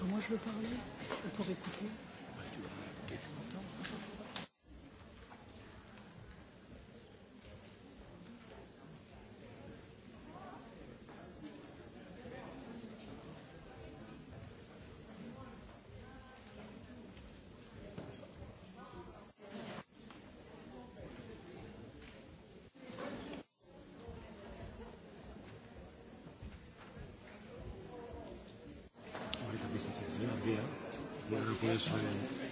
Comment je veux parler Pour écouter για να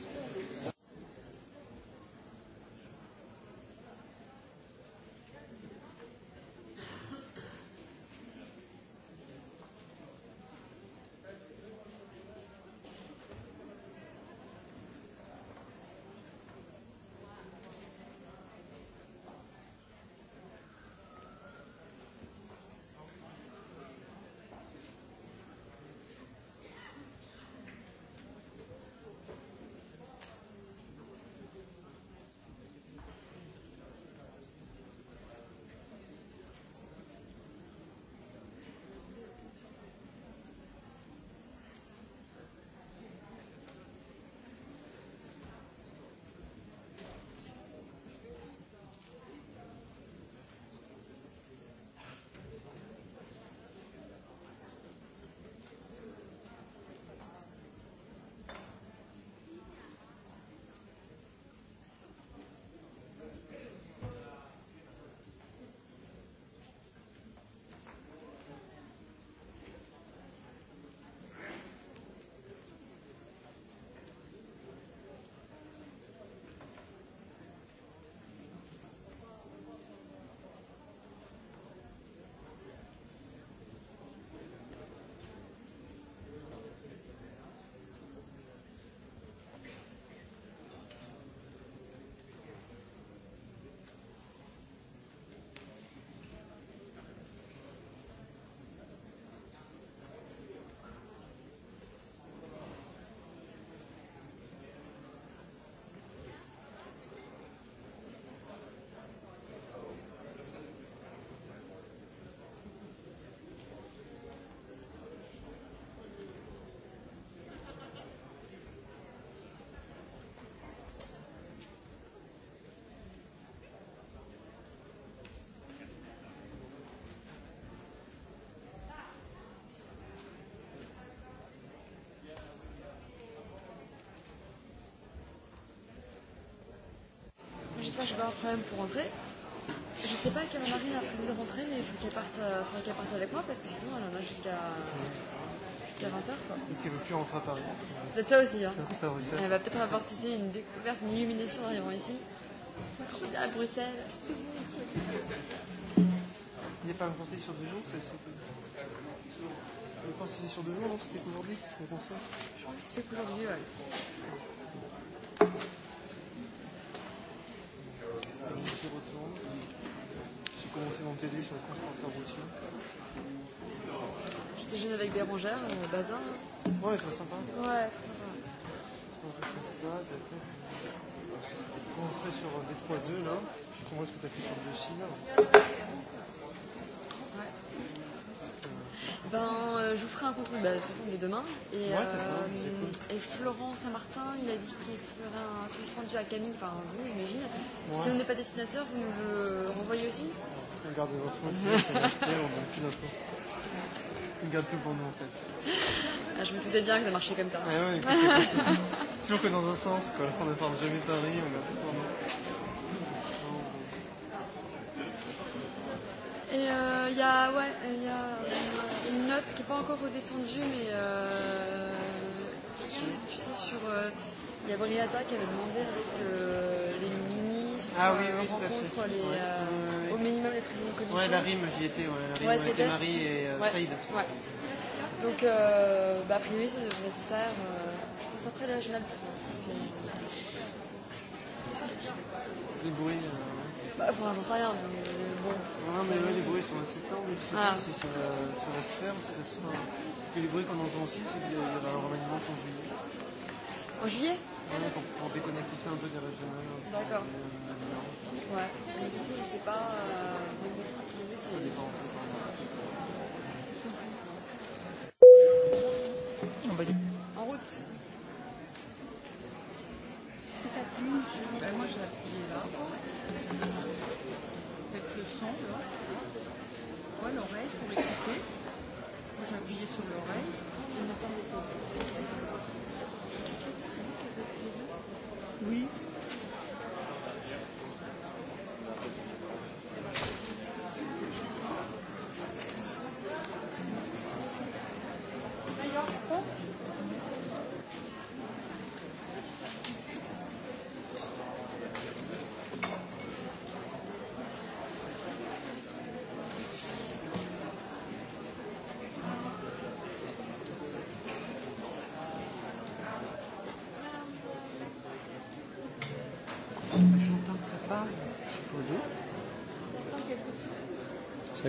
pas, je vais avoir un problème pour rentrer. Je sais pas quelle Marine a prévu de rentrer, mais il faut qu'elle parte, euh, qu parte avec moi parce que sinon elle en a jusqua jusqu jusqu'à 20h. Est-ce qu'elle veut plus rentrer à Paris. C'est ça aussi. Hein. Ça, ça. ça, Elle va peut-être avoir tu sais, une découverte, une illumination en arrivant ici. À Bruxelles. Il n'y a pas un conseil sur deux jours Je pense que c'est sur deux jours, non C'était qu'aujourd'hui le conseil C'était qu'aujourd'hui, ouais. vont t'aider sur le transporteur routier. Je déjeune avec Bérangère, Bazin. Ouais, c'est sympa. Ouais, c'est sympa. On va faire ça, d'accord. On serait sur des trois œufs là. Je comprends ce que tu as fait sur le Chine. Ouais. Ben, je vous ferai un compte bah, de toute façon dès demain. Et, ouais, c'est ça. Cool. Et Florent Saint-Martin, il a dit qu'il ferait un compte rendu à Camille, enfin vous, j'imagine. Si on n'est pas dessinateur, vous nous le renvoyez aussi garde les enfants on on a un pilote. Ils garde tout pour nous en fait. Ah, Je me doutais bien que ça marchait comme ça. Ah, ouais, c'est toujours que dans un sens, quoi. On ne forme jamais Paris, on garde tout pour nous. Et il y a, ouais, y a une note qui n'est pas encore redescendue, mais euh, tu sais, sur. Il y a Briata qui avait demandé est-ce que les ah, oui, oui, rencontre les, euh, au minimum les prisons de Ouais, la rime, j'y étais, ouais, la rime, ouais, Marie et euh, Saïd. Ouais. Donc, euh, bah, a priori, ça devrait se faire, euh, je pense, après la régionale plutôt. Les bruits. Euh... Bah, enfin, j'en sais rien, mais bon. Non, mais ouais, les bruits sont assez mais je sais pas si ça va, ça va se faire si ça se fera. Parce que les bruits qu'on entend aussi, c'est qu'il y aura un remaniement en juillet. En juillet pour, pour déconnecter ça un peu des régions. D'accord. Ouais. Mais du coup, je sais pas. Euh, ça dépend en fait. On va En route. Ben moi j'ai appuyé là. Peut-être le son là. Moi l'oreille pour écouter. Moi j'ai appuyé sur l'oreille. Je n'entends m'attends Oui.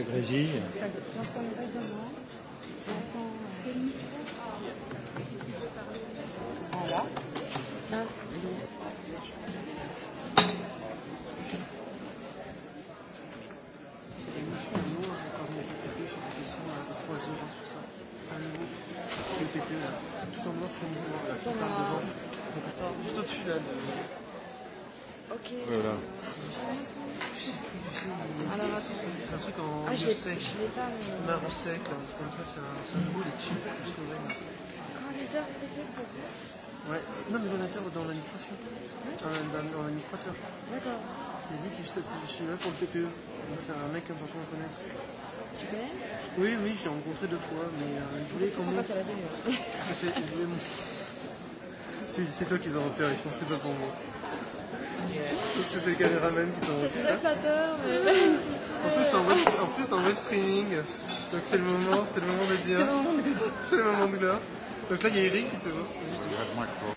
Brésil. sec. Marron sec, comme ça, c'est un goût, il est cheap, je trouve. Quand les Ouais, non, mais donateur dans l'administration. Dans l'administrateur. D'accord. C'est lui qui fait je suis là pour le PPE. Donc c'est un mec important à connaître. Tu connais Oui, oui, je l'ai rencontré deux fois, mais euh, il voulait qu'on monte. Je voulais mon... C'est toi qui les as repérés, je pense c'est pas pour moi. C'est le caméraman qui t'a repère. C'est le mais... En plus, en web, en plus, en web streaming. Donc c'est le moment, c'est le moment de bien. C'est le moment de gloire. Donc là, il y a Eric qui te voit.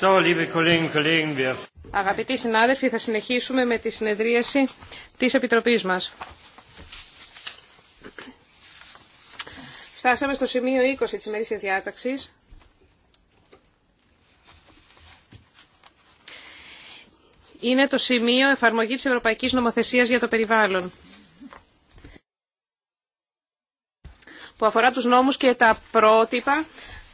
So, Αγαπητοί συνάδελφοι, θα συνεχίσουμε με τη συνεδρίαση της Επιτροπής μας. Φτάσαμε στο σημείο 20 της ημερήσιας διάταξης. Είναι το σημείο εφαρμογή της Ευρωπαϊκής Νομοθεσίας για το Περιβάλλον. που αφορά τους νόμους και τα πρότυπα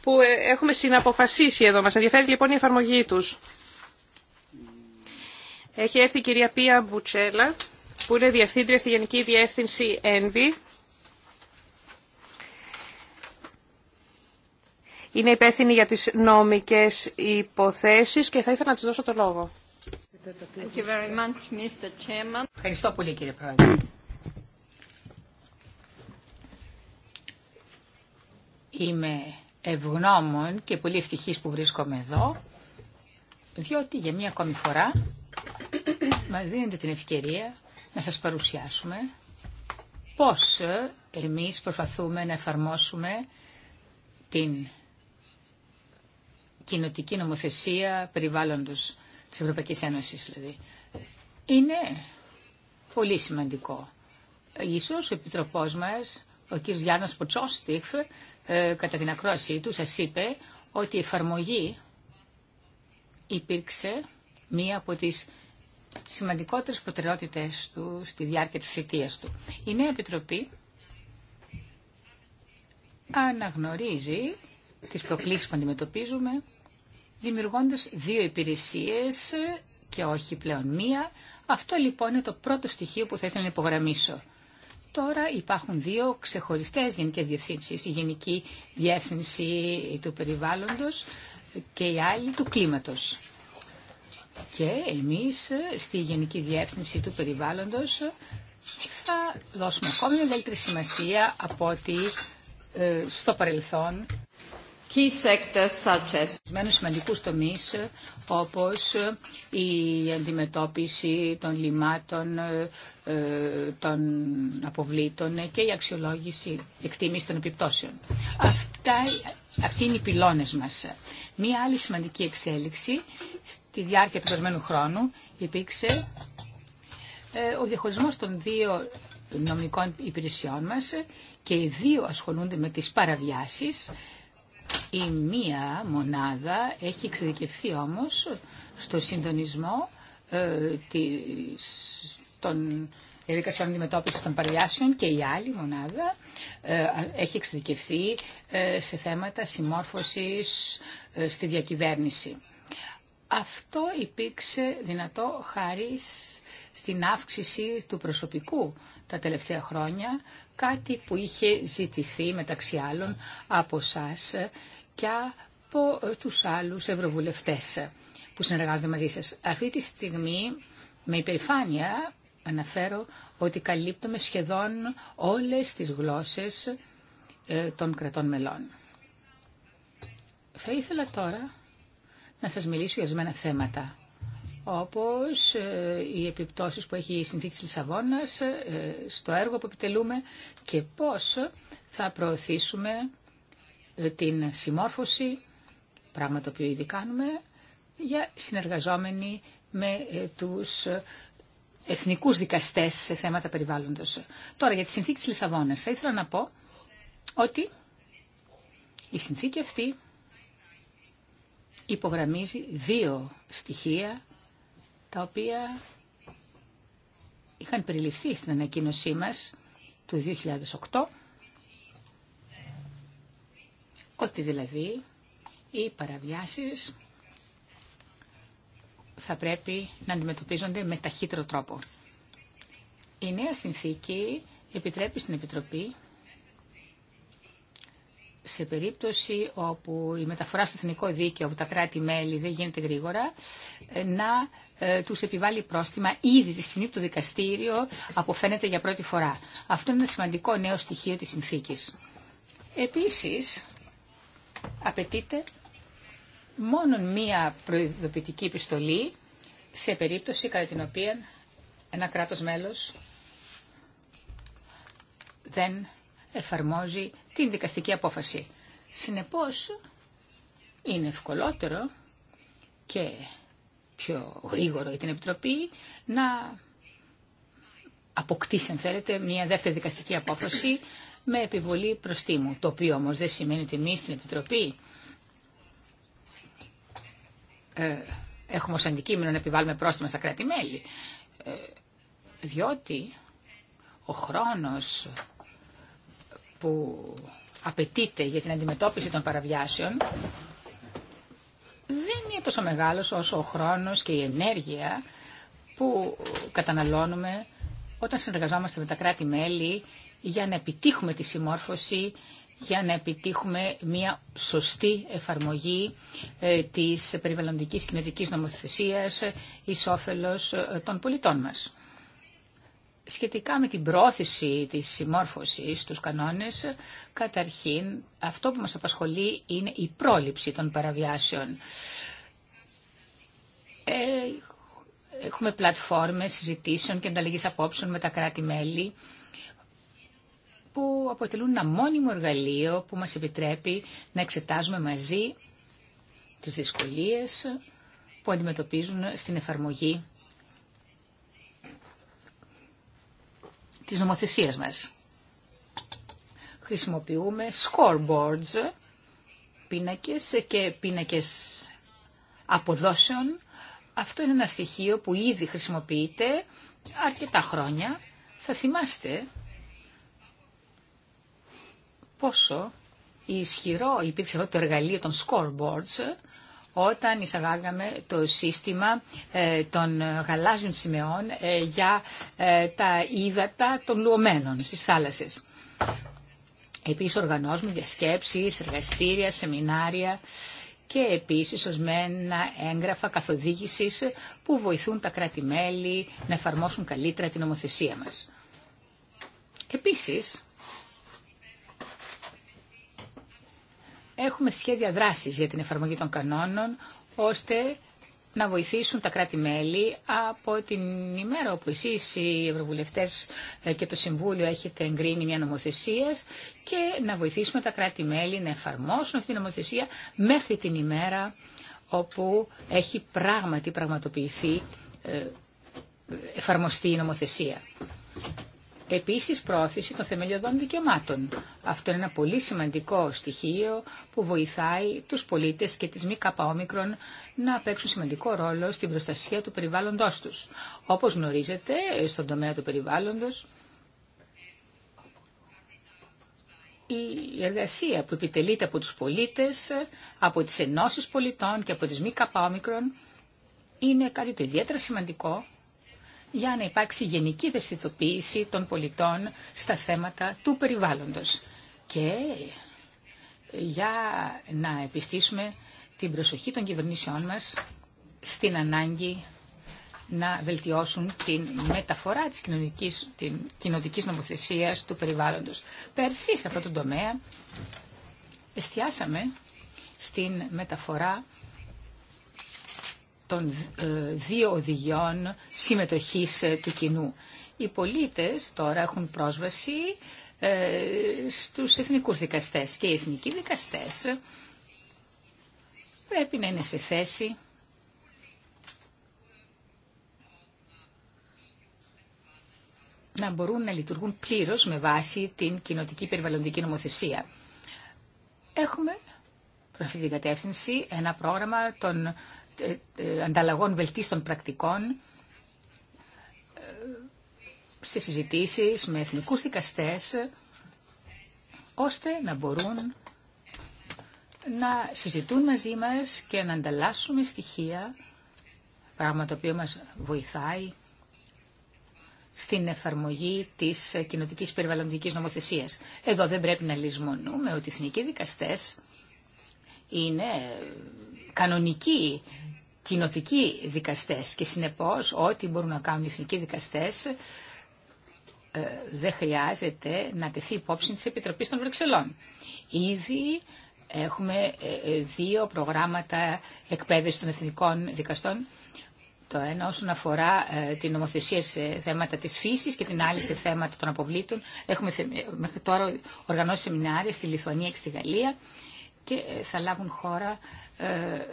που ε, έχουμε συναποφασίσει εδώ. Μας ενδιαφέρει λοιπόν η εφαρμογή τους. Έχει έρθει η κυρία Πία Μπουτσέλα, που είναι διευθύντρια στη Γενική Διεύθυνση ΕΝΒΗ. Είναι υπεύθυνη για τις νομικές υποθέσεις και θα ήθελα να της δώσω το λόγο. Ευχαριστώ πολύ κύριε Πρόεδρε. Είμαι ευγνώμων και πολύ ευτυχής που βρίσκομαι εδώ, διότι για μία ακόμη φορά μας δίνεται την ευκαιρία να σας παρουσιάσουμε πώς εμείς προσπαθούμε να εφαρμόσουμε την κοινοτική νομοθεσία περιβάλλοντος της Ευρωπαϊκής Ένωσης. Δηλαδή. Είναι πολύ σημαντικό. Ίσως ο Επιτροπός μας ο κ. Γιάννα Ποτσόστιχ ε, κατά την ακρόασή του σα είπε ότι η εφαρμογή υπήρξε μία από τις σημαντικότερες προτεραιότητες του στη διάρκεια της θητείας του. Η Νέα Επιτροπή αναγνωρίζει τις προκλήσεις που αντιμετωπίζουμε δημιουργώντας δύο υπηρεσίες και όχι πλέον μία. Αυτό λοιπόν είναι το πρώτο στοιχείο που θα ήθελα να υπογραμμίσω. Τώρα υπάρχουν δύο ξεχωριστές γενικές διευθύνσεις. Η Γενική Διεύθυνση του Περιβάλλοντος και η άλλη του Κλίματος. Και εμείς στη Γενική Διεύθυνση του Περιβάλλοντος θα δώσουμε ακόμη μεγαλύτερη σημασία από ότι ε, στο παρελθόν key sectors such as... σημαντικούς τομείς όπως η αντιμετώπιση των λιμάτων, ε, ε, των αποβλήτων και η αξιολόγηση εκτίμηση των επιπτώσεων. Αυτά, αυτοί είναι οι πυλώνες μας. Μία άλλη σημαντική εξέλιξη στη διάρκεια του περμένου χρόνου υπήρξε ε, ο διαχωρισμός των δύο νομικών υπηρεσιών μας και οι δύο ασχολούνται με τις παραβιάσεις η μία μονάδα έχει εξειδικευθεί όμως στο συντονισμό ε, της, των διαδικασιών αντιμετώπιση των παρελιάσεων και η άλλη μονάδα ε, έχει εξειδικευθεί ε, σε θέματα συμμόρφωσης ε, στη διακυβέρνηση. Αυτό υπήρξε δυνατό χάρη στην αύξηση του προσωπικού τα τελευταία χρόνια, κάτι που είχε ζητηθεί μεταξύ άλλων από σας και από ε, τους άλλους ευρωβουλευτές που συνεργάζονται μαζί σας. Αυτή τη στιγμή με υπερηφάνεια αναφέρω ότι καλύπτουμε σχεδόν όλες τις γλώσσες ε, των κρατών μελών. Θα ήθελα τώρα να σας μιλήσω για ζημένα θέματα, όπως ε, οι επιπτώσεις που έχει η συνθήκη της Λισαβόνας στο έργο που επιτελούμε και πώς θα προωθήσουμε την συμμόρφωση, πράγμα το οποίο ήδη κάνουμε, για συνεργαζόμενοι με ε, τους εθνικούς δικαστές σε θέματα περιβάλλοντος. Τώρα για τη συνθήκη της Λισαβόνας θα ήθελα να πω ότι η συνθήκη αυτή υπογραμμίζει δύο στοιχεία τα οποία είχαν περιληφθεί στην ανακοίνωσή μας του 2008 ότι δηλαδή οι παραβιάσεις θα πρέπει να αντιμετωπίζονται με ταχύτερο τρόπο. Η νέα συνθήκη επιτρέπει στην Επιτροπή σε περίπτωση όπου η μεταφορά στο εθνικό δίκαιο από τα κράτη-μέλη δεν γίνεται γρήγορα, ε, να ε, τους επιβάλλει πρόστιμα ήδη τη στιγμή που το δικαστήριο αποφαίνεται για πρώτη φορά. Αυτό είναι ένα σημαντικό νέο στοιχείο της συνθήκης. Επίσης, απαιτείται μόνο μία προειδοποιητική επιστολή σε περίπτωση κατά την οποία ένα κράτος μέλος δεν εφαρμόζει την δικαστική απόφαση. Συνεπώς, είναι ευκολότερο και πιο γρήγορο για την Επιτροπή να αποκτήσει, αν θέλετε, μια δεύτερη δικαστική απόφαση με επιβολή προστίμου, το οποίο όμως δεν σημαίνει ότι εμεί στην Επιτροπή ε, έχουμε ως αντικείμενο να επιβάλλουμε πρόστιμα στα κράτη-μέλη, ε, διότι ο χρόνος που απαιτείται για την αντιμετώπιση των παραβιάσεων δεν είναι τόσο μεγάλος όσο ο χρόνος και η ενέργεια που καταναλώνουμε όταν συνεργαζόμαστε με τα κράτη-μέλη για να επιτύχουμε τη συμμόρφωση για να επιτύχουμε μια σωστή εφαρμογή ε, της περιβαλλοντικής κοινωτικής νομοθεσίας εις όφελος ε, των πολιτών μας. Σχετικά με την πρόθεση της συμμόρφωσης στους κανόνες, καταρχήν αυτό που μας απασχολεί είναι η πρόληψη των παραβιάσεων. Ε, έχουμε πλατφόρμες συζητήσεων και ανταλλαγής απόψεων με τα κράτη-μέλη που αποτελούν ένα μόνιμο εργαλείο που μας επιτρέπει να εξετάζουμε μαζί τις δυσκολίες που αντιμετωπίζουν στην εφαρμογή της νομοθεσίας μας. Χρησιμοποιούμε scoreboards, πίνακες και πίνακες αποδόσεων. Αυτό είναι ένα στοιχείο που ήδη χρησιμοποιείται αρκετά χρόνια. Θα θυμάστε πόσο ισχυρό υπήρξε αυτό το εργαλείο των scoreboards όταν εισαγάγαμε το σύστημα ε, των γαλάζιων σημεών ε, για ε, τα ύδατα των λουωμένων στις θάλασσες. Επίσης οργανώσουμε διασκέψεις, εργαστήρια, σεμινάρια και επίσης ορισμένα έγγραφα καθοδήγησης που βοηθούν τα κράτη-μέλη να εφαρμόσουν καλύτερα την νομοθεσία μας. Επίσης, έχουμε σχέδια δράσης για την εφαρμογή των κανόνων, ώστε να βοηθήσουν τα κράτη-μέλη από την ημέρα όπου εσείς οι Ευρωβουλευτές ε, και το Συμβούλιο έχετε εγκρίνει μια νομοθεσία και να βοηθήσουμε τα κράτη-μέλη να εφαρμόσουν αυτή την νομοθεσία μέχρι την ημέρα όπου έχει πράγματι πραγματοποιηθεί, ε, εφαρμοστεί η νομοθεσία. Επίσης, πρόθεση των θεμελιωδών δικαιωμάτων. Αυτό είναι ένα πολύ σημαντικό στοιχείο που βοηθάει τους πολίτες και τις μη να παίξουν σημαντικό ρόλο στην προστασία του περιβάλλοντος τους. Όπως γνωρίζετε, στον τομέα του περιβάλλοντος, η εργασία που επιτελείται από τους πολίτες, από τις ενώσεις πολιτών και από τις μη είναι κάτι το ιδιαίτερα σημαντικό για να υπάρξει γενική ευαισθητοποίηση των πολιτών στα θέματα του περιβάλλοντος και για να επιστήσουμε την προσοχή των κυβερνήσεών μας στην ανάγκη να βελτιώσουν την μεταφορά της κοινωνικής, την κοινωνικής νομοθεσίας του περιβάλλοντος. Πέρσι σε αυτό το τομέα εστιάσαμε στην μεταφορά των ε, δύο οδηγιών συμμετοχής ε, του κοινού. Οι πολίτες τώρα έχουν πρόσβαση ε, στους εθνικούς δικαστές και οι εθνικοί δικαστές πρέπει να είναι σε θέση να μπορούν να λειτουργούν πλήρως με βάση την κοινοτική περιβαλλοντική νομοθεσία. Έχουμε προς αυτή την κατεύθυνση ένα πρόγραμμα των ε, ε, ανταλλαγών βελτίστων πρακτικών ε, σε συζητήσεις με εθνικούς δικαστές ώστε να μπορούν να συζητούν μαζί μας και να ανταλλάσσουμε στοιχεία, πράγμα το οποίο μας βοηθάει στην εφαρμογή της κοινοτικής περιβαλλοντικής νομοθεσίας. Εδώ δεν πρέπει να λησμονούμε ότι οι εθνικοί δικαστές είναι κανονικοί κοινοτικοί δικαστές και συνεπώς ό,τι μπορούν να κάνουν οι εθνικοί δικαστές ε, δεν χρειάζεται να τεθεί υπόψη της Επιτροπής των Βρυξελών. Ήδη έχουμε ε, ε, δύο προγράμματα εκπαίδευσης των εθνικών δικαστών. Το ένα όσον αφορά την νομοθεσία σε θέματα της φύσης και την άλλη σε θέματα των αποβλήτων. Έχουμε μέχρι τώρα οργανώσει σεμινάρια στη Λιθουανία και στη Γαλλία και ε, θα λάβουν χώρα ε,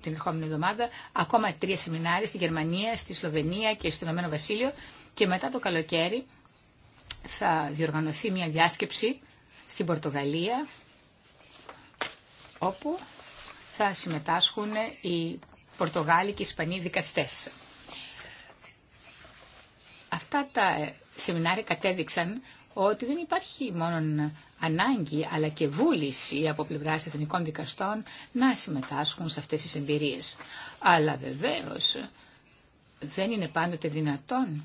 την ερχόμενη εβδομάδα ακόμα τρία σεμινάρια στη Γερμανία, στη Σλοβενία και στο Ηνωμένο Βασίλειο και μετά το καλοκαίρι θα διοργανωθεί μια διάσκεψη στην Πορτογαλία όπου θα συμμετάσχουν οι Πορτογάλοι και οι Ισπανοί δικαστές. Αυτά τα ε, σεμινάρια κατέδειξαν ότι δεν υπάρχει μόνον ανάγκη αλλά και βούληση από πλευράς εθνικών δικαστών να συμμετάσχουν σε αυτές τις εμπειρίες. Αλλά βεβαίως δεν είναι πάντοτε δυνατόν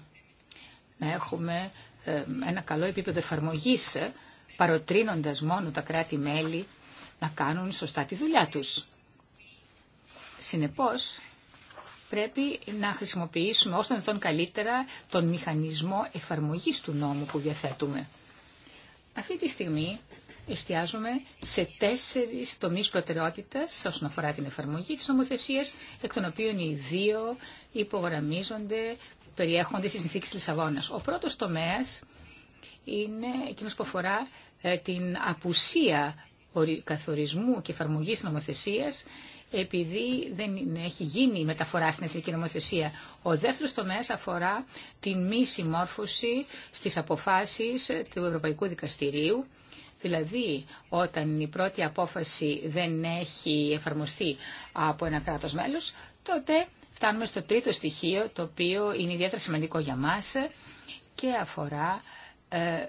να έχουμε ε, ένα καλό επίπεδο εφαρμογή ε, παροτρύνοντας μόνο τα κράτη-μέλη να κάνουν σωστά τη δουλειά τους. Συνεπώς, πρέπει να χρησιμοποιήσουμε όσο δυνατόν καλύτερα τον μηχανισμό εφαρμογής του νόμου που διαθέτουμε. Αυτή τη στιγμή εστιάζουμε σε τέσσερις τομείς προτεραιότητας όσον αφορά την εφαρμογή τη νομοθεσία, εκ των οποίων οι δύο υπογραμμίζονται, περιέχονται στις συνθήκες Λισαβόνα. Ο πρώτος τομέας είναι εκείνο που αφορά ε, την απουσία καθορισμού και εφαρμογή νομοθεσία επειδή δεν έχει γίνει η μεταφορά στην εθνική νομοθεσία. Ο δεύτερος τομέας αφορά τη μη συμμόρφωση στις αποφάσεις του Ευρωπαϊκού Δικαστηρίου, Δηλαδή, όταν η πρώτη απόφαση δεν έχει εφαρμοστεί από ένα κράτος μέλος, τότε φτάνουμε στο τρίτο στοιχείο, το οποίο είναι ιδιαίτερα σημαντικό για μας και αφορά ε, ε,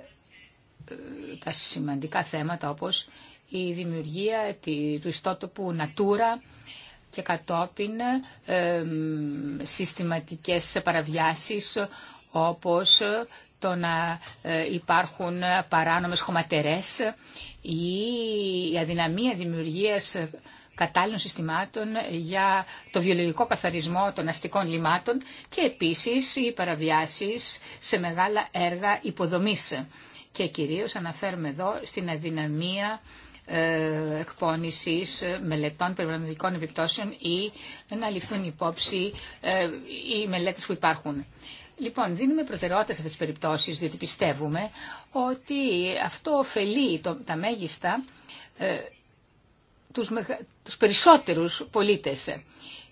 τα σημαντικά θέματα όπως η δημιουργία του ιστότοπου Natura και κατόπιν συστηματικές παραβιάσεις όπως το να ε, υπάρχουν παράνομες χωματερές ή η αδυναμία δημιουργίας κατάλληλων συστημάτων για το βιολογικό καθαρισμό των αστικών λιμάτων και επίσης οι παραβιάσεις σε μεγάλα έργα υποδομής. Και κυρίως αναφέρουμε εδώ στην αδυναμία ε, εκπόνησης ε, μελετών περιβαλλοντικών επιπτώσεων ή να ληφθούν υπόψη ε, οι μελέτες που υπάρχουν. Λοιπόν, δίνουμε προτεραιότητα σε αυτές τις περιπτώσεις, διότι πιστεύουμε ότι αυτό ωφελεί τα μέγιστα ε, τους, περισσότερους πολίτες.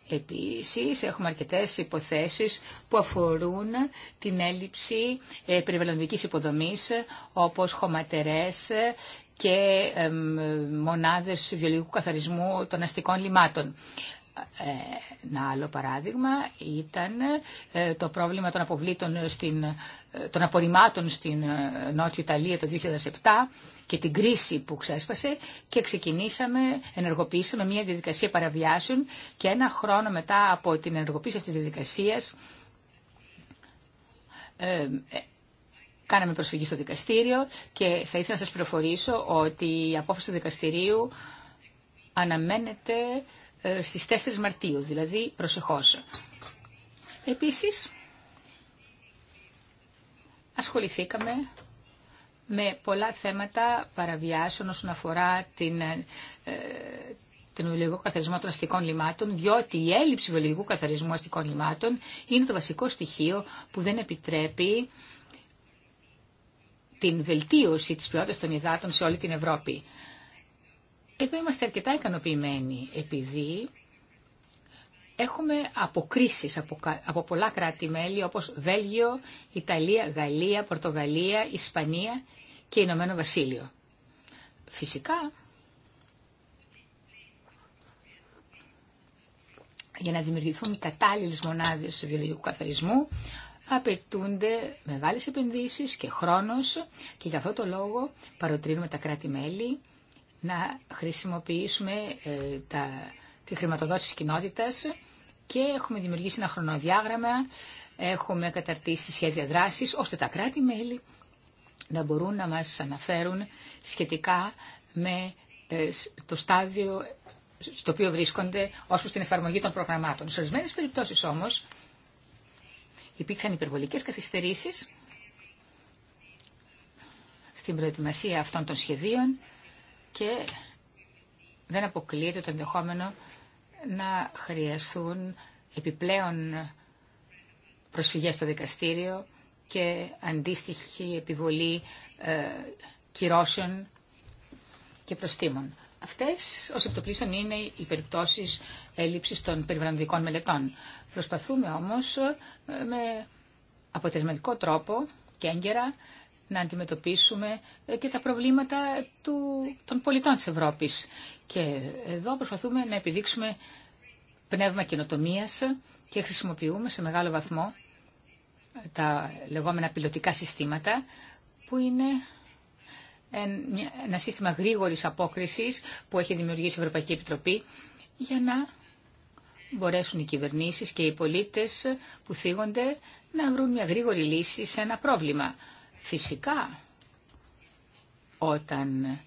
Επίσης, έχουμε αρκετές υποθέσεις που αφορούν την έλλειψη περιβαλλοντικής υποδομής, όπως χωματερές και μονάδες βιολογικού καθαρισμού των αστικών λιμάτων. Ε, ένα άλλο παράδειγμα ήταν ε, το πρόβλημα των, αποβλήτων στην, ε, των απορριμμάτων στην Νότια Ιταλία το 2007 και την κρίση που ξέσπασε και ξεκινήσαμε, ενεργοποιήσαμε μια διαδικασία παραβιάσεων και ένα χρόνο μετά από την ενεργοποίηση αυτής της διαδικασίας Κάναμε προσφυγή στο δικαστήριο και θα ήθελα να σας πληροφορήσω ότι η απόφαση του δικαστηρίου αναμένεται ε, στις 4 Μαρτίου, δηλαδή προσεχώς. Επίσης, ασχοληθήκαμε με πολλά θέματα παραβιάσεων όσον αφορά την, ε, τον βιολογικό καθαρισμό των αστικών λιμάτων, διότι η έλλειψη βιολογικού καθαρισμού αστικών λιμάτων είναι το βασικό στοιχείο που δεν επιτρέπει την βελτίωση της ποιότητας των υδάτων σε όλη την Ευρώπη. Εδώ είμαστε αρκετά ικανοποιημένοι επειδή έχουμε αποκρίσεις από, από πολλά κράτη-μέλη όπως Βέλγιο, Ιταλία, Γαλλία, Πορτογαλία, Ισπανία και Ηνωμένο Βασίλειο. Φυσικά, για να δημιουργηθούν κατάλληλες μονάδες βιολογικού καθαρισμού, απαιτούνται μεγάλες επενδύσεις και χρόνος και για αυτό το λόγο παροτρύνουμε τα κράτη-μέλη να χρησιμοποιήσουμε ε, τα, τη χρηματοδότηση κοινότητας και έχουμε δημιουργήσει ένα χρονοδιάγραμμα, έχουμε καταρτήσει σχέδια δράσης, ώστε τα κράτη-μέλη να μπορούν να μας αναφέρουν σχετικά με ε, το στάδιο στο οποίο βρίσκονται ως προς την εφαρμογή των προγραμμάτων. Σε ορισμένε περιπτώσεις όμως υπήρξαν υπερβολικές καθυστερήσεις στην προετοιμασία αυτών των σχεδίων και δεν αποκλείεται το ενδεχόμενο να χρειαστούν επιπλέον προσφυγές στο δικαστήριο και αντίστοιχη επιβολή ε, κυρώσεων και προστήμων. Αυτές, ως επιτοπλίστων, είναι οι περιπτώσεις έλλειψης των περιβαλλοντικών μελετών. Προσπαθούμε όμως ε, με αποτελεσματικό τρόπο και έγκαιρα να αντιμετωπίσουμε ε, και τα προβλήματα του, των πολιτών της Ευρώπης. Και εδώ προσπαθούμε να επιδείξουμε πνεύμα καινοτομία και χρησιμοποιούμε σε μεγάλο βαθμό ε, τα λεγόμενα πιλωτικά συστήματα που είναι ένα σύστημα γρήγορης απόκρισης που έχει δημιουργήσει η Ευρωπαϊκή Επιτροπή για να μπορέσουν οι κυβερνήσεις και οι πολίτες που θίγονται να βρουν μια γρήγορη λύση σε ένα πρόβλημα. Φυσικά, όταν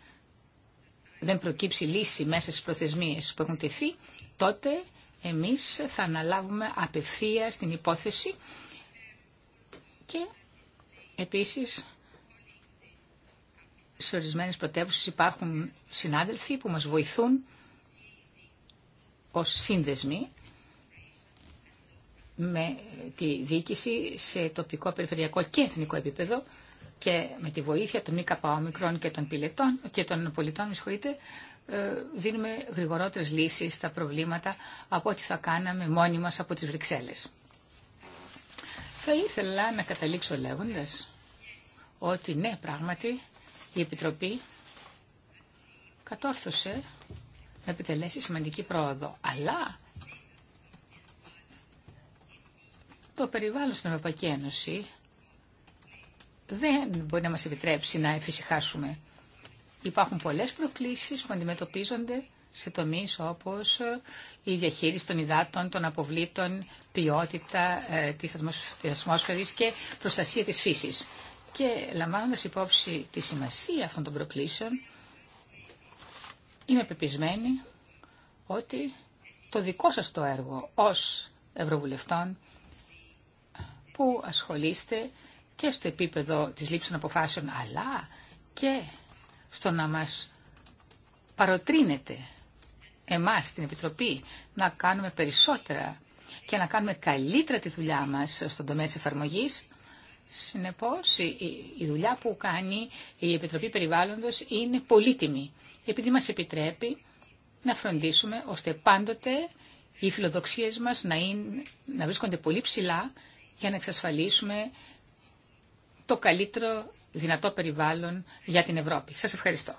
δεν προκύψει λύση μέσα στις προθεσμίες που έχουν τεθεί, τότε εμείς θα αναλάβουμε απευθεία την υπόθεση και επίσης σε ορισμένες πρωτεύουσες υπάρχουν συνάδελφοι που μας βοηθούν ως σύνδεσμοι με τη διοίκηση σε τοπικό, περιφερειακό και εθνικό επίπεδο και με τη βοήθεια των ΜΚΟ και των, πιλετών, και των πολιτών, ε, δίνουμε γρηγορότερες λύσεις στα προβλήματα από ό,τι θα κάναμε μόνοι μας από τις Βρυξέλλες. Θα ήθελα να καταλήξω λέγοντας ότι ναι, πράγματι, η Επιτροπή κατόρθωσε επιτελέσει σημαντική πρόοδο. Αλλά το περιβάλλον στην Ευρωπαϊκή Ένωση δεν μπορεί να μας επιτρέψει να εφησυχάσουμε. Υπάρχουν πολλές προκλήσεις που αντιμετωπίζονται σε τομείς όπως η διαχείριση των υδάτων, των αποβλήτων, ποιότητα ε, της ατμόσφαιρης και προστασία της φύσης. Και λαμβάνοντας υπόψη τη σημασία αυτών των προκλήσεων, Είμαι πεπισμένη ότι το δικό σας το έργο ως Ευρωβουλευτών που ασχολείστε και στο επίπεδο της λήψης αποφάσεων αλλά και στο να μας παροτρύνετε εμάς την Επιτροπή να κάνουμε περισσότερα και να κάνουμε καλύτερα τη δουλειά μας στον τομέα της εφαρμογής Συνεπώς, η δουλειά που κάνει η Επιτροπή Περιβάλλοντος είναι πολύτιμη, επειδή μας επιτρέπει να φροντίσουμε ώστε πάντοτε οι φιλοδοξίες μας να, είναι, να βρίσκονται πολύ ψηλά για να εξασφαλίσουμε το καλύτερο δυνατό περιβάλλον για την Ευρώπη. Σας ευχαριστώ.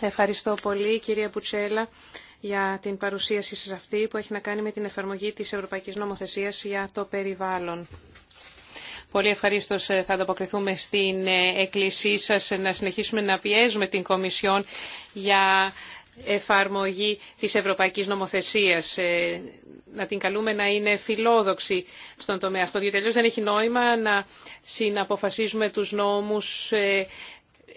Ευχαριστώ πολύ, κυρία Πουτσέλα για την παρουσίαση σας αυτή που έχει να κάνει με την εφαρμογή της Ευρωπαϊκής Νομοθεσίας για το περιβάλλον. Πολύ ευχαρίστω ε, θα ανταποκριθούμε στην ε, έκκλησή σας ε, να συνεχίσουμε να πιέζουμε την Κομισιόν για εφαρμογή της Ευρωπαϊκής Νομοθεσίας. Να την καλούμε να είναι φιλόδοξη στον τομέα αυτό, διότι τελείως δεν έχει νόημα να συναποφασίζουμε τους νόμους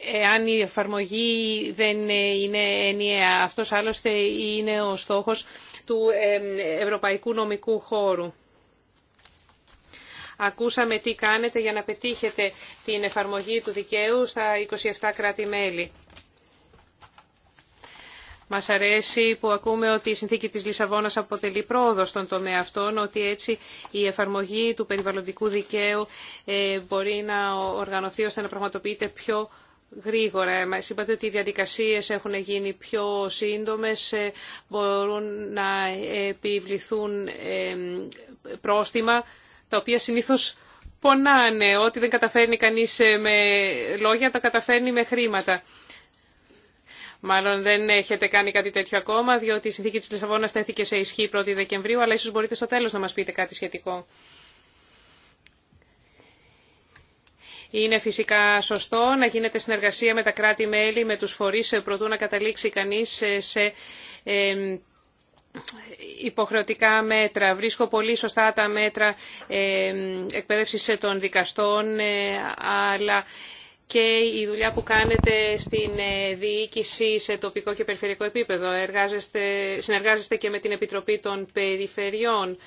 εάν η εφαρμογή δεν είναι ενιαία. Αυτός άλλωστε είναι ο στόχος του Ευρωπαϊκού Νομικού Χώρου. Ακούσαμε τι κάνετε για να πετύχετε την εφαρμογή του δικαίου στα 27 κράτη-μέλη. Μας αρέσει που ακούμε ότι η συνθήκη της Λισαβόνας αποτελεί πρόοδο στον τομέα αυτόν, ότι έτσι η εφαρμογή του περιβαλλοντικού δικαίου ε, μπορεί να οργανωθεί ώστε να πραγματοποιείται πιο γρήγορα. Ε, είπατε ότι οι διαδικασίες έχουν γίνει πιο σύντομες, ε, μπορούν να επιβληθούν πρόστιμα, τα οποία συνήθως πονάνε. Ό,τι δεν καταφέρνει κανείς ε, με λόγια, τα καταφέρνει με χρήματα. Μάλλον δεν έχετε κάνει κάτι τέτοιο ακόμα, διότι η συνθήκη της Λισαβόνας τέθηκε σε ισχύ 1η Δεκεμβρίου, αλλά ίσως μπορείτε στο τέλος να μας πείτε κάτι σχετικό. Είναι φυσικά σωστό να γίνεται συνεργασία με τα κράτη-μέλη, με τους φορείς, ε, προτού να καταλήξει κανείς σε ε, υποχρεωτικά μέτρα. Βρίσκω πολύ σωστά τα μέτρα ε, εκπαίδευσης των δικαστών, αλλά και η δουλειά που κάνετε στην διοίκηση σε τοπικό και περιφερειακό επίπεδο. Εργάζεστε, συνεργάζεστε και με την Επιτροπή των Περιφερειών.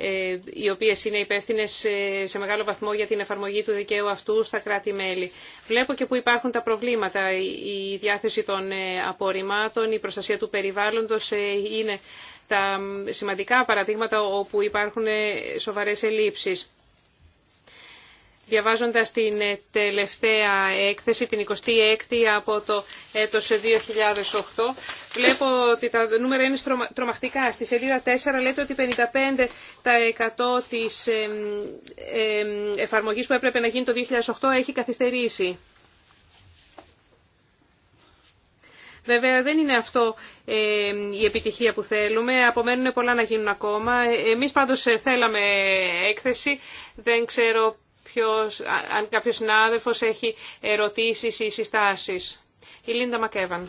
Ε, οι οποίε είναι υπεύθυνε ε, σε μεγάλο βαθμό για την εφαρμογή του δικαίου αυτού στα κράτη-μέλη. Βλέπω και που υπάρχουν τα προβλήματα. Η διάθεση των ε, απορριμμάτων, η προστασία του περιβάλλοντος είναι τα σημαντικά παραδείγματα όπου υπάρχουν σοβαρές ελλείψεις διαβάζοντας την ε, τελευταία έκθεση, την 26η από το έτος 2008, βλέπω ότι τα νούμερα είναι τρομακτικά. Στη σελίδα 4 λέτε ότι 55% της ε, ε, εφαρμογής που έπρεπε να γίνει το 2008 έχει καθυστερήσει. Βέβαια δεν είναι αυτό η επιτυχία που θέλουμε, απομένουν πολλά να γίνουν ακόμα. Εμείς πάντως θέλαμε έκθεση, δεν ξέρω αν κάποιος συνάδελφος έχει ερωτήσεις ή συστάσεις. Η Λίντα Μακέβαν.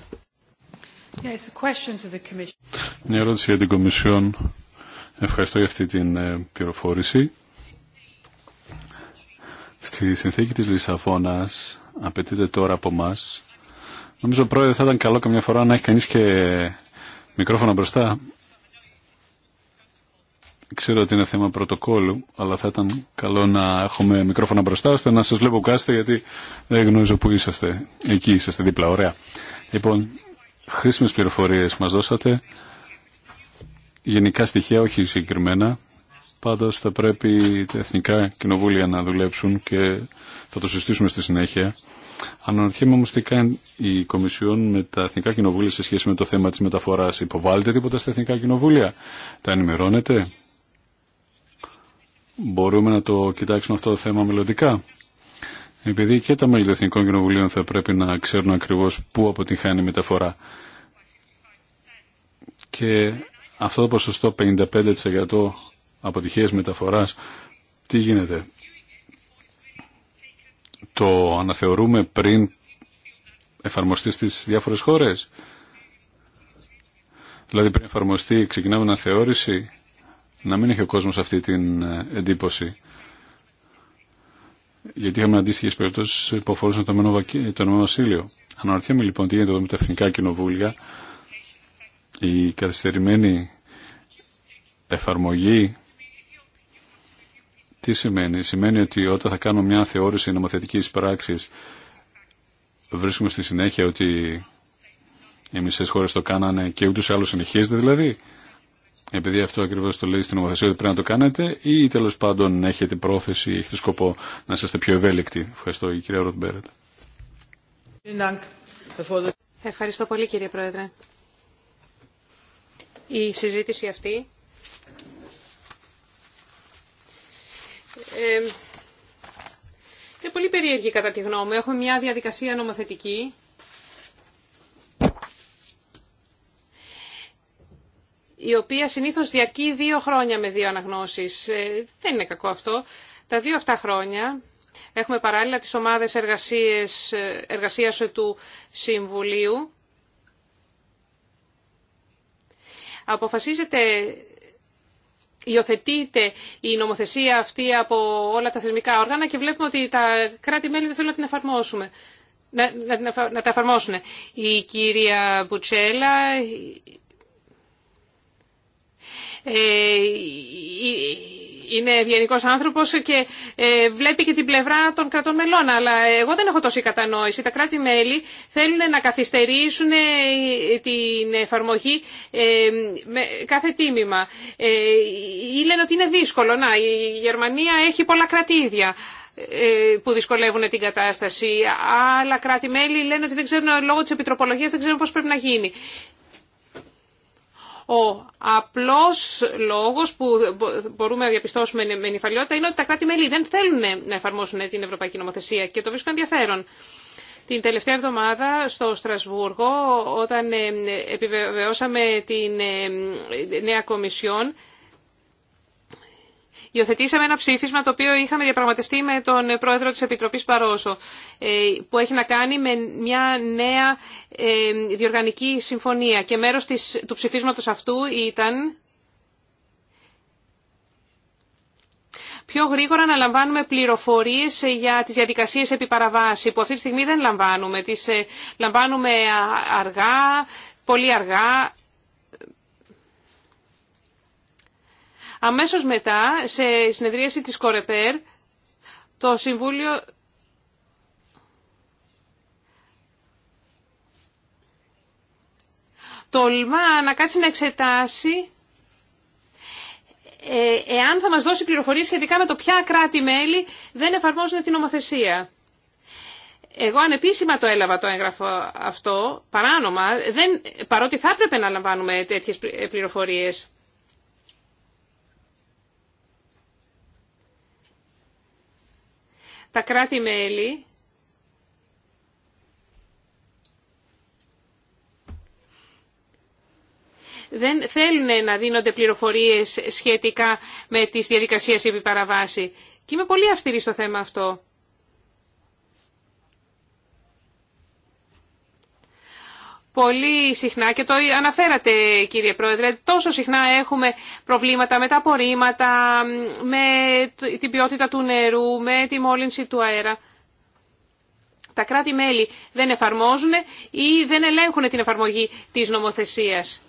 Μια ερώτηση για την Κομισιόν. Ευχαριστώ για αυτή την ε, πληροφόρηση. Στη συνθήκη της Λισαφώνας απαιτείται τώρα από εμά. Νομίζω, πρόεδρε, θα ήταν καλό καμιά φορά να έχει κανείς και μικρόφωνα μπροστά. Ξέρω ότι είναι θέμα πρωτοκόλλου, αλλά θα ήταν καλό να έχουμε μικρόφωνα μπροστά, ώστε να σας βλέπω κάστε, γιατί δεν γνωρίζω που είσαστε. Εκεί είσαστε δίπλα, ωραία. Λοιπόν, χρήσιμες πληροφορίες μας δώσατε. Γενικά στοιχεία, όχι συγκεκριμένα. Πάντως θα πρέπει τα εθνικά κοινοβούλια να δουλέψουν και θα το συστήσουμε στη συνέχεια. Αναρωτιέμαι όμω τι κάνει η Κομισιόν με τα Εθνικά Κοινοβούλια σε σχέση με το θέμα τη μεταφορά. Υποβάλλεται τίποτα στα Εθνικά Κοινοβούλια. Τα ενημερώνετε. Μπορούμε να το κοιτάξουμε αυτό το θέμα μελλοντικά. Επειδή και τα μέλη των Εθνικών Κοινοβουλίων θα πρέπει να ξέρουν ακριβώς πού αποτυγχάνει η μεταφορά. Και αυτό το ποσοστό 55% αποτυχίες μεταφοράς, τι γίνεται. Το αναθεωρούμε πριν εφαρμοστεί στις διάφορες χώρες. Δηλαδή πριν εφαρμοστεί ξεκινάμε αναθεώρηση να μην έχει ο κόσμος αυτή την ε, εντύπωση. Γιατί είχαμε αντίστοιχε περιπτώσει που αφορούσαν το Ηνωμένο Βασίλειο. Αναρωτιέμαι λοιπόν τι γίνεται εδώ με τα εθνικά κοινοβούλια, η καθυστερημένη εφαρμογή. Τι σημαίνει, σημαίνει ότι όταν θα κάνω μια θεώρηση νομοθετικής πράξης βρίσκουμε στη συνέχεια ότι οι μισές χώρες το κάνανε και ούτως ή συνεχίζεται δηλαδή επειδή αυτό ακριβώς το λέει στην νομοθεσία ότι πρέπει να το κάνετε ή τέλος πάντων έχετε πρόθεση, έχετε σκοπό να είστε πιο ευέλικτοι. Ευχαριστώ η κυρία Ροτμπέρετ. Ευχαριστώ πολύ κύριε Πρόεδρε. Η συζήτηση αυτή ε, είναι πολύ περίεργη κατά τη γνώμη μου. Έχουμε μια διαδικασία νομοθετική η οποία συνήθως διαρκεί δύο χρόνια με δύο αναγνώσεις. Ε, δεν είναι κακό αυτό. Τα δύο αυτά χρόνια έχουμε παράλληλα τις ομάδες εργασίας, ε, εργασίας του Συμβουλίου. Αποφασίζεται Υιοθετείται η νομοθεσία αυτή από όλα τα θεσμικά όργανα και βλέπουμε ότι τα κράτη-μέλη δεν θέλουν να την εφαρμόσουμε. Να, να τα εφαρμόσουν. Η κυρία Μπουτσέλα ε, είναι ευγενικό άνθρωπο και ε, βλέπει και την πλευρά των κρατών μελών. Αλλά εγώ δεν έχω τόση κατανόηση. Τα κράτη-μέλη θέλουν να καθυστερήσουν ε, την εφαρμογή με κάθε τίμημα. Ή λένε ότι είναι δύσκολο. Να, η Γερμανία έχει πολλά κρατήδια που δυσκολεύουν την κατάσταση. Άλλα κράτη-μέλη λένε ότι δεν ξέρουν λόγω της επιτροπολογίας δεν ξέρουν πώς πρέπει να γίνει. Ο απλός λόγος που μπορούμε να διαπιστώσουμε με νυφαλιότητα είναι ότι τα κράτη-μέλη δεν θέλουν να εφαρμόσουν την ευρωπαϊκή νομοθεσία και το βρίσκουν ενδιαφέρον. Την τελευταία εβδομάδα στο Στρασβούργο, όταν ε, επιβεβαιώσαμε την ε, νέα Κομισιόν, Υιοθετήσαμε ένα ψήφισμα το οποίο είχαμε διαπραγματευτεί με τον πρόεδρο της Επιτροπής Παρόσο, ε, που έχει να κάνει με μια νέα ε, διοργανική συμφωνία. Και μέρος της, του ψηφίσματος αυτού ήταν πιο γρήγορα να λαμβάνουμε πληροφορίες για τις διαδικασίες επί παραβάση, που αυτή τη στιγμή δεν λαμβάνουμε. Τις ε, λαμβάνουμε αργά, πολύ αργά, Αμέσως μετά, σε συνεδρίαση της Κορεπέρ, το Συμβούλιο τολμά να κάτσει να εξετάσει ε, εάν θα μας δώσει πληροφορίες σχετικά με το ποια κράτη-μέλη δεν εφαρμόζουν την νομοθεσία. Εγώ ανεπίσημα το έλαβα το έγγραφο αυτό, παράνομα, δεν, παρότι θα έπρεπε να λαμβάνουμε τέτοιες ε, πληροφορίες. τα κράτη-μέλη δεν θέλουν να δίνονται πληροφορίες σχετικά με τις διαδικασίες επί Και είμαι πολύ αυστηρή στο θέμα αυτό. πολύ συχνά και το αναφέρατε κύριε Πρόεδρε, τόσο συχνά έχουμε προβλήματα με τα απορρίμματα, με την ποιότητα του νερού, με τη μόλυνση του αέρα. Τα κράτη-μέλη δεν εφαρμόζουν ή δεν ελέγχουν την εφαρμογή της νομοθεσίας.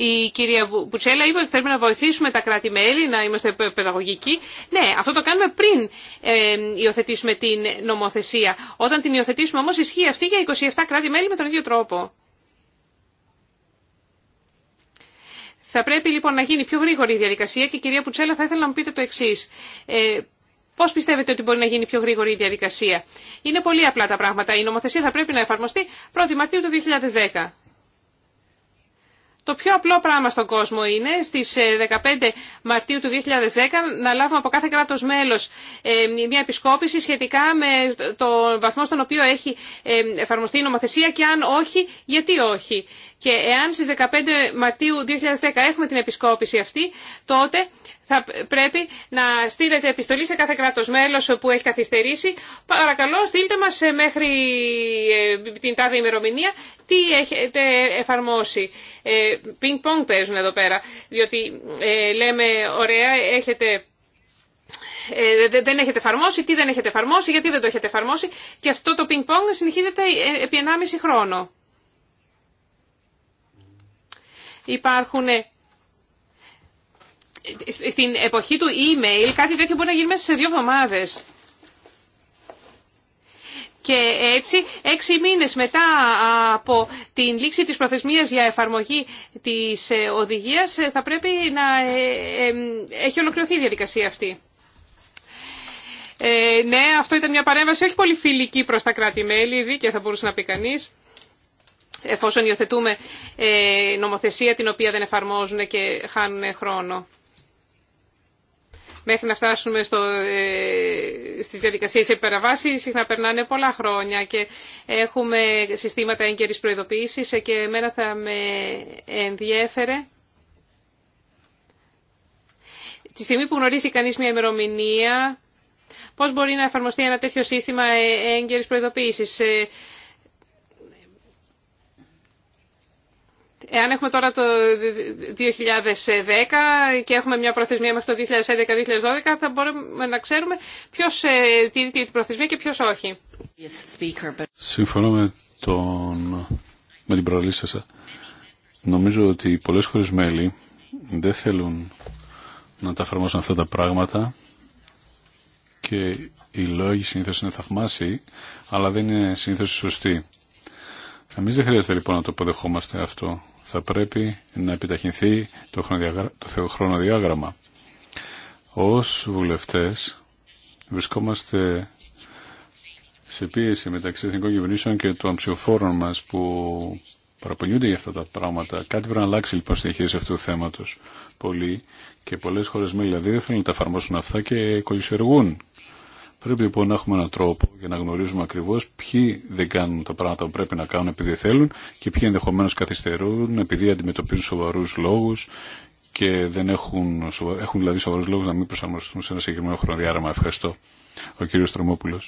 Η κυρία Μπουτσέλα είπε ότι θέλουμε να βοηθήσουμε τα κράτη-μέλη, να είμαστε παιδαγωγικοί. Ναι, αυτό το κάνουμε πριν ε, υιοθετήσουμε την νομοθεσία. Όταν την υιοθετήσουμε όμως ισχύει αυτή για 27 κράτη-μέλη με τον ίδιο τρόπο. Θα πρέπει λοιπόν να γίνει πιο γρήγορη η διαδικασία και κυρία Πουτσέλα θα ήθελα να μου πείτε το εξή. Ε, Πώ πιστεύετε ότι μπορεί να γίνει πιο γρήγορη η διαδικασία. Είναι πολύ απλά τα πράγματα. Η νομοθεσία θα πρέπει να εφαρμοστεί 1η Μαρτίου του 2010. Το πιο απλό πράγμα στον κόσμο είναι στις 15 ε, Μαρτίου του 2010 να λάβουμε από κάθε κράτος μέλος ε, μια επισκόπηση σχετικά με τον βαθμό στον οποίο έχει ε, εφαρμοστεί η νομοθεσία και αν όχι, γιατί όχι. Και εάν στις 15 Μαρτίου 2010 έχουμε την επισκόπηση αυτή, τότε θα πρέπει να στείλετε επιστολή σε κάθε κράτος μέλος που έχει καθυστερήσει. Παρακαλώ, στείλτε μας ε, μέχρι ε, την τάδε ημερομηνία τι έχετε εφαρμόσει. Ε, πινκ-πονγκ παίζουν εδώ πέρα, διότι λέμε, ωραία, έχετε δεν έχετε εφαρμόσει, τι δεν έχετε εφαρμόσει, γιατί δεν το έχετε εφαρμόσει. Και αυτό το πινκ-πονγκ συνεχίζεται επί 1,5 χρόνο. υπάρχουν ε, στην εποχή του email κάτι τέτοιο μπορεί να γίνει μέσα σε δύο εβδομάδες. Και έτσι, έξι μήνες μετά από την λήξη της προθεσμίας για εφαρμογή της ε, οδηγίας, ε, θα πρέπει να έχει ολοκληρωθεί η διαδικασία αυτή. Ε, ναι, αυτό ήταν μια παρέμβαση όχι πολύ φιλική προς τα κράτη-μέλη, δίκαια θα μπορούσε να πει κανείς εφόσον υιοθετούμε ε, νομοθεσία την οποία δεν εφαρμόζουν και χάνουν χρόνο. Μέχρι να φτάσουμε στο, ε, στις διαδικασίες υπεραβάση συχνά περνάνε πολλά χρόνια και έχουμε συστήματα έγκαιρης προειδοποίησης και εμένα θα με ενδιέφερε τη στιγμή που γνωρίζει κανείς μια ημερομηνία πώς μπορεί να εφαρμοστεί ένα τέτοιο σύστημα ε, έγκαιρης προειδοποίησης. Εάν έχουμε τώρα το 2010 και έχουμε μια προθεσμία μέχρι το 2011-2012, θα μπορούμε να ξέρουμε ποιος ε, τηρεί την προθεσμία και ποιο όχι. Συμφωνώ με, τον... με την Νομίζω ότι πολλές χώρες μέλη δεν θέλουν να τα εφαρμόσουν αυτά τα πράγματα και οι λόγοι συνήθως είναι θαυμάσιοι, αλλά δεν είναι συνήθως σωστοί. Εμεί δεν χρειάζεται λοιπόν να το αποδεχόμαστε αυτό θα πρέπει να επιταχυνθεί το, το χρονοδιάγραμμα. Ως βουλευτές βρισκόμαστε σε πίεση μεταξύ εθνικών κυβερνήσεων και των ψηφοφόρων μας που παραπονιούνται για αυτά τα πράγματα. Κάτι πρέπει να αλλάξει λοιπόν στην αρχή αυτού του θέματος πολύ και πολλές χώρες μέλη δηλαδή δεν θέλουν να τα εφαρμόσουν αυτά και κολυσιεργούν Πρέπει λοιπόν να έχουμε έναν τρόπο για να γνωρίζουμε ακριβώ ποιοι δεν κάνουν τα πράγματα που πρέπει να κάνουν επειδή θέλουν και ποιοι ενδεχομένω καθυστερούν επειδή αντιμετωπίζουν σοβαρού λόγου και δεν έχουν, έχουν δηλαδή σοβαρού λόγου να μην προσαρμοστούν σε ένα συγκεκριμένο χρονοδιάγραμμα. Ευχαριστώ. Ο κύριο Τρομόπουλο.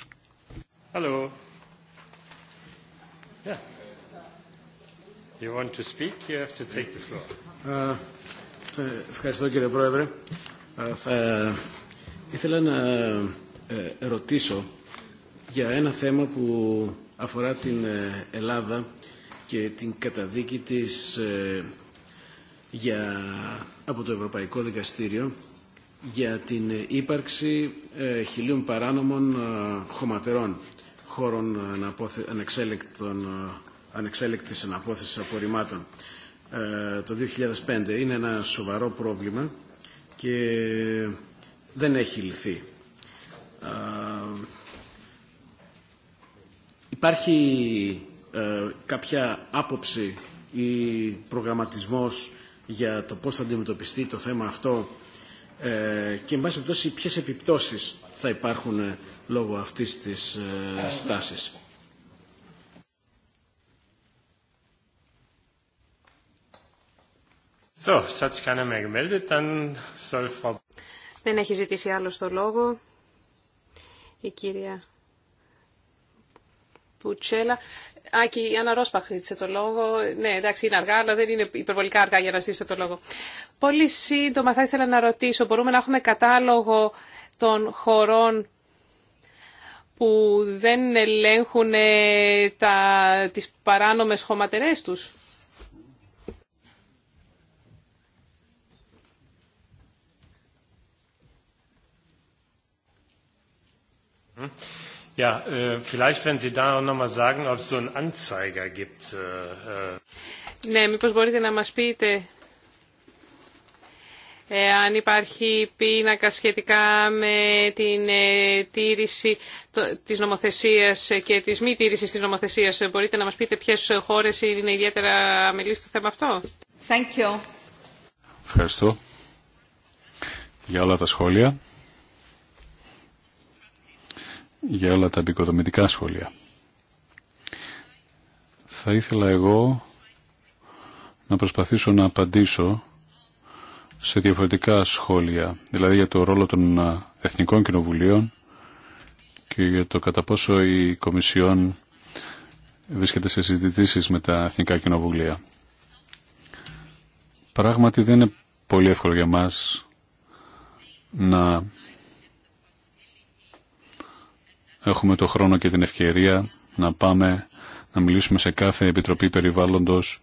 want to speak, you have to take the floor. Ε, ε, ευχαριστώ κύριε Πρόεδρε. Ε, ήθελα να ε, ρωτήσω για ένα θέμα που αφορά την ε, Ελλάδα και την καταδίκη της ε, για, από το Ευρωπαϊκό Δικαστήριο για την ύπαρξη χιλίων παράνομων χωματερών χώρων ανεξέλεκτης αναπόθεσης απορριμμάτων το 2005. Είναι ένα σοβαρό πρόβλημα και δεν έχει λυθεί. Ε, υπάρχει ε, κάποια άποψη ή προγραμματισμός για το πώς θα αντιμετωπιστεί το θέμα αυτό ε, και, εν πάση περιπτώσει, ποιες επιπτώσεις θα υπάρχουν λόγω αυτής της στάσης. Δεν έχει ζητήσει άλλο το λόγο η κυρία Πουτσέλα. Α, και η Άννα Ρόσπαχ ζήτησε το λόγο. Ναι, εντάξει, είναι αργά, αλλά δεν είναι υπερβολικά αργά για να ζήσετε το λόγο. Πολύ σύντομα θα ήθελα να ρωτήσω, μπορούμε να έχουμε κατάλογο των χωρών που δεν ελέγχουν ε, τα, τις παράνομες χωματερές τους. Ja, äh, vielleicht, wenn Sie da sagen, ob es so einen Anzeiger gibt. Äh, äh. Ναι, μήπως μπορείτε να μας πείτε ε, αν υπάρχει πίνακα σχετικά με την ε, τήρηση της νομοθεσίας ε, και της μη τήρησης της νομοθεσίας. Μπορείτε να μας πείτε ποιες χώρες είναι ιδιαίτερα αμελείς στο θέμα αυτό. Thank you. Ευχαριστώ για όλα τα σχόλια για όλα τα επικοδομητικά σχόλια. Θα ήθελα εγώ να προσπαθήσω να απαντήσω σε διαφορετικά σχόλια, δηλαδή για το ρόλο των Εθνικών Κοινοβουλίων και για το κατά πόσο η Κομισιόν βρίσκεται σε συζητήσεις με τα Εθνικά Κοινοβουλία. Πράγματι δεν είναι πολύ εύκολο για μας να έχουμε το χρόνο και την ευκαιρία να πάμε να μιλήσουμε σε κάθε Επιτροπή Περιβάλλοντος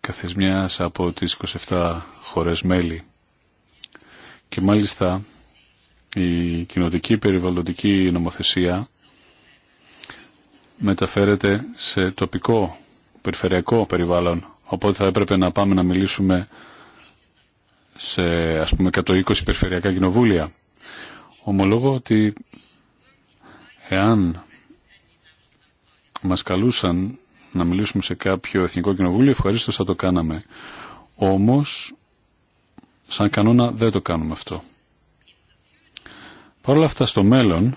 καθεσμιάς από τις 27 χώρες μέλη. Και μάλιστα η κοινοτική περιβαλλοντική νομοθεσία μεταφέρεται σε τοπικό περιφερειακό περιβάλλον. Οπότε θα έπρεπε να πάμε να μιλήσουμε σε ας πούμε 120 περιφερειακά κοινοβούλια. Ομολόγω ότι Εάν μας καλούσαν να μιλήσουμε σε κάποιο εθνικό κοινοβούλιο, ευχαρίστω θα το κάναμε. Όμως, σαν κανόνα δεν το κάνουμε αυτό. Παρ' όλα αυτά στο μέλλον,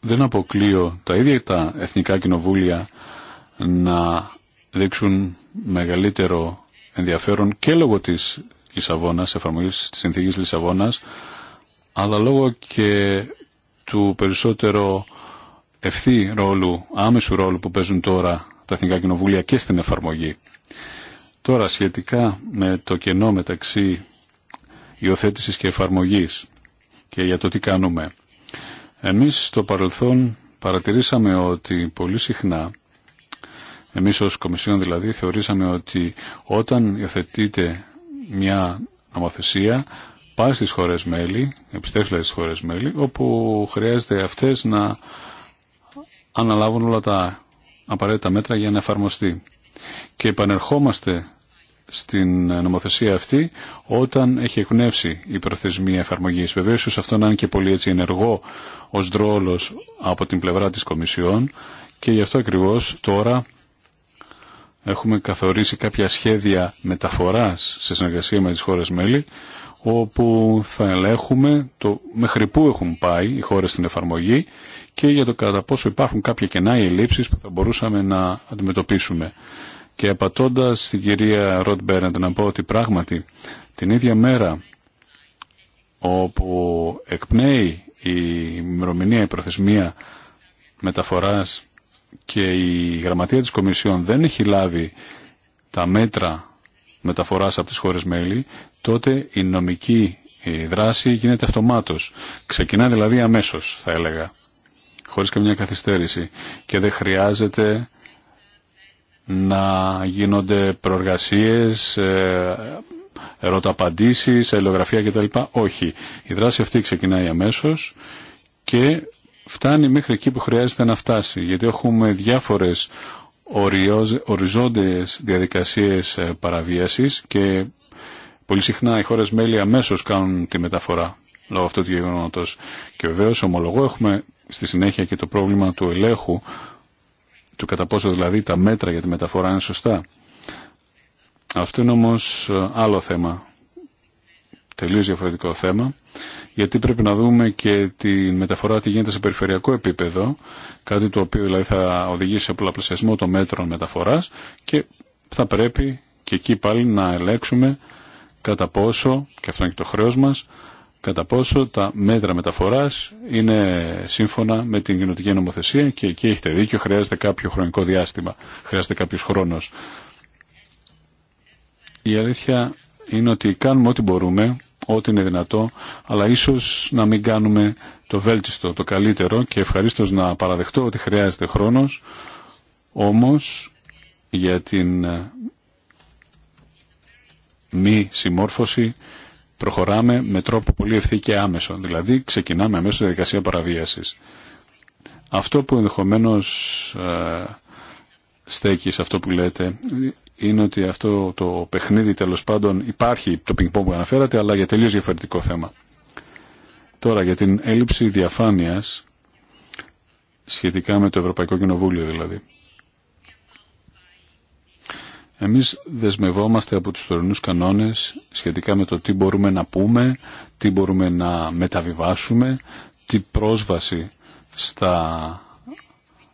δεν αποκλείω τα ίδια τα εθνικά κοινοβούλια να δείξουν μεγαλύτερο ενδιαφέρον και λόγω της Λισαβόνας, εφαρμογής της συνθήκης Λισαβόνας, αλλά λόγω και του περισσότερο ευθύ ρόλου, άμεσου ρόλου που παίζουν τώρα τα Εθνικά Κοινοβούλια και στην εφαρμογή. Τώρα σχετικά με το κενό μεταξύ υιοθέτηση και εφαρμογής και για το τι κάνουμε. Εμείς στο παρελθόν παρατηρήσαμε ότι πολύ συχνά, εμείς ως Κομισιόν δηλαδή, θεωρήσαμε ότι όταν υιοθετείται μια νομοθεσία Πάει στις χώρες μέλη, επιστρέφει στις χώρες μέλη, όπου χρειάζεται αυτές να αναλάβουν όλα τα απαραίτητα μέτρα για να εφαρμοστεί. Και επανερχόμαστε στην νομοθεσία αυτή όταν έχει εκπνεύσει η προθεσμία εφαρμογής. Βεβαίως αυτό να είναι και πολύ έτσι ενεργό ως δρόλος από την πλευρά της Κομισιόν και γι' αυτό ακριβώς τώρα έχουμε καθορίσει κάποια σχέδια μεταφοράς σε συνεργασία με τις χώρες μέλη όπου θα ελέγχουμε το μέχρι πού έχουν πάει οι χώρες στην εφαρμογή και για το κατά πόσο υπάρχουν κάποια κενά ή ελλείψεις που θα μπορούσαμε να αντιμετωπίσουμε. Και απατώντας την κυρία Ροτ να πω ότι πράγματι την ίδια μέρα όπου εκπνέει η ημερομηνία, η προθεσμία μεταφοράς και η γραμματεία της Κομισιόν δεν έχει λάβει τα μέτρα μεταφοράς από τις χώρες μέλη, τότε η νομική ε, δράση γίνεται αυτομάτως. Ξεκινά δηλαδή αμέσως, θα έλεγα, χωρίς καμιά καθυστέρηση και δεν χρειάζεται να γίνονται προεργασίες, ε, ερωταπαντήσεις, αλληλογραφία κτλ. Όχι. Η δράση αυτή ξεκινάει αμέσως και φτάνει μέχρι εκεί που χρειάζεται να φτάσει. Γιατί έχουμε διάφορες οριζόντιες διαδικασίες ε, παραβίασης και Πολύ συχνά οι χώρες μέλη αμέσως κάνουν τη μεταφορά λόγω αυτού του γεγονότος. Και βεβαίως ομολογώ έχουμε στη συνέχεια και το πρόβλημα του ελέγχου του κατά πόσο δηλαδή τα μέτρα για τη μεταφορά είναι σωστά. Αυτό είναι όμως ε, άλλο θέμα, τελείως διαφορετικό θέμα, γιατί πρέπει να δούμε και τη μεταφορά τι γίνεται σε περιφερειακό επίπεδο, κάτι το οποίο δηλαδή θα οδηγήσει σε πολλαπλασιασμό των μέτρων μεταφοράς και θα πρέπει και εκεί πάλι να ελέγξουμε κατά πόσο, και αυτό είναι και το χρέος μας, κατά πόσο τα μέτρα μεταφοράς είναι σύμφωνα με την κοινωτική νομοθεσία και εκεί έχετε δίκιο, χρειάζεται κάποιο χρονικό διάστημα, χρειάζεται κάποιος χρόνος. Η αλήθεια είναι ότι κάνουμε ό,τι μπορούμε, ό,τι είναι δυνατό, αλλά ίσως να μην κάνουμε το βέλτιστο, το καλύτερο και ευχαρίστως να παραδεχτώ ότι χρειάζεται χρόνος, όμως για την μη συμμόρφωση προχωράμε με τρόπο πολύ ευθύ και άμεσο. Δηλαδή ξεκινάμε αμέσως τη διαδικασία παραβίασης. Αυτό που ενδεχομένως ε, στέκει σε αυτό που λέτε είναι ότι αυτό το παιχνίδι τέλος πάντων υπάρχει το πινκ που αναφέρατε αλλά για τελείως διαφορετικό θέμα. Τώρα για την έλλειψη διαφάνειας σχετικά με το Ευρωπαϊκό Κοινοβούλιο δηλαδή. Εμείς δεσμευόμαστε από τους τωρινούς κανόνες σχετικά με το τι μπορούμε να πούμε, τι μπορούμε να μεταβιβάσουμε, τι πρόσβαση στα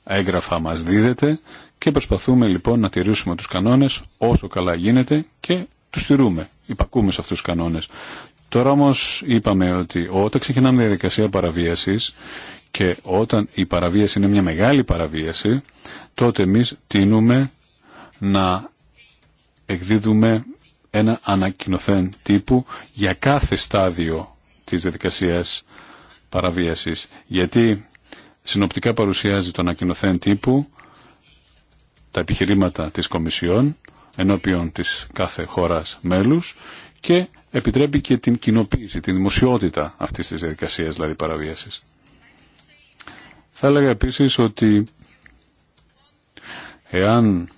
έγγραφα μας δίδεται και προσπαθούμε λοιπόν να τηρήσουμε τους κανόνες όσο καλά γίνεται και τους τηρούμε, υπακούμε σε αυτούς τους κανόνες. Τώρα όμως είπαμε ότι όταν ξεκινάμε διαδικασία παραβίασης και όταν η παραβίαση είναι μια μεγάλη παραβίαση, τότε εμείς τίνουμε να εκδίδουμε ένα ανακοινωθέν τύπου για κάθε στάδιο της διαδικασίας παραβίασης. Γιατί συνοπτικά παρουσιάζει το ανακοινωθέν τύπου τα επιχειρήματα της Κομισιόν ενώπιον της κάθε χώρας μέλους και επιτρέπει και την κοινοποίηση, την δημοσιότητα αυτής της διαδικασίας δηλαδή παραβίασης. Θα έλεγα επίσης ότι εάν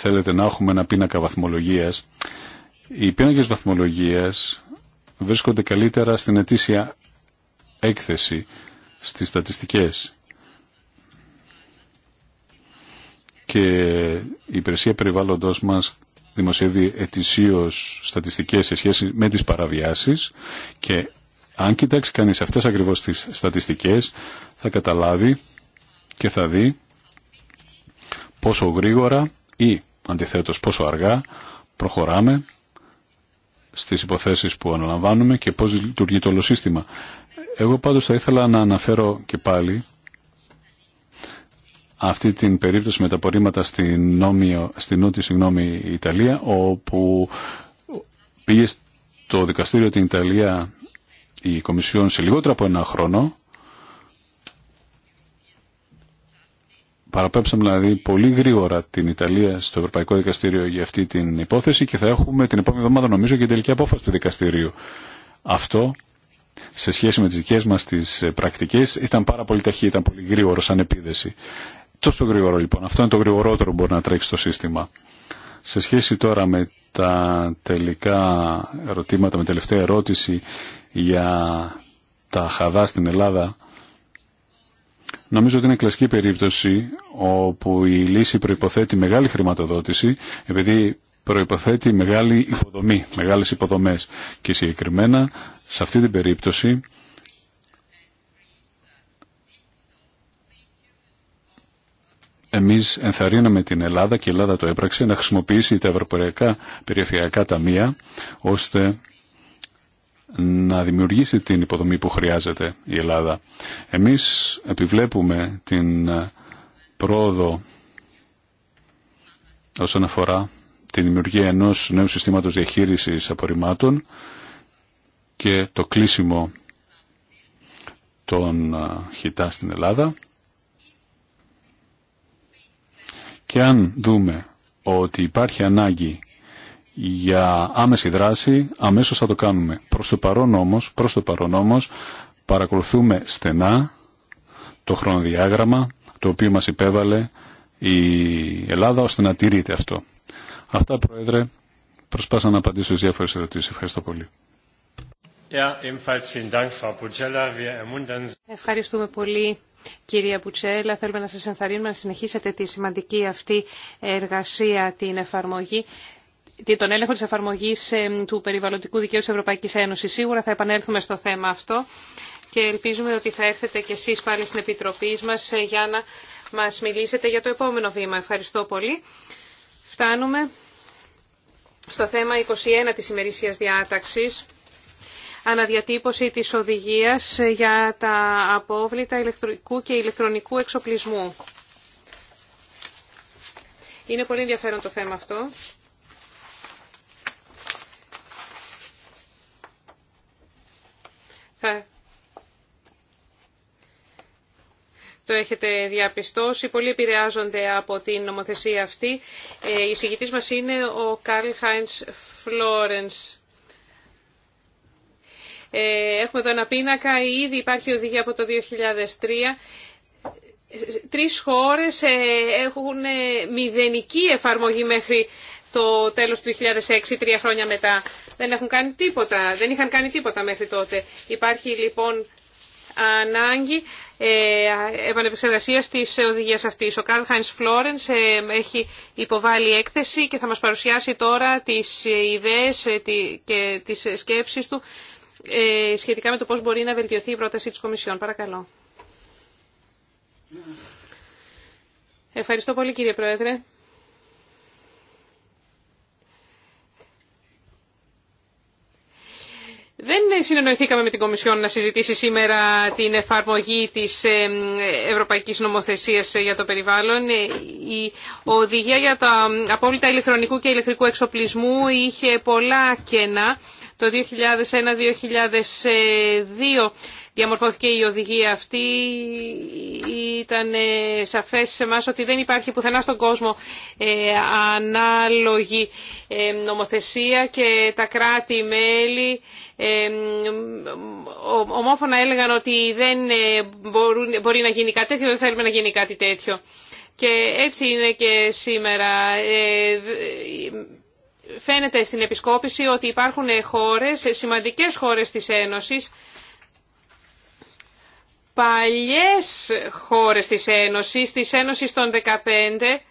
θέλετε να έχουμε ένα πίνακα βαθμολογίας. Οι πίνακες βαθμολογίας βρίσκονται καλύτερα στην ετήσια έκθεση, στις στατιστικές. Και η υπηρεσία περιβάλλοντος μας δημοσιεύει ετησίως στατιστικές σε σχέση με τις παραβιάσεις και αν κοιτάξει κανείς αυτές ακριβώς τις στατιστικές θα καταλάβει και θα δει πόσο γρήγορα ή αντιθέτως πόσο αργά προχωράμε στις υποθέσεις που αναλαμβάνουμε και πώς λειτουργεί το όλο σύστημα. Εγώ πάντως θα ήθελα να αναφέρω και πάλι αυτή την περίπτωση με τα απορρίμματα στην, νόμιο, νότια συγγνώμη, Ιταλία όπου πήγε στο δικαστήριο την Ιταλία η Κομισιόν σε λιγότερο από ένα χρόνο Παραπέμψαμε δηλαδή πολύ γρήγορα την Ιταλία στο Ευρωπαϊκό Δικαστήριο για αυτή την υπόθεση και θα έχουμε την επόμενη εβδομάδα νομίζω και την τελική απόφαση του δικαστηρίου. Αυτό σε σχέση με τις δικές μας τις ε, πρακτικές ήταν πάρα πολύ ταχύ, ήταν πολύ γρήγορο σαν επίδεση. Τόσο γρήγορο λοιπόν, αυτό είναι το γρηγορότερο που μπορεί να τρέξει το σύστημα. Σε σχέση τώρα με τα τελικά ερωτήματα, με τελευταία ερώτηση για τα χαδά στην Ελλάδα, Νομίζω ότι είναι κλασική περίπτωση όπου η λύση προϋποθέτει μεγάλη χρηματοδότηση επειδή προϋποθέτει μεγάλη υποδομή, μεγάλες υποδομές. Και συγκεκριμένα σε αυτή την περίπτωση εμείς ενθαρρύναμε την Ελλάδα και η Ελλάδα το έπραξε να χρησιμοποιήσει τα ευρωπαϊκά περιφερειακά ταμεία ώστε να δημιουργήσει την υποδομή που χρειάζεται η Ελλάδα. Εμείς επιβλέπουμε την ε, πρόοδο όσον αφορά τη δημιουργία ενός νέου συστήματος διαχείρισης απορριμμάτων και το κλείσιμο των ε, χιτά στην Ελλάδα. Και αν δούμε ότι υπάρχει ανάγκη για άμεση δράση, αμέσως θα το κάνουμε. Προς το παρόν όμως, προς το παρόν όμως παρακολουθούμε στενά το χρονοδιάγραμμα το οποίο μας υπέβαλε η Ελλάδα ώστε να τηρείται αυτό. Αυτά, Πρόεδρε, προσπάσα να απαντήσω στις διάφορες ερωτήσεις. Ευχαριστώ πολύ. Ευχαριστούμε πολύ. Κυρία Πουτσέλα, θέλουμε να σας ενθαρρύνουμε να συνεχίσετε τη σημαντική αυτή εργασία, την εφαρμογή τον έλεγχο της εφαρμογής του περιβαλλοντικού δικαίου της Ευρωπαϊκής Ένωσης. Σίγουρα θα επανέλθουμε στο θέμα αυτό και ελπίζουμε ότι θα έρθετε κι εσείς πάλι στην Επιτροπή μας ε, για να μας μιλήσετε για το επόμενο βήμα. Ευχαριστώ πολύ. Φτάνουμε στο θέμα 21 της ημερήσιας διάταξης. Αναδιατύπωση της οδηγίας ε, για τα απόβλητα ηλεκτρονικού και ηλεκτρονικού εξοπλισμού. Είναι πολύ ενδιαφέρον το θέμα αυτό. Ε. Το έχετε διαπιστώσει. Πολλοί επηρεάζονται από την νομοθεσία αυτή. Ε, η συγητής μας είναι ο Καρλ Χάινς Φλόρενς. Ε, έχουμε εδώ ένα πίνακα. Ήδη υπάρχει οδηγία από το 2003 τρεις χώρες έχουν μηδενική εφαρμογή μέχρι το τέλος του 2006, τρία χρόνια μετά δεν, έχουν κάνει τίποτα, δεν είχαν κάνει τίποτα μέχρι τότε. Υπάρχει λοιπόν ανάγκη ε, τη της οδηγίας αυτής. Ο Καρλ Χάινς Φλόρενς ε, έχει υποβάλει έκθεση και θα μας παρουσιάσει τώρα τις ιδέες ε, και τις σκέψεις του ε, σχετικά με το πώς μπορεί να βελτιωθεί η πρόταση της Κομισιόν. Παρακαλώ. Ευχαριστώ πολύ κύριε Πρόεδρε. Δεν συνεννοηθήκαμε με την Κομισιόν να συζητήσει σήμερα την εφαρμογή της ε, Ευρωπαϊκής Νομοθεσίας για το περιβάλλον. Η οδηγία για τα απόλυτα ηλεκτρονικού και ηλεκτρικού εξοπλισμού είχε πολλά κενά. Το 2001-2002 διαμορφώθηκε η οδηγία αυτή ήταν ε, σαφές σε εμάς ότι δεν υπάρχει πουθενά στον κόσμο ε, ανάλογη ε, νομοθεσία και τα κράτη-μέλη ομόφωνα έλεγαν ότι δεν μπορούν, μπορεί να γίνει κάτι τέτοιο, δεν θέλουμε να γίνει κάτι τέτοιο. Και έτσι είναι και σήμερα. Φαίνεται στην επισκόπηση ότι υπάρχουν χώρες, σημαντικές χώρες της Ένωσης, παλιές χώρες της Ένωσης, της Ένωσης των 15,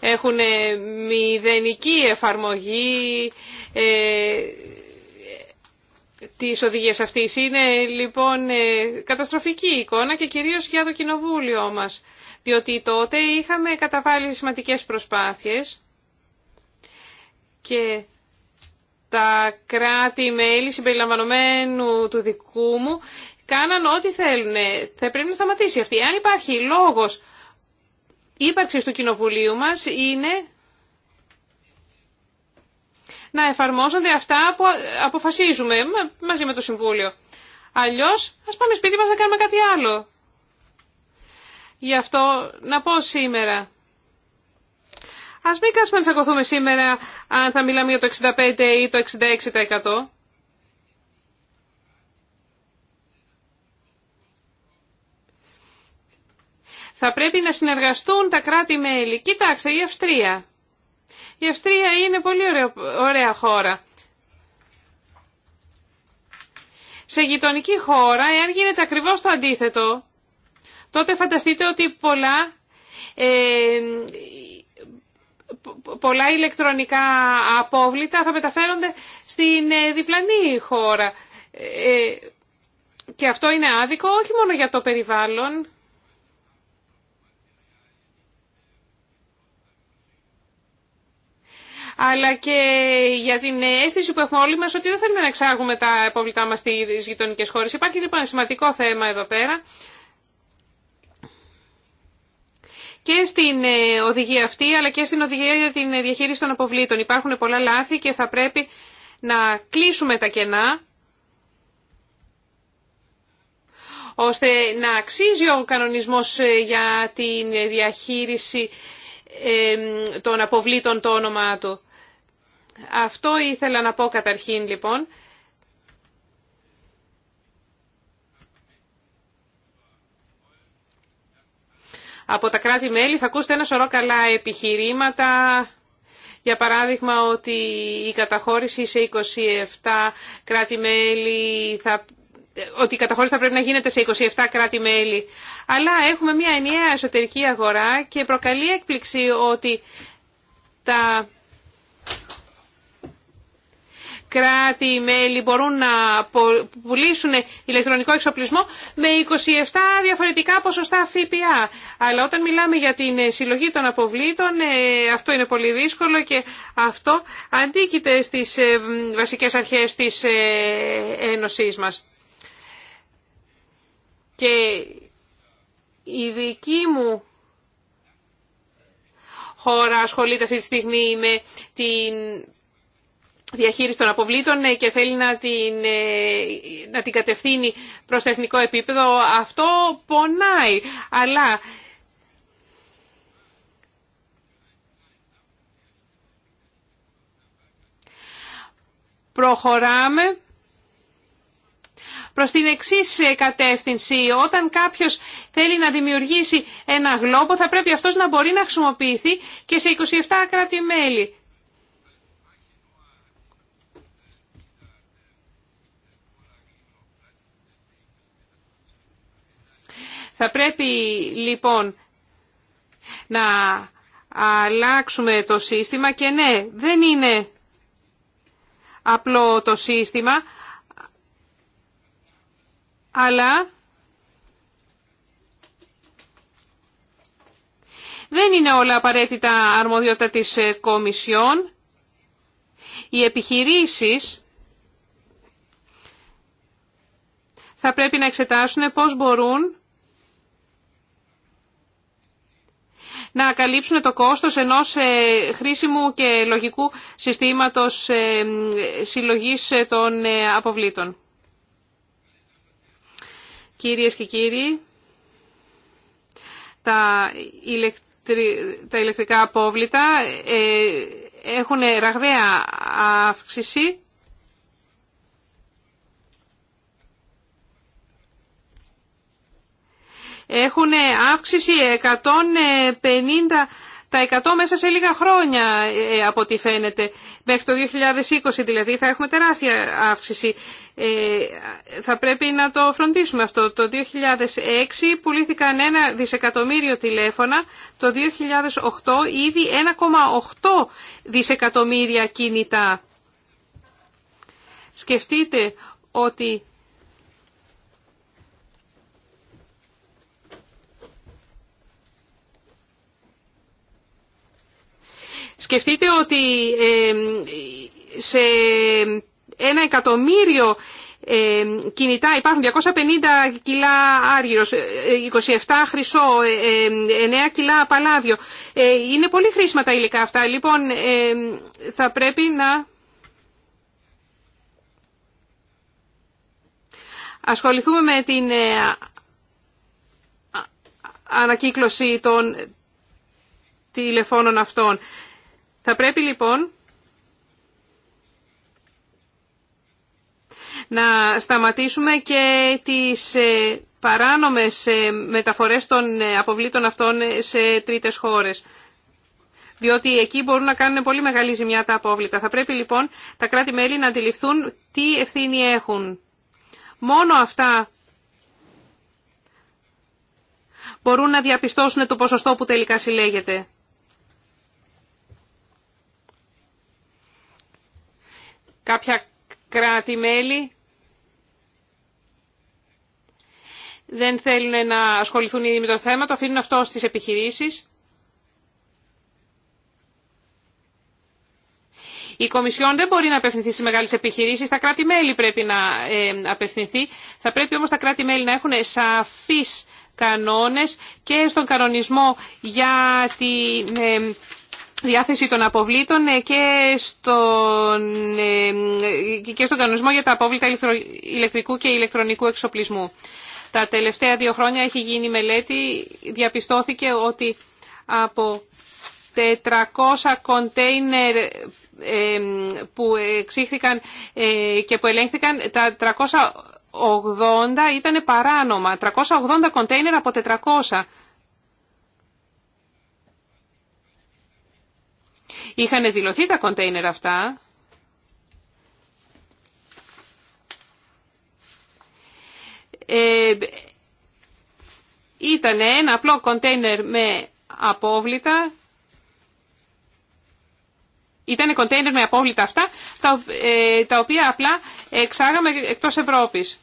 έχουν μηδενική εφαρμογή ε, της οδηγίας αυτής. Είναι λοιπόν ε, καταστροφική εικόνα και κυρίως για το κοινοβούλιο μας, διότι τότε είχαμε καταβάλει σημαντικές προσπάθειες και τα κράτη-μέλη συμπεριλαμβανομένου του δικού μου κάναν ό,τι θέλουν. Θα πρέπει να σταματήσει αυτή. Αν υπάρχει λόγος ύπαρξης του κοινοβουλίου μας είναι να εφαρμόζονται αυτά που αποφασίζουμε μαζί με το Συμβούλιο. Αλλιώς ας πάμε σπίτι μας να κάνουμε κάτι άλλο. Γι' αυτό να πω σήμερα Α μην κάτσουμε να τσακωθούμε σήμερα αν θα μιλάμε για το 65% ή το 66%. Θα πρέπει να συνεργαστούν τα κράτη-μέλη. Κοιτάξτε, η Αυστρία. Η Αυστρία είναι πολύ ωραία χώρα. Σε γειτονική χώρα, εάν γίνεται ακριβώς το αντίθετο, τότε φανταστείτε ότι πολλά ε, πολλά ηλεκτρονικά απόβλητα θα μεταφέρονται στην ε, διπλανή χώρα. Ε, και αυτό είναι άδικο όχι μόνο για το περιβάλλον. αλλά και για την αίσθηση που έχουμε όλοι μας ότι δεν θέλουμε να εξάγουμε τα απόβλητά μας στις γειτονικές χώρες. Υπάρχει λοιπόν ένα σημαντικό θέμα εδώ πέρα και στην ε, οδηγία αυτή αλλά και στην οδηγία για την ε, διαχείριση των αποβλήτων. Υπάρχουν πολλά λάθη και θα πρέπει να κλείσουμε τα κενά ώστε να αξίζει ο κανονισμός ε, για την διαχείριση των αποβλήτων το όνομά του. Αυτό ήθελα να πω καταρχήν λοιπόν. από τα κράτη-μέλη θα ακούσετε ένα σωρό καλά επιχειρήματα. Για παράδειγμα ότι η καταχώρηση σε 27 κράτη-μέλη θα ότι η καταχώρηση θα πρέπει να γίνεται σε 27 κράτη-μέλη. Αλλά έχουμε μια ενιαία εσωτερική αγορά και προκαλεί έκπληξη ότι τα κράτη-μέλη μπορούν να πουλήσουν ηλεκτρονικό εξοπλισμό με 27 διαφορετικά ποσοστά ΦΠΑ. Αλλά όταν μιλάμε για την ε, συλλογή των αποβλήτων, ε, αυτό είναι πολύ δύσκολο και αυτό αντίκειται στις ε, βασικές αρχές της Ένωσής μας. Και η δική μου χώρα ασχολείται αυτή τη στιγμή με την διαχείριση των αποβλήτων ε, και θέλει να την, ε, να την κατευθύνει προς το εθνικό επίπεδο. Αυτό πονάει, αλλά... Προχωράμε προς την εξή ε, κατεύθυνση. Όταν κάποιος θέλει να δημιουργήσει ένα γλόμπο, θα πρέπει αυτός να μπορεί να χρησιμοποιηθεί και σε 27 κράτη-μέλη. Θα πρέπει λοιπόν να αλλάξουμε το σύστημα και ναι, δεν είναι απλό το σύστημα, αλλά δεν είναι όλα απαραίτητα αρμοδιότητα της ε, Κομισιόν. Οι επιχειρήσεις θα πρέπει να εξετάσουν πώς μπορούν να καλύψουν το κόστος ενός ε, χρήσιμου και λογικού συστήματος ε, συλλογής ε, των αποβλήτων. Κυρίες και κύριοι, τα, τα ηλεκτρικά απόβλητα έχουν ραγδαία αύξηση έχουν αύξηση 150 τα 100 μέσα σε λίγα χρόνια ε, από ό,τι φαίνεται. Μέχρι το 2020 δηλαδή θα έχουμε τεράστια αύξηση. Ε, θα πρέπει να το φροντίσουμε αυτό. Το 2006 πουλήθηκαν ένα δισεκατομμύριο τηλέφωνα, το 2008 ήδη 1,8 δισεκατομμύρια κινητά. Σκεφτείτε ότι Σκεφτείτε ότι σε ένα εκατομμύριο κινητά υπάρχουν 250 κιλά άργυρος, 27 ε, χρυσό, 9 ε, κιλά παλάδιο. Ε, είναι πολύ χρήσιμα τα υλικά αυτά. Λοιπόν, θα πρέπει να... Ασχοληθούμε με την ανακύκλωση των τηλεφώνων αυτών. Θα πρέπει λοιπόν να σταματήσουμε και τις ε, παράνομες ε, μεταφορές των ε, αποβλήτων αυτών σε τρίτες χώρες. Διότι εκεί μπορούν να κάνουν πολύ μεγάλη ζημιά τα απόβλητα. Θα πρέπει λοιπόν τα κράτη-μέλη να αντιληφθούν τι ευθύνη έχουν. Μόνο αυτά μπορούν να διαπιστώσουν το ποσοστό που τελικά συλλέγεται. Κάποια κράτη-μέλη δεν θέλουν να ασχοληθούν ήδη με το θέμα, το αφήνουν αυτό στις επιχειρήσεις. Η Κομισιόν δεν μπορεί να απευθυνθεί στις μεγάλες επιχειρήσεις, Τα κράτη-μέλη πρέπει να ε, απευθυνθεί. Θα πρέπει όμως τα κράτη-μέλη να έχουν σαφείς κανόνες και στον κανονισμό για την ε, διάθεση των αποβλήτων ε, και στον, ε, και στον κανονισμό για τα απόβλητα ηλεκτρικού και ηλεκτρονικού εξοπλισμού. Τα τελευταία δύο χρόνια έχει γίνει μελέτη, διαπιστώθηκε ότι από 400 κοντέινερ ε, που εξήχθηκαν και που ελέγχθηκαν, τα 380 ήταν παράνομα. 380 κοντέινερ από 400. Είχαν δηλωθεί τα κοντέινερ αυτά. Ε, ήταν ένα απλό κοντέινερ με απόβλητα. Ήταν κοντέινερ με απόβλητα αυτά, τα, ε, τα οποία απλά εξάγαμε εκτός Ευρώπης.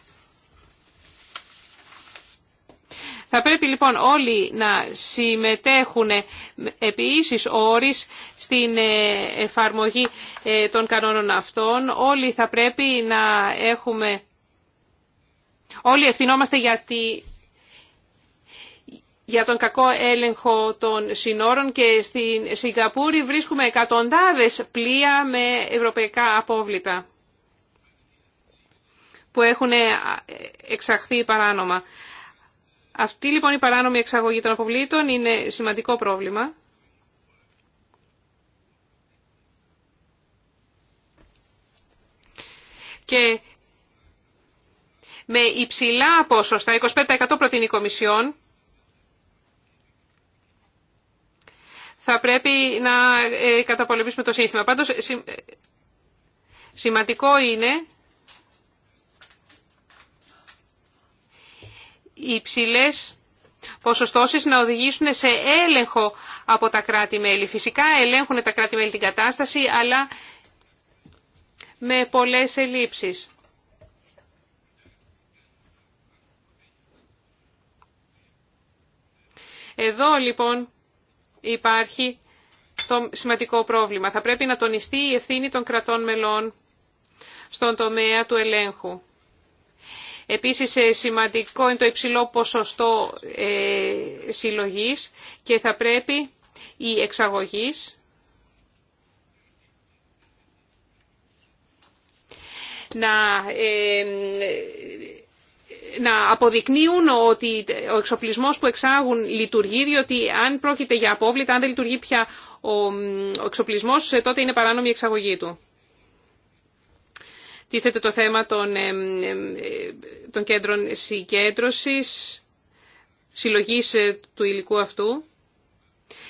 Θα πρέπει λοιπόν όλοι να συμμετέχουν επί ίσης όρης στην ε, εφαρμογή ε, των κανόνων αυτών. Όλοι θα πρέπει να έχουμε... Όλοι ευθυνόμαστε για, για τον κακό έλεγχο των συνόρων και στην Σιγκαπούρη βρίσκουμε εκατοντάδες πλοία με ευρωπαϊκά απόβλητα που έχουν ε, εξαχθεί παράνομα. Αυτή λοιπόν η παράνομη εξαγωγή των αποβλήτων είναι σημαντικό πρόβλημα. Και με υψηλά ποσοστά, 25% προτείνει η Κομισιόν, θα πρέπει να ε, καταπολεμήσουμε το σύστημα. Πάντως, ε, σημαντικό είναι Υψηλέ υψηλές να οδηγήσουν σε έλεγχο από τα κράτη-μέλη. Φυσικά ελέγχουν τα κράτη-μέλη την κατάσταση, αλλά με πολλές ελλείψεις. Εδώ λοιπόν υπάρχει το σημαντικό πρόβλημα. Θα πρέπει να τονιστεί η ευθύνη των κρατών μελών στον τομέα του ελέγχου. Επίσης ε, σημαντικό είναι το υψηλό ποσοστό ε, συλλογής και θα πρέπει οι εξαγωγής να ε, να αποδεικνύουν ότι ο εξοπλισμός που εξάγουν λειτουργεί, διότι αν πρόκειται για απόβλητα, αν δεν λειτουργεί πια ο εξοπλισμός, τότε είναι παράνομη η εξαγωγή του. Τίθεται το θέμα των, κέντρων συγκέντρωσης, συλλογής ε, του υλικού αυτού.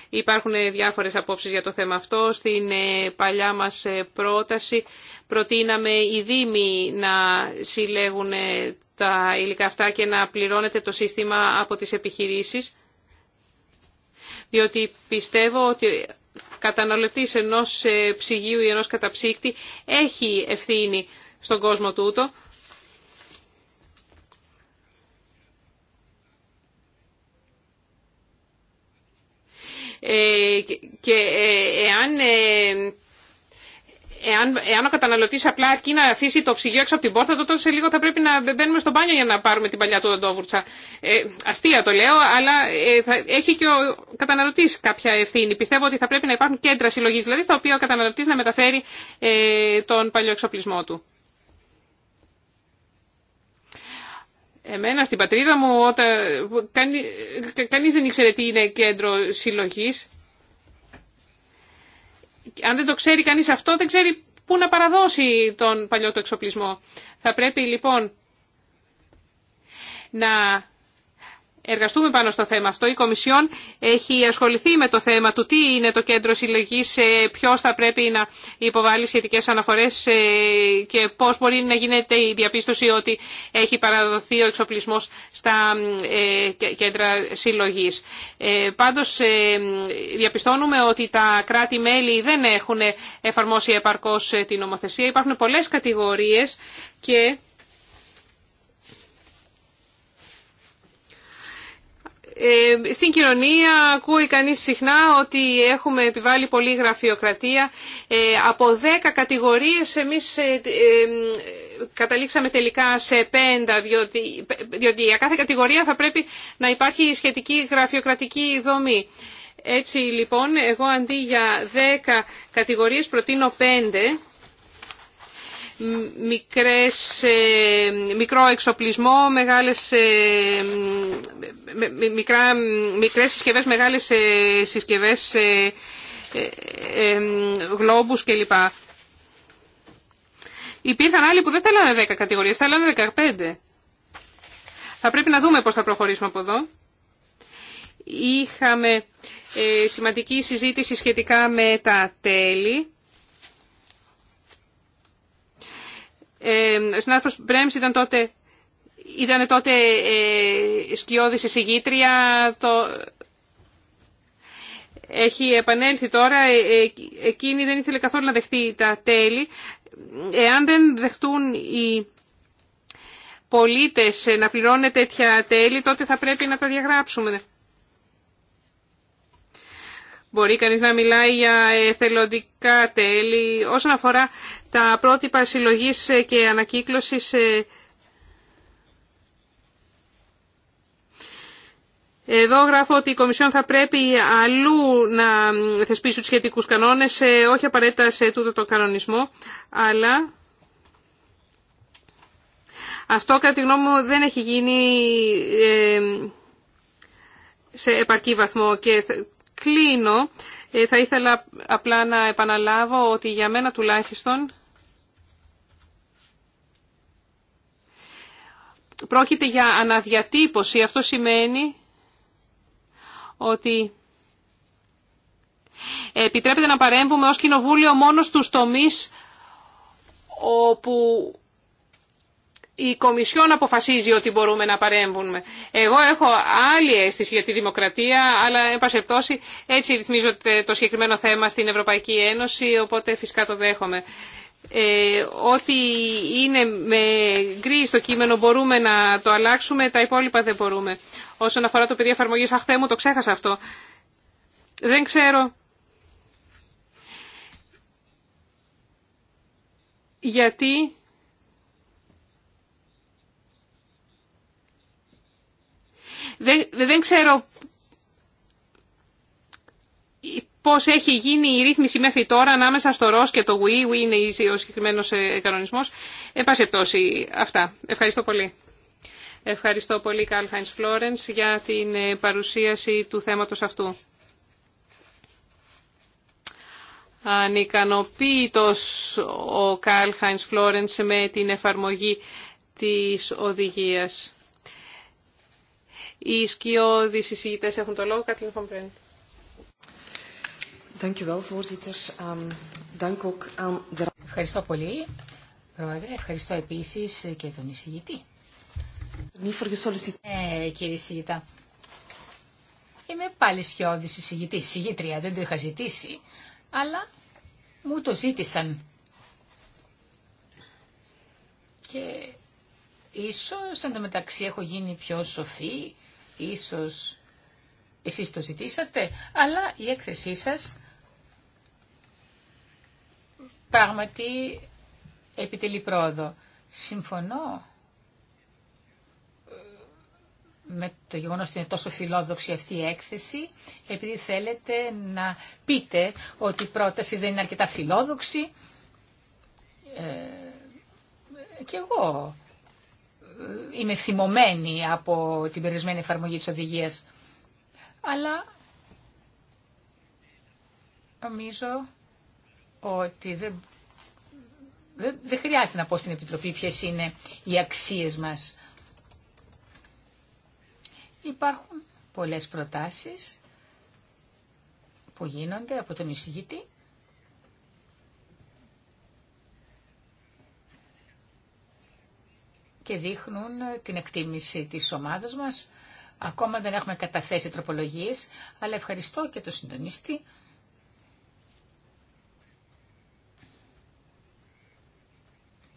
Υπάρχουν ε, διάφορες απόψεις για το θέμα αυτό. Στην ε, παλιά μας πρόταση προτείναμε οι Δήμοι να συλλέγουν τα υλικά αυτά και να πληρώνεται το σύστημα από τις επιχειρήσεις, διότι πιστεύω ότι καταναλωτής ενός ψυγείου ή ενός καταψύκτη έχει ευθύνη στον κόσμο τούτο. Ε, και ε, εάν, ε, εάν, εάν ο καταναλωτή απλά αρκεί να αφήσει το ψυγείο έξω από την πόρτα, τότε σε λίγο θα πρέπει να μπαίνουμε στο μπάνιο για να πάρουμε την παλιά του δοντόβουρτσα. Ε, αστεία το λέω, αλλά θα, έχει και ο καταναλωτή κάποια ευθύνη. Πιστεύω ότι θα πρέπει να υπάρχουν κέντρα συλλογή, δηλαδή στα οποία ο καταναλωτή να μεταφέρει ε, τον παλιό εξοπλισμό του. Εμένα στην πατρίδα μου όταν κανεί, κανείς δεν ήξερε τι είναι κέντρο συλλογής. Αν δεν το ξέρει κανείς αυτό δεν ξέρει πού να παραδώσει τον παλιό του εξοπλισμό. Θα πρέπει λοιπόν να εργαστούμε πάνω στο θέμα αυτό. Η Κομισιόν έχει ασχοληθεί με το θέμα του τι είναι το κέντρο συλλογή, ε, ποιο θα πρέπει να υποβάλει σχετικέ αναφορέ ε, και πώ μπορεί να γίνεται η διαπίστωση ότι έχει παραδοθεί ο εξοπλισμό στα ε, κέντρα συλλογή. Πάντω, διαπιστώνουμε ότι τα κράτη-μέλη δεν έχουν εφαρμόσει επαρκώ την νομοθεσία. Υπάρχουν πολλέ κατηγορίε και Ε, στην κοινωνία ακούει κανείς συχνά ότι έχουμε επιβάλει πολλή γραφειοκρατία. Ε, από 10 κατηγορίες εμείς ε, καταλήξαμε τελικά σε 5, διότι, διότι για κάθε κατηγορία θα πρέπει να υπάρχει σχετική γραφειοκρατική δομή. Έτσι λοιπόν, εγώ αντί για 10 κατηγορίες προτείνω 5 μικρές, ε, μικρό εξοπλισμό, μεγάλες, ε, μικρά, μικρές συσκευές, μεγάλες ε, συσκευές, γλόμπους κλπ. Υπήρχαν άλλοι που δεν θέλανε 10 κατηγορίες, θέλανε 15. Θα πρέπει να δούμε πώς θα προχωρήσουμε από εδώ. Είχαμε σημαντική συζήτηση σχετικά με τα τέλη. ο συνάδελφο Μπρέμ ήταν τότε, ήταν τότε ε, σκιώδης εισηγήτρια, το... έχει επανέλθει τώρα, ε, ε, εκείνη δεν ήθελε καθόλου να δεχτεί τα τέλη. Εάν δεν δεχτούν οι πολίτες να πληρώνουν τέτοια τέλη, τότε θα πρέπει να τα διαγράψουμε. Μπορεί κανείς να μιλάει για εθελοντικά τέλη. Όσον αφορά τα πρότυπα συλλογής και ανακύκλωσης, ε, Εδώ γράφω ότι η Κομισιόν θα πρέπει αλλού να θεσπίσει τους σχετικούς κανόνες, ε, όχι απαραίτητα σε τούτο το κανονισμό, αλλά αυτό κατά τη γνώμη μου δεν έχει γίνει ε, σε επαρκή βαθμό και κλείνω. Ε, θα ήθελα απλά να επαναλάβω ότι για μένα τουλάχιστον πρόκειται για αναδιατύπωση. Αυτό σημαίνει ότι επιτρέπεται να παρέμβουμε ως κοινοβούλιο μόνο στους τομείς όπου η Κομισιόν αποφασίζει ότι μπορούμε να παρέμβουμε. Εγώ έχω άλλη αίσθηση για τη δημοκρατία, αλλά εν πάση έτσι ρυθμίζεται το συγκεκριμένο θέμα στην Ευρωπαϊκή Ένωση, οπότε φυσικά το δέχομαι. Ε, ό,τι είναι με γκρι στο κείμενο μπορούμε να το αλλάξουμε, τα υπόλοιπα δεν μπορούμε. Όσον αφορά το πεδίο εφαρμογή, αχ, μου, το ξέχασα αυτό. Δεν ξέρω. Γιατί Δεν, δεν ξέρω πώς έχει γίνει η ρύθμιση μέχρι τώρα ανάμεσα στο ΡΟΣ και το ΒΟΙ. είναι ο συγκεκριμένος ε, κανονισμός. Εν πάση πτώση, αυτά. Ευχαριστώ πολύ. Ευχαριστώ πολύ, Καλ Χάινς Φλόρενς, για την ε, παρουσίαση του θέματος αυτού. Ανικανοποίητος ο Καλ Χάινς Φλόρενς με την εφαρμογή της οδηγίας. Οι σκιώδει εισηγητέ έχουν το λόγο. Κατλήν ehm, Ευχαριστώ πολύ, Πρόεδρε. Ευχαριστώ επίση και τον εισηγητή. Ε, κύριε είμαι πάλι σιώδη εισηγητή, εισηγήτρια, δεν το είχα ζητήσει, αλλά μου το ζήτησαν. Και ίσω εν έχω γίνει πιο σοφή Ίσως εσείς το ζητήσατε, αλλά η έκθεσή σας πράγματι επιτελεί πρόοδο. Συμφωνώ ε, με το γεγονός ότι είναι τόσο φιλόδοξη αυτή η έκθεση, επειδή θέλετε να πείτε ότι η πρόταση δεν είναι αρκετά φιλόδοξη. Ε, και εγώ είμαι θυμωμένη από την περιορισμένη εφαρμογή της οδηγίας. Αλλά νομίζω ότι δεν, δεν, χρειάζεται να πω στην Επιτροπή ποιες είναι οι αξίες μας. Υπάρχουν πολλές προτάσεις που γίνονται από τον εισηγητή και δείχνουν την εκτίμηση της ομάδας μας. Ακόμα δεν έχουμε καταθέσει τροπολογίες, αλλά ευχαριστώ και τον συντονίστη.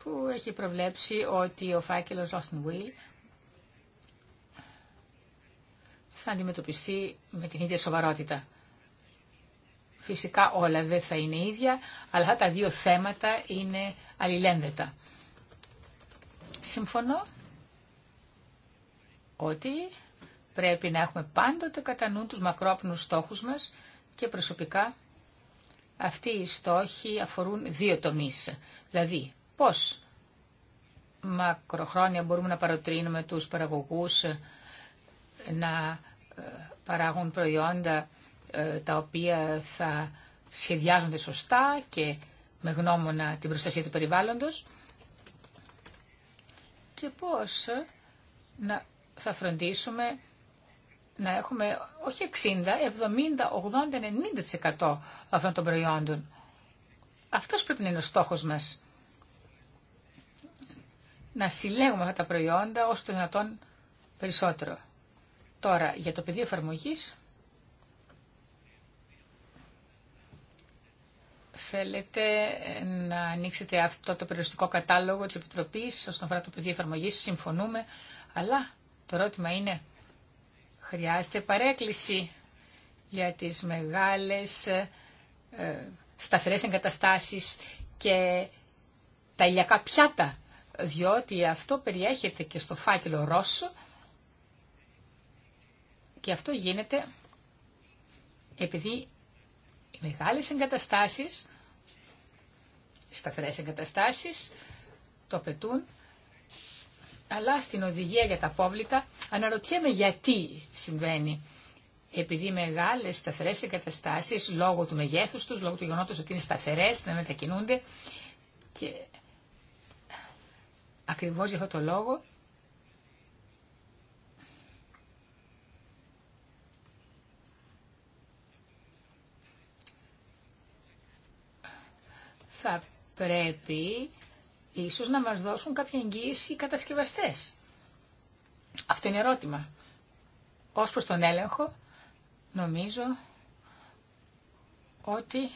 που έχει προβλέψει ότι ο φάκελος Austin Will θα αντιμετωπιστεί με την ίδια σοβαρότητα. Φυσικά όλα δεν θα είναι ίδια, αλλά τα δύο θέματα είναι αλληλένδετα. Συμφωνώ ότι πρέπει να έχουμε πάντοτε κατά νου τους μακρόπνους στόχους μας και προσωπικά αυτοί οι στόχοι αφορούν δύο τομείς. Δηλαδή, πώς μακροχρόνια μπορούμε να παροτρύνουμε τους παραγωγούς να ε, παράγουν προϊόντα ε, τα οποία θα σχεδιάζονται σωστά και με γνώμονα την προστασία του περιβάλλοντος και πώς να, θα φροντίσουμε να έχουμε όχι 60, 70, 80, 90% αυτών των προϊόντων. Αυτός πρέπει να είναι ο στόχος μας. Να συλλέγουμε αυτά τα προϊόντα όσο το δυνατόν περισσότερο. Τώρα, για το πεδίο εφαρμογής, Θέλετε να ανοίξετε αυτό το περιοριστικό κατάλογο της Επιτροπής όσον αφορά το παιδί εφαρμογή, συμφωνούμε, αλλά το ερώτημα είναι, χρειάζεται παρέκκληση για τις μεγάλες ε, σταθερές εγκαταστάσεις και τα ηλιακά πιάτα, διότι αυτό περιέχεται και στο φάκελο Ρώσο και αυτό γίνεται επειδή οι μεγάλες εγκαταστάσεις, οι σταθερές εγκαταστάσεις το απαιτούν, αλλά στην οδηγία για τα απόβλητα αναρωτιέμαι γιατί συμβαίνει. Επειδή μεγάλε σταθερέ εγκαταστάσει λόγω του μεγέθου του, λόγω του γεγονότο ότι είναι σταθερέ, δεν μετακινούνται και ακριβώ για αυτό το λόγο θα πρέπει ίσως να μας δώσουν κάποια εγγύηση οι κατασκευαστές. Αυτό είναι ερώτημα. Ως προς τον έλεγχο, νομίζω ότι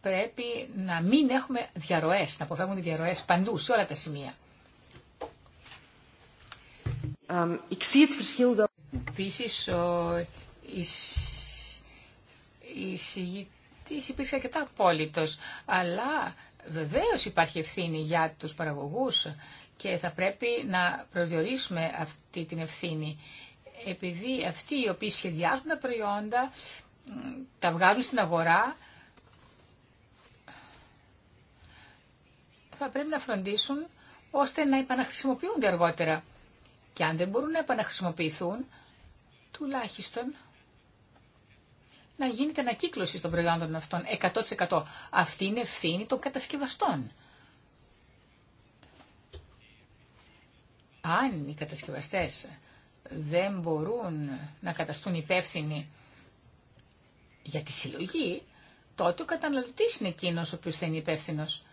πρέπει να μην έχουμε διαρροές, να αποφεύγουν διαρροές παντού, σε όλα τα σημεία. Επίσης, ο εισηγητής υπήρξε αρκετά απόλυτος, αλλά βεβαίως υπάρχει ευθύνη για τους παραγωγούς και θα πρέπει να προσδιορίσουμε αυτή την ευθύνη. Επειδή αυτοί οι οποίοι σχεδιάζουν τα προϊόντα, τα βγάζουν στην αγορά, θα πρέπει να φροντίσουν ώστε να επαναχρησιμοποιούνται αργότερα. Και αν δεν μπορούν να επαναχρησιμοποιηθούν, τουλάχιστον να γίνεται ανακύκλωση των προϊόντων αυτών 100%. Αυτή είναι ευθύνη των κατασκευαστών. Αν οι κατασκευαστές δεν μπορούν να καταστούν υπεύθυνοι για τη συλλογή, τότε ο καταναλωτής είναι εκείνος ο οποίος θα είναι υπεύθυνος.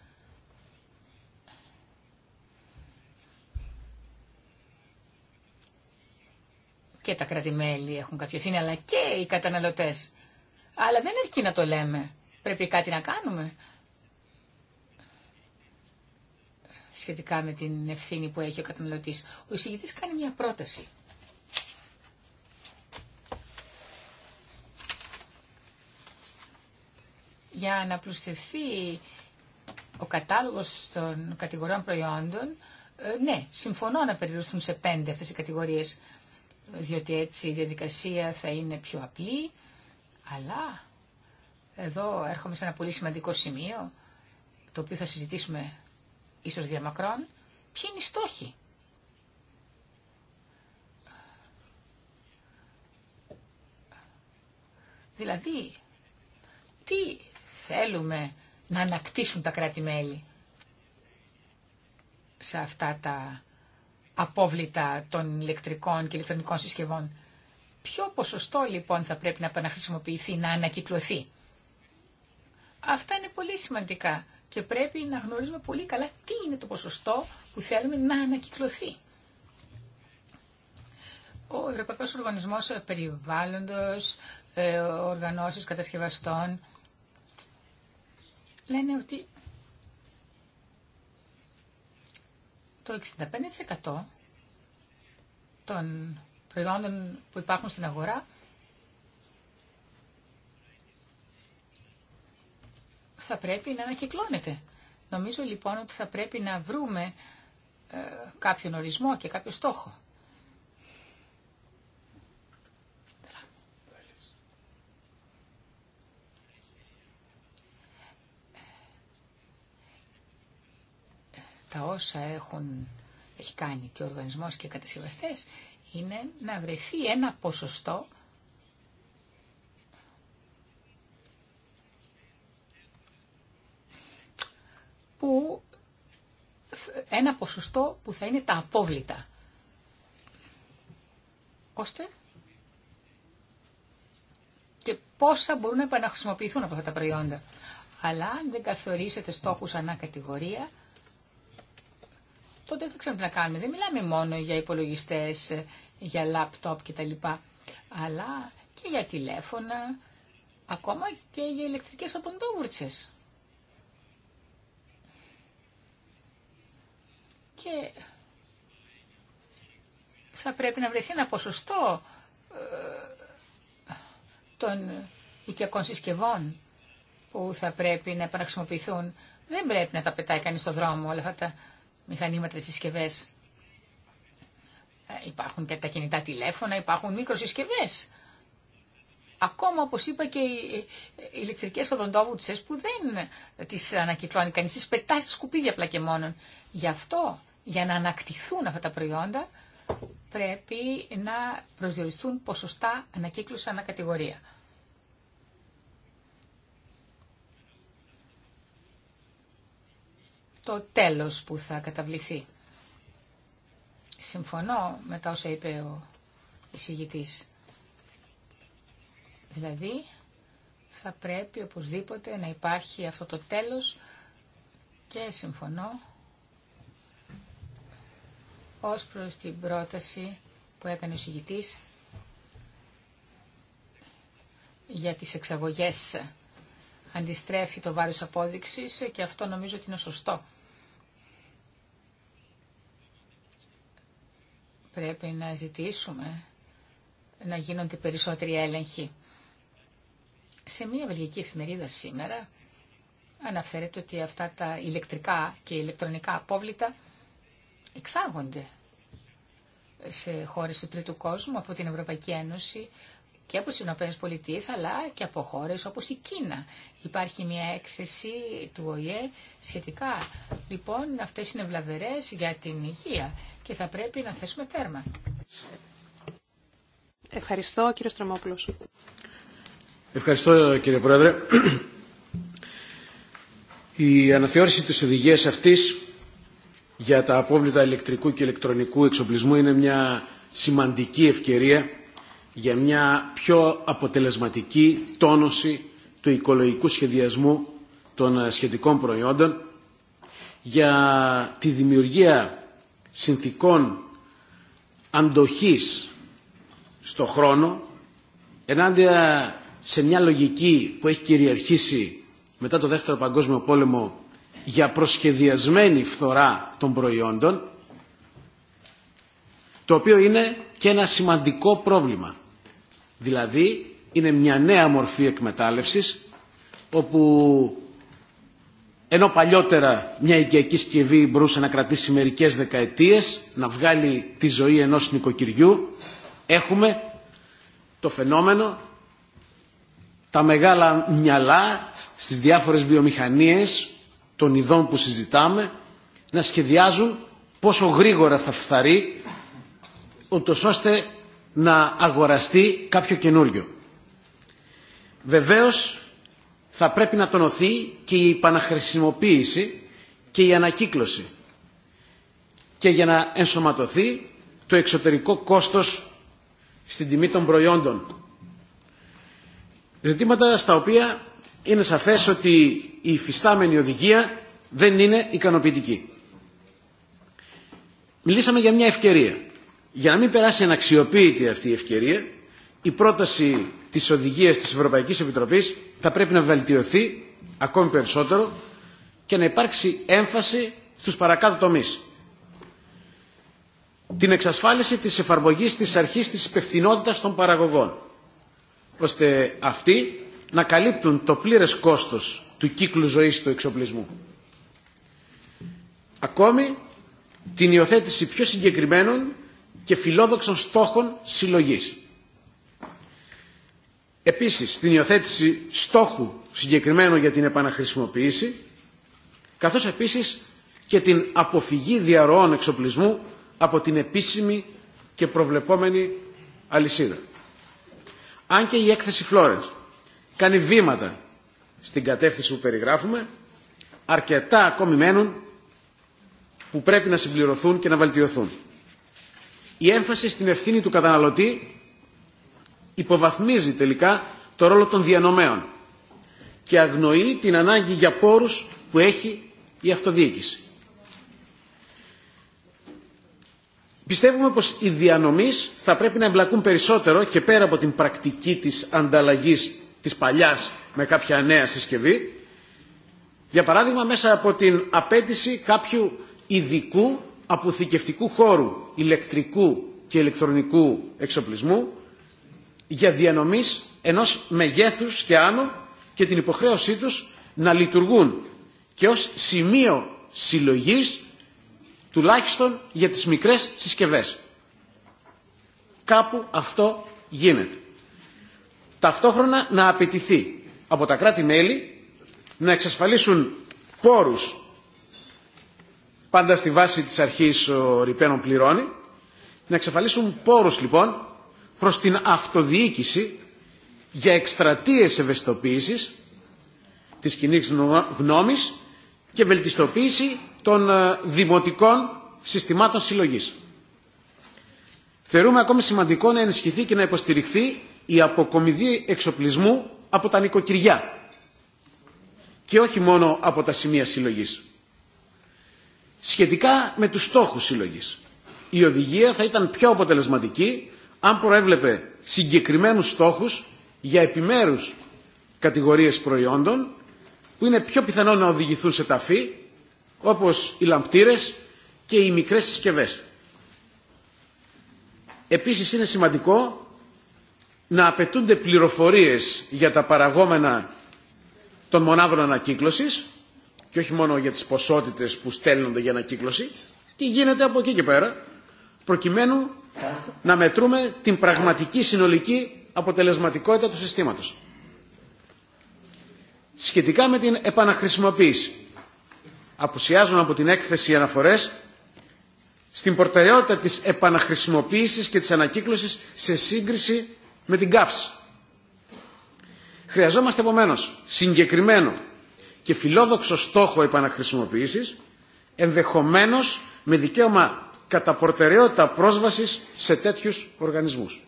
και τα κράτη-μέλη έχουν κάποιο ευθύνη, αλλά και οι καταναλωτέ. Αλλά δεν αρκεί να το λέμε. Πρέπει κάτι να κάνουμε. Σχετικά με την ευθύνη που έχει ο καταναλωτή. Ο εισηγητή κάνει μια πρόταση. Για να πλουστευθεί ο κατάλογος των κατηγοριών προϊόντων, ε, ναι, συμφωνώ να περιορίσουν σε πέντε αυτές οι κατηγορίες διότι έτσι η διαδικασία θα είναι πιο απλή, αλλά εδώ έρχομαι σε ένα πολύ σημαντικό σημείο, το οποίο θα συζητήσουμε ίσως διαμακρόν, ποιοι είναι οι στόχοι. Δηλαδή, τι θέλουμε να ανακτήσουν τα κράτη-μέλη σε αυτά τα απόβλητα των ηλεκτρικών και ηλεκτρονικών συσκευών. Ποιο ποσοστό λοιπόν θα πρέπει να επαναχρησιμοποιηθεί, να ανακυκλωθεί. Αυτά είναι πολύ σημαντικά και πρέπει να γνωρίζουμε πολύ καλά τι είναι το ποσοστό που θέλουμε να ανακυκλωθεί. Ο Ευρωπαϊκό Οργανισμός Περιβάλλοντος, ε, οργανώσεις κατασκευαστών λένε ότι το 65% των προϊόντων που υπάρχουν στην αγορά θα πρέπει να ανακυκλώνεται. Νομίζω λοιπόν ότι θα πρέπει να βρούμε ε, κάποιον ορισμό και κάποιο στόχο. τα όσα έχουν, έχει κάνει και ο οργανισμός και οι κατασκευαστές είναι να βρεθεί ένα ποσοστό που ένα ποσοστό που θα είναι τα απόβλητα. Ώστε και πόσα μπορούν να επαναχρησιμοποιηθούν από αυτά τα προϊόντα. Αλλά αν δεν καθορίσετε στόχους ανά κατηγορία, Οπότε δεν ξέρουμε τι να κάνουμε. Δεν μιλάμε μόνο για υπολογιστές, για λάπτοπ κτλ. Αλλά και για τηλέφωνα, ακόμα και για ηλεκτρικές αποντόβουρτσες. Και θα πρέπει να βρεθεί ένα ποσοστό ε, των οικιακών συσκευών που θα πρέπει να επαναχρησιμοποιηθούν. Δεν πρέπει να τα πετάει κανείς στο δρόμο όλα αυτά τα μηχανήματα, τις συσκευές. Ε, υπάρχουν και τα κινητά τηλέφωνα, υπάρχουν μικροσυσκευές. Ακόμα, όπως είπα, και οι ηλεκτρικές οδοντόβουτσες που δεν τις ανακυκλώνει κανείς, τις πετάει στη σκουπίδια απλά και μόνο. Γι' αυτό, για να ανακτηθούν αυτά τα προϊόντα, πρέπει να προσδιοριστούν ποσοστά ανακύκλωση ανακατηγορία. το τέλος που θα καταβληθεί. Συμφωνώ με τα όσα είπε ο εισηγητής. Δηλαδή, θα πρέπει οπωσδήποτε να υπάρχει αυτό το τέλος και συμφωνώ ως προς την πρόταση που έκανε ο εισηγητής για τις εξαγωγές αντιστρέφει το βάρος απόδειξης και αυτό νομίζω ότι είναι σωστό. Πρέπει να ζητήσουμε να γίνονται περισσότεροι έλεγχοι. Σε μια βελγική εφημερίδα σήμερα αναφέρεται ότι αυτά τα ηλεκτρικά και ηλεκτρονικά απόβλητα εξάγονται σε χώρες του τρίτου κόσμου από την Ευρωπαϊκή Ένωση και από τι Ηνωμένε Πολιτείες αλλά και από χώρε όπω η Κίνα. Υπάρχει μια έκθεση του ΟΗΕ σχετικά. Λοιπόν, αυτές είναι βλαβερές για την υγεία και θα πρέπει να θέσουμε τέρμα. Ευχαριστώ, κύριε Στρομόπουλος. Ευχαριστώ, κύριε Πρόεδρε. Η αναθεώρηση της οδηγίας αυτής για τα απόβλητα ηλεκτρικού και ηλεκτρονικού εξοπλισμού είναι μια σημαντική ευκαιρία για μια πιο αποτελεσματική τόνωση του οικολογικού σχεδιασμού των ε, σχετικών προϊόντων, για τη δημιουργία συνθήκων αντοχής στο χρόνο, ενάντια σε μια λογική που έχει κυριαρχήσει μετά το Δεύτερο Παγκόσμιο Πόλεμο για προσχεδιασμένη φθορά των προϊόντων, το οποίο είναι και ένα σημαντικό πρόβλημα. Δηλαδή είναι μια νέα μορφή εκμετάλλευσης όπου ενώ παλιότερα μια οικιακή συσκευή μπορούσε να κρατήσει μερικές δεκαετίες, να βγάλει τη ζωή ενός νοικοκυριού, έχουμε το φαινόμενο τα μεγάλα μυαλά στις διάφορες βιομηχανίες των ειδών που συζητάμε να σχεδιάζουν πόσο γρήγορα θα φθαρεί ούτως ώστε να αγοραστεί κάποιο καινούριο. Βεβαίως θα πρέπει να τονωθεί και η επαναχρησιμοποίηση και η ανακύκλωση και για να ενσωματωθεί το εξωτερικό κόστος στην τιμή των προϊόντων. Ζητήματα στα οποία είναι σαφές ότι η υφιστάμενη οδηγία δεν είναι ικανοποιητική. Μιλήσαμε για μια ευκαιρία. Για να μην περάσει αναξιοποίητη αυτή η ευκαιρία, η πρόταση της οδηγίας της Ευρωπαϊκής Επιτροπής θα πρέπει να βελτιωθεί ακόμη περισσότερο και να υπάρξει έμφαση στους παρακάτω τομείς. Την εξασφάλιση της εφαρμογής της αρχής της υπευθυνότητας των παραγωγών, ώστε αυτοί να καλύπτουν το πλήρες κόστος του κύκλου ζωής του εξοπλισμού. Ακόμη, την υιοθέτηση πιο συγκεκριμένων και φιλόδοξων στόχων συλλογής. Επίσης, την υιοθέτηση στόχου συγκεκριμένου για την επαναχρησιμοποίηση, καθώς επίσης και την αποφυγή διαρροών εξοπλισμού από την επίσημη και προβλεπόμενη αλυσίδα. Αν και η έκθεση Florence κάνει βήματα στην κατεύθυνση που περιγράφουμε, αρκετά ακόμη μένουν που πρέπει να συμπληρωθούν και να βελτιωθούν η έμφαση στην ευθύνη του καταναλωτή υποβαθμίζει τελικά το ρόλο των διανομέων και αγνοεί την ανάγκη για πόρους που έχει η αυτοδιοίκηση. Πιστεύουμε πως οι διανομείς θα πρέπει να εμπλακούν περισσότερο και πέρα από την πρακτική της ανταλλαγής της παλιάς με κάποια νέα συσκευή, για παράδειγμα μέσα από την απέτηση κάποιου ειδικού αποθηκευτικού χώρου ηλεκτρικού και ηλεκτρονικού εξοπλισμού για διανομής ενός μεγέθους και άνω και την υποχρέωσή τους να λειτουργούν και ως σημείο συλλογής τουλάχιστον για τις μικρές συσκευές. Κάπου αυτό γίνεται. Ταυτόχρονα να απαιτηθεί από τα κράτη-μέλη να εξασφαλίσουν πόρους πάντα στη βάση της αρχής ο Ριπένον πληρώνει, να εξαφαλίσουν πόρους λοιπόν προς την αυτοδιοίκηση για εκστρατείες ευαισθητοποίησης της κοινή γνώμης και βελτιστοποίηση των ε, δημοτικών συστημάτων συλλογής. Θεωρούμε ακόμη σημαντικό να ενισχυθεί και να υποστηριχθεί η αποκομιδή εξοπλισμού από τα νοικοκυριά και όχι μόνο από τα σημεία συλλογής σχετικά με τους στόχους συλλογής. Η οδηγία θα ήταν πιο αποτελεσματική αν προέβλεπε συγκεκριμένους στόχους για επιμέρους κατηγορίες προϊόντων που είναι πιο πιθανό να οδηγηθούν σε ταφή όπως οι λαμπτήρες και οι μικρές συσκευές. Επίσης είναι σημαντικό να απαιτούνται πληροφορίες για τα παραγόμενα των μονάδων ανακύκλωσης και όχι μόνο για τις ποσότητες που στέλνονται για ανακύκλωση, τι γίνεται από εκεί και πέρα, προκειμένου να μετρούμε την πραγματική συνολική αποτελεσματικότητα του συστήματος. Σχετικά με την επαναχρησιμοποίηση, απουσιάζουν από την έκθεση αναφορές στην προτεραιότητα της επαναχρησιμοποίησης και της ανακύκλωσης σε σύγκριση με την καύση. Χρειαζόμαστε επομένω συγκεκριμένο και φιλόδοξο στόχο επαναχρησιμοποίησης, ενδεχομένως με δικαίωμα κατά προτεραιότητα πρόσβασης σε τέτοιους οργανισμούς.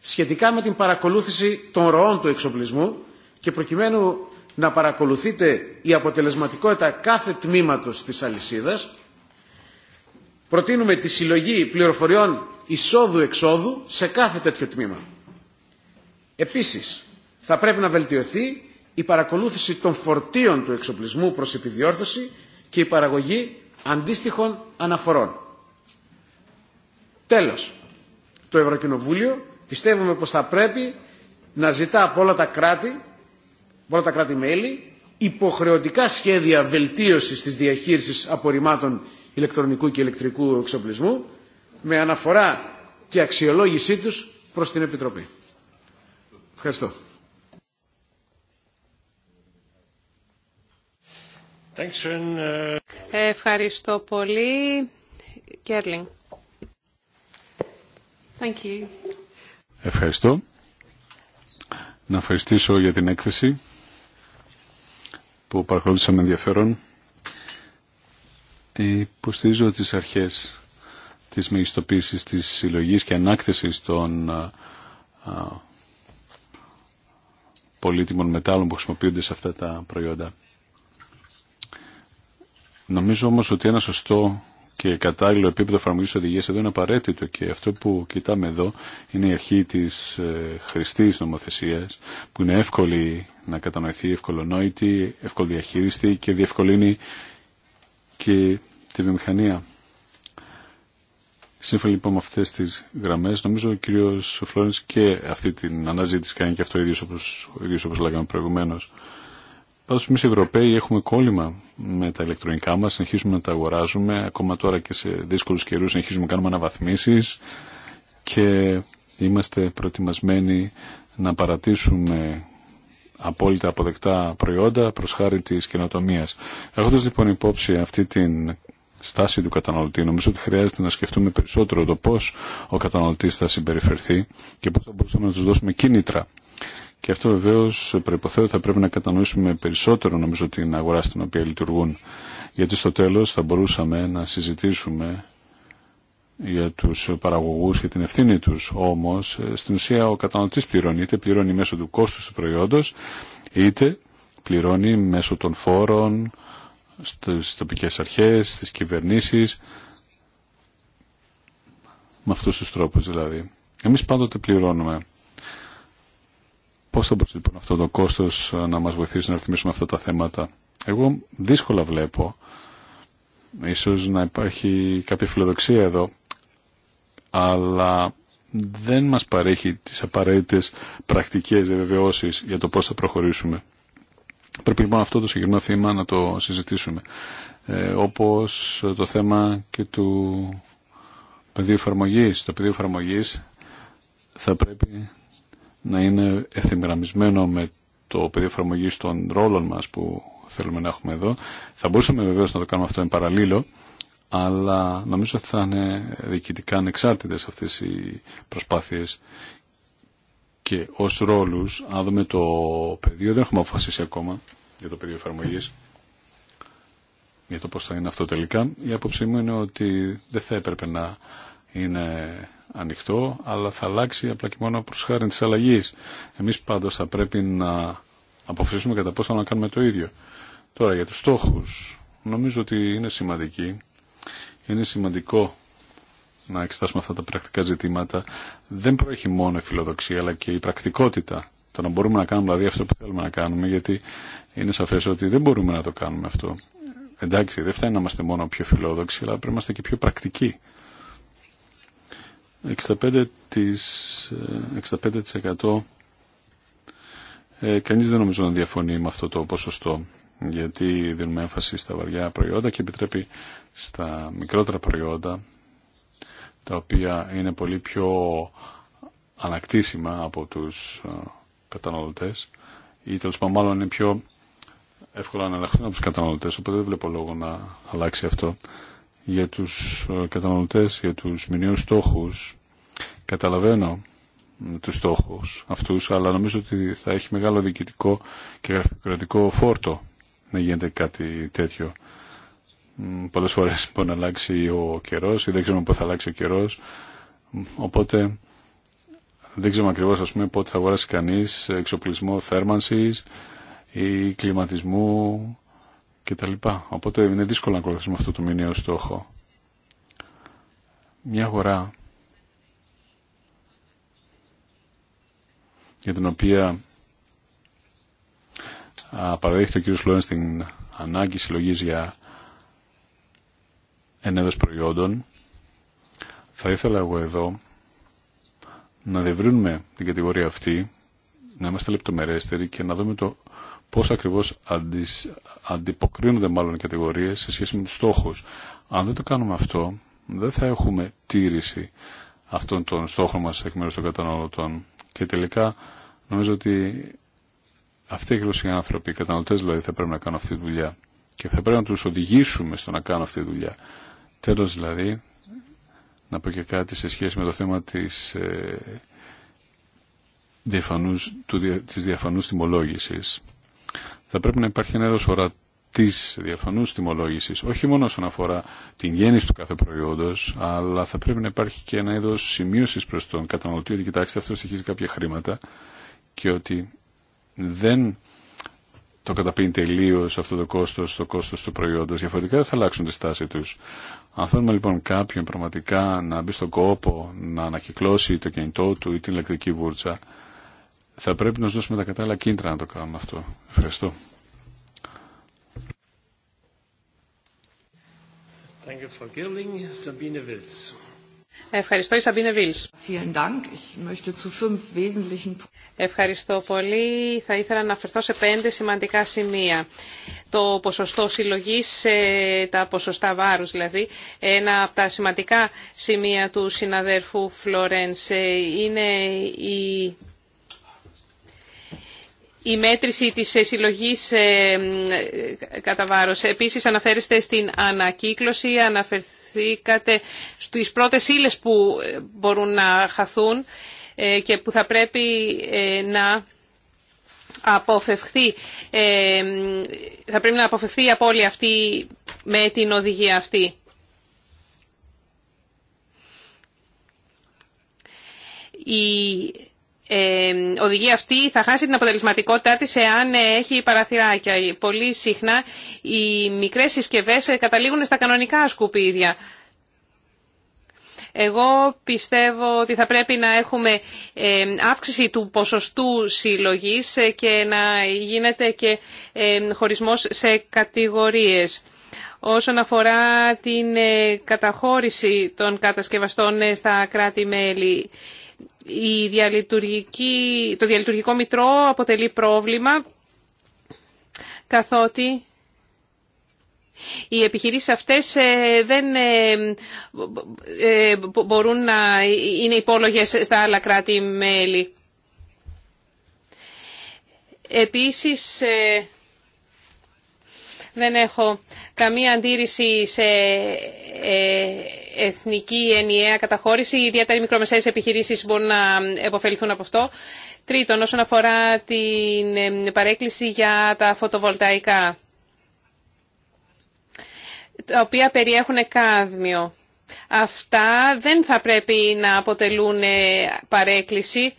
Σχετικά με την παρακολούθηση των ροών του εξοπλισμού και προκειμένου να παρακολουθείτε η αποτελεσματικότητα κάθε τμήματος της αλυσίδας, προτείνουμε τη συλλογή πληροφοριών εισόδου-εξόδου σε κάθε τέτοιο τμήμα. Επίσης, θα πρέπει να βελτιωθεί η παρακολούθηση των φορτίων του εξοπλισμού προς επιδιόρθωση και η παραγωγή αντίστοιχων αναφορών. Τέλος, το Ευρωκοινοβούλιο πιστεύουμε πως θα πρέπει να ζητά από όλα τα κράτη, όλα τα κράτη-μέλη υποχρεωτικά σχέδια βελτίωσης της διαχείρισης απορριμμάτων ηλεκτρονικού και ηλεκτρικού εξοπλισμού με αναφορά και αξιολόγησή τους προς την Επιτροπή. Ευχαριστώ. Äh. Ευχαριστώ πολύ. Κέρλινγκ. Ευχαριστώ. Να ευχαριστήσω για την έκθεση που παρακολούθησα με ενδιαφέρον. Υποστηρίζω τις αρχές της μεγιστοποίησης της συλλογή και ανάκτησης των πολύτιμων μετάλλων που χρησιμοποιούνται σε αυτά τα προϊόντα. Νομίζω όμως ότι ένα σωστό και κατάλληλο επίπεδο εφαρμογή οδηγία εδώ είναι απαραίτητο και αυτό που κοιτάμε εδώ είναι η αρχή τη ε, χρηστή νομοθεσία που είναι εύκολη να κατανοηθεί, ευκολονόητη, διαχείριστη και διευκολύνει και τη βιομηχανία. Σύμφωνα λοιπόν με αυτέ τι γραμμέ, νομίζω ο κύριο Φλόρεν και αυτή την αναζήτηση κάνει και αυτό ο ίδιο όπω λέγαμε προηγουμένω. Πάντως εμείς οι Ευρωπαίοι έχουμε κόλλημα με τα ηλεκτρονικά μας, συνεχίζουμε να τα αγοράζουμε, ακόμα τώρα και σε δύσκολους καιρούς συνεχίζουμε να κάνουμε αναβαθμίσεις και είμαστε προετοιμασμένοι να παρατήσουμε απόλυτα αποδεκτά προϊόντα προς χάρη της καινοτομία. Έχοντας λοιπόν υπόψη αυτή την στάση του καταναλωτή. Νομίζω ότι χρειάζεται να σκεφτούμε περισσότερο το πώ ο καταναλωτή θα συμπεριφερθεί και πώ θα μπορούσαμε να του δώσουμε κίνητρα και αυτό βεβαίω προποθέτει θα πρέπει να κατανοήσουμε περισσότερο νομίζω την αγορά στην οποία λειτουργούν. Γιατί στο τέλος θα μπορούσαμε να συζητήσουμε για τους παραγωγούς και την ευθύνη του Όμως, ε, στην ουσία ο καταναλωτή πληρώνει, είτε πληρώνει μέσω του κόστου του προϊόντος, είτε πληρώνει μέσω των φόρων, στι τοπικέ αρχέ, στι κυβερνήσει. με αυτού τους τρόπους δηλαδή. Εμείς πάντοτε πληρώνουμε. Πώς θα μπορούσε λοιπόν αυτό το κόστος ε, να μας βοηθήσει να ρυθμίσουμε αυτά τα θέματα. Εγώ δύσκολα βλέπω. Ίσως να υπάρχει κάποια φιλοδοξία εδώ. Αλλά δεν μας παρέχει τις απαραίτητες πρακτικές διαβεβαιώσεις για το πώς θα προχωρήσουμε. Πρέπει λοιπόν αυτό το συγκεκριμένο θέμα να το συζητήσουμε. Ε, όπως το θέμα και του πεδίου εφαρμογή. Το πεδίο εφαρμογή θα πρέπει να είναι ευθυγραμμισμένο με το πεδίο εφαρμογή των ρόλων μας που θέλουμε να έχουμε εδώ. Θα μπορούσαμε βεβαίως να το κάνουμε αυτό εν παραλίλω, αλλά νομίζω ότι θα είναι διοικητικά ανεξάρτητες αυτές οι προσπάθειες και ως ρόλους, αν δούμε το πεδίο, δεν έχουμε αποφασίσει ακόμα για το πεδίο εφαρμογή για το πώς θα είναι αυτό τελικά. Η άποψή μου είναι ότι δεν θα έπρεπε να είναι ανοιχτό, αλλά θα αλλάξει απλά και μόνο προς χάρη της αλλαγής. Εμείς πάντως θα πρέπει να αποφασίσουμε κατά πόσο να κάνουμε το ίδιο. Τώρα για τους στόχους, νομίζω ότι είναι σημαντική. Είναι σημαντικό να εξετάσουμε αυτά τα πρακτικά ζητήματα. Δεν προέχει μόνο η φιλοδοξία, αλλά και η πρακτικότητα. Το να μπορούμε να κάνουμε δηλαδή αυτό που θέλουμε να κάνουμε, γιατί είναι σαφές ότι δεν μπορούμε να το κάνουμε αυτό. Εντάξει, δεν φτάνει να είμαστε μόνο πιο φιλόδοξοι, αλλά πρέπει να είμαστε και πιο πρακτικοί. 65%, της, ε, ε, κανείς δεν νομίζω να διαφωνεί με αυτό το ποσοστό γιατί δίνουμε έμφαση στα βαριά προϊόντα και επιτρέπει στα μικρότερα προϊόντα τα οποία είναι πολύ πιο ανακτήσιμα από τους ε, καταναλωτές ή τέλος πάντων μάλλον είναι πιο εύκολα να αλλάχθουν από τους καταναλωτές οπότε δεν βλέπω λόγο να αλλάξει αυτό για τους ε, καταναλωτές, για τους μηνιαίους στόχους. Καταλαβαίνω τους στόχους αυτούς, αλλά νομίζω ότι θα έχει μεγάλο διοικητικό και γραφειοκρατικό φόρτο να γίνεται κάτι τέτοιο. Πολλές φορές μπορεί να αλλάξει ο καιρός ή δεν ξέρουμε πότε θα αλλάξει ο καιρός. Οπότε δεν ξέρουμε ακριβώς ας πούμε, πότε θα αγοράσει κανείς εξοπλισμό θέρμανσης ή κλιματισμού λοιπά, Οπότε είναι δύσκολο να ακολουθήσουμε αυτό το μηνιαίο στόχο. Μια αγορά για την οποία παραδέχεται ο κ. Λόιν στην ανάγκη συλλογής για ενέδος προϊόντων. Θα ήθελα εγώ εδώ να διευρύνουμε την κατηγορία αυτή, να είμαστε λεπτομερέστεροι και να δούμε το πώς ακριβώς αντιποκρίνονται μάλλον οι κατηγορίες σε σχέση με τους στόχους. Αν δεν το κάνουμε αυτό, δεν θα έχουμε τήρηση αυτών των στόχων μας εκ μέρους των καταναλωτών. Και τελικά νομίζω ότι αυτοί οι άνθρωποι, οι καταναλωτές δηλαδή, θα πρέπει να κάνουν αυτή τη δουλειά. Και θα πρέπει να τους οδηγήσουμε στο να κάνουν αυτή τη δουλειά. Τέλος δηλαδή, να πω και κάτι σε σχέση με το θέμα της, ε, της διαφανούς τιμολόγησης θα πρέπει να υπάρχει ένα έδος ορατής διαφανούς τιμολόγησης, όχι μόνο όσον αφορά την γέννηση του κάθε προϊόντος, αλλά θα πρέπει να υπάρχει και ένα έδος σημείωσης προς τον καταναλωτή ότι κοιτάξτε αυτό στοιχίζει κάποια χρήματα και ότι δεν το καταπίνει τελείω αυτό το κόστο στο κόστο του προϊόντο. Διαφορετικά θα αλλάξουν τη στάση του. Αν θέλουμε λοιπόν κάποιον πραγματικά να μπει στον κόπο, να ανακυκλώσει το κινητό του ή την ηλεκτρική βούρτσα, θα πρέπει να δώσουμε τα κατάλληλα κίνητρα να το κάνουμε αυτό. Ευχαριστώ. Ευχαριστώ, η Σαμπίνε Βίλς. Ευχαριστώ πολύ. Θα ήθελα να αφαιρθώ σε πέντε σημαντικά σημεία. Το ποσοστό συλλογής, ε, τα ποσοστά βάρους δηλαδή, ένα από τα σημαντικά σημεία του συναδέρφου Φλόρενς ε, είναι η η μέτρηση της ε, συλλογής ε, ε, κατά βάρος. Επίσης αναφέρεστε στην ανακύκλωση, αναφερθήκατε στις πρώτες ύλε που μπορούν να χαθούν και που θα πρέπει να αποφευχθεί, θα πρέπει να αποφευχθεί η απώλεια αυτή με την οδηγία αυτή. Η Οδηγεί αυτή θα χάσει την αποτελεσματικότητά της εάν έχει παραθυράκια. Πολύ συχνά οι μικρές συσκευές καταλήγουν στα κανονικά σκουπίδια. Εγώ πιστεύω ότι θα πρέπει να έχουμε αύξηση του ποσοστού συλλογής ε, και να γίνεται και χωρισμός σε κατηγορίες. Όσον αφορά την ε, καταχώρηση των κατασκευαστών ε, στα κράτη-μέλη, η διαλειτουργική, το διαλειτουργικό μητρό αποτελεί πρόβλημα καθότι οι επιχειρήσεις αυτές ε, δεν ε, ε, μπορούν να είναι υπόλογες στα άλλα κράτη-μέλη. Επίσης, δεν έχω καμία αντίρρηση σε ε, εθνική ενιαία καταχώρηση. Ιδιαίτερα οι μικρομεσαίες επιχειρήσεις μπορούν να επωφεληθούν από αυτό. Τρίτον, όσον αφορά την ε, παρέκκληση για τα φωτοβολταϊκά, τα οποία περιέχουν κάδμιο. Αυτά δεν θα πρέπει να αποτελούν ε, παρέκκληση.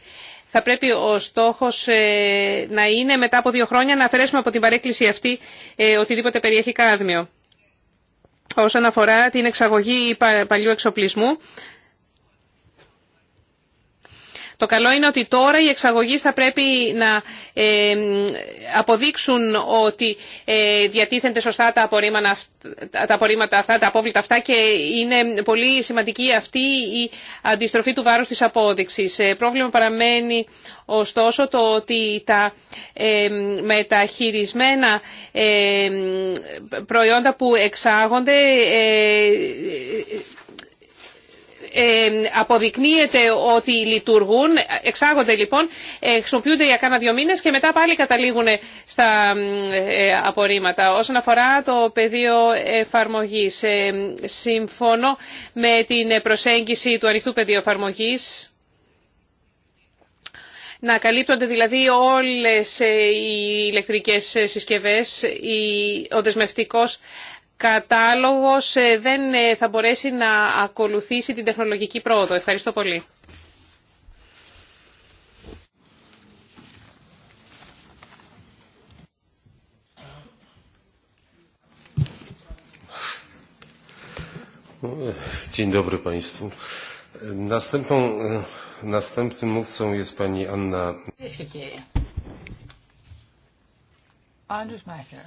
Θα πρέπει ο στόχος ε, να είναι μετά από δύο χρόνια να αφαιρέσουμε από την παρέκκληση αυτή ε, οτιδήποτε περιέχει κάδμιο. Όσον αφορά την εξαγωγή παλιού εξοπλισμού, το καλό είναι ότι τώρα οι εξαγωγείς θα πρέπει να ε, αποδείξουν ότι ε, διατίθενται σωστά τα απορρίμματα αυτά, τα απόβλητα αυτά και είναι πολύ σημαντική αυτή η αντιστροφή του βάρους της απόδειξης. Ε, πρόβλημα παραμένει ωστόσο το ότι τα μεταχειρισμένα προϊόντα που εξάγονται αποδεικνύεται ότι λειτουργούν, εξάγονται λοιπόν, ε, χρησιμοποιούνται για κάνα δύο μήνες και μετά πάλι καταλήγουν στα ε, απορρίμματα. Όσον αφορά το πεδίο εφαρμογής, ε, συμφωνώ με την προσέγγιση του ανοιχτού πεδίου εφαρμογής να καλύπτονται δηλαδή όλες οι ηλεκτρικές συσκευές, ο δεσμευτικός κατάλογος ε, δεν ε, θα μπορέσει να ακολουθήσει την τεχνολογική πρόοδο. Ευχαριστώ πολύ. Dzień dobry Państwu. Następną, e, następnym mówcą jest pani Anna. Andrzej Macher.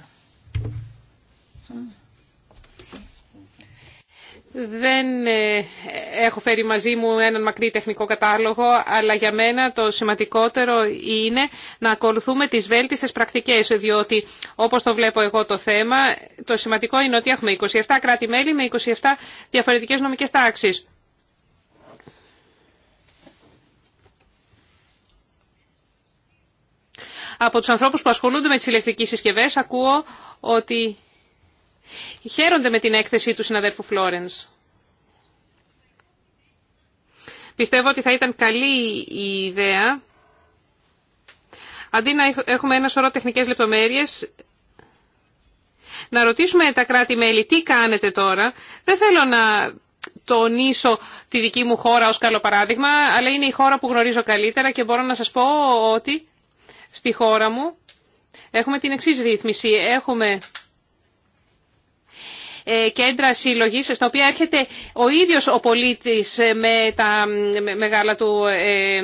Hmm? Δεν ε, έχω φέρει μαζί μου έναν μακρύ τεχνικό κατάλογο, αλλά για μένα το σημαντικότερο είναι να ακολουθούμε τις βέλτιστες πρακτικές, διότι όπως το βλέπω εγώ το θέμα, το σημαντικό είναι ότι έχουμε 27 κράτη-μέλη με 27 διαφορετικές νομικές τάξεις. Από τους ανθρώπους που ασχολούνται με τις ηλεκτρικές συσκευές ακούω ότι Χαίρονται με την έκθεση του συναδέρφου Φλόρενς. Πιστεύω ότι θα ήταν καλή η ιδέα, αντί να έχουμε ένα σωρό τεχνικές λεπτομέρειες, να ρωτήσουμε τα κράτη-μέλη τι κάνετε τώρα. Δεν θέλω να τονίσω τη δική μου χώρα ως καλό παράδειγμα, αλλά είναι η χώρα που γνωρίζω καλύτερα και μπορώ να σας πω ότι στη χώρα μου έχουμε την εξής ρύθμιση. Έχουμε ε, κέντρα συλλογή στα οποία έρχεται ο ίδιος ο πολίτης ε, με τα μεγάλα του ε,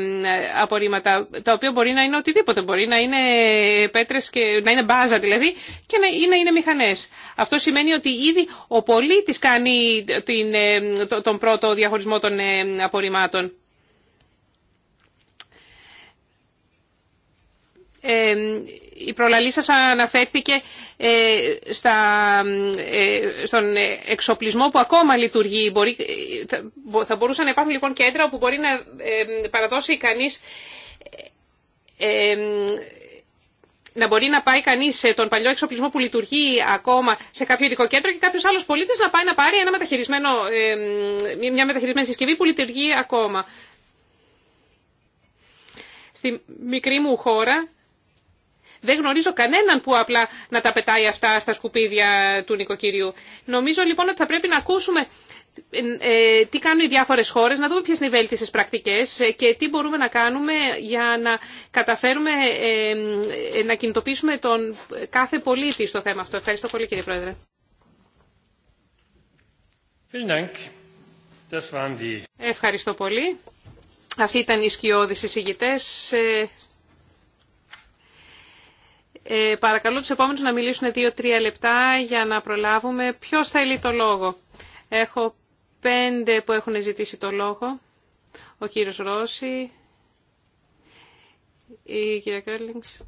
απορρίμματα, τα οποία μπορεί να είναι οτιδήποτε, μπορεί να είναι πέτρες, και, να είναι μπάζα δηλαδή και να είναι, είναι μηχανές. Αυτό σημαίνει ότι ήδη ο πολίτης κάνει την, τον πρώτο διαχωρισμό των απορριμμάτων η προλαλή σας αναφέρθηκε ε, στα, ε, στον εξοπλισμό που ακόμα λειτουργεί. Μπορεί, ε, θα, μπορούσαν να υπάρχουν λοιπόν κέντρα όπου μπορεί να παραδώσει κανείς να μπορεί να πάει κανεί σε τον παλιό εξοπλισμό που λειτουργεί ακόμα σε κάποιο ειδικό κέντρο και κάποιο άλλο πολίτη να πάει να πάρει ένα μεταχειρισμένο, μια μεταχειρισμένη συσκευή που λειτουργεί ακόμα. Στη μικρή μου χώρα δεν γνωρίζω κανέναν που απλά να τα πετάει αυτά στα σκουπίδια του νοικοκυριού. Νομίζω λοιπόν ότι θα πρέπει να ακούσουμε ε, τι κάνουν οι διάφορες χώρες, να δούμε ποιες είναι οι βέλτιστες πρακτικές ε, και τι μπορούμε να κάνουμε για να καταφέρουμε ε, να κινητοποιήσουμε τον κάθε πολίτη στο θέμα αυτό. Ευχαριστώ πολύ κύριε Πρόεδρε. Ευχαριστώ πολύ. Αυτή ήταν οι σκιώδεις εισηγητές. Ε, παρακαλώ τους επόμενους να μιλησουν δυο δύο-τρία λεπτά για να προλάβουμε. Ποιος θέλει το λόγο. Έχω πέντε που έχουν ζητήσει το λόγο. Ο κύριος Ρώση, η κυρία Κέρλινγκς.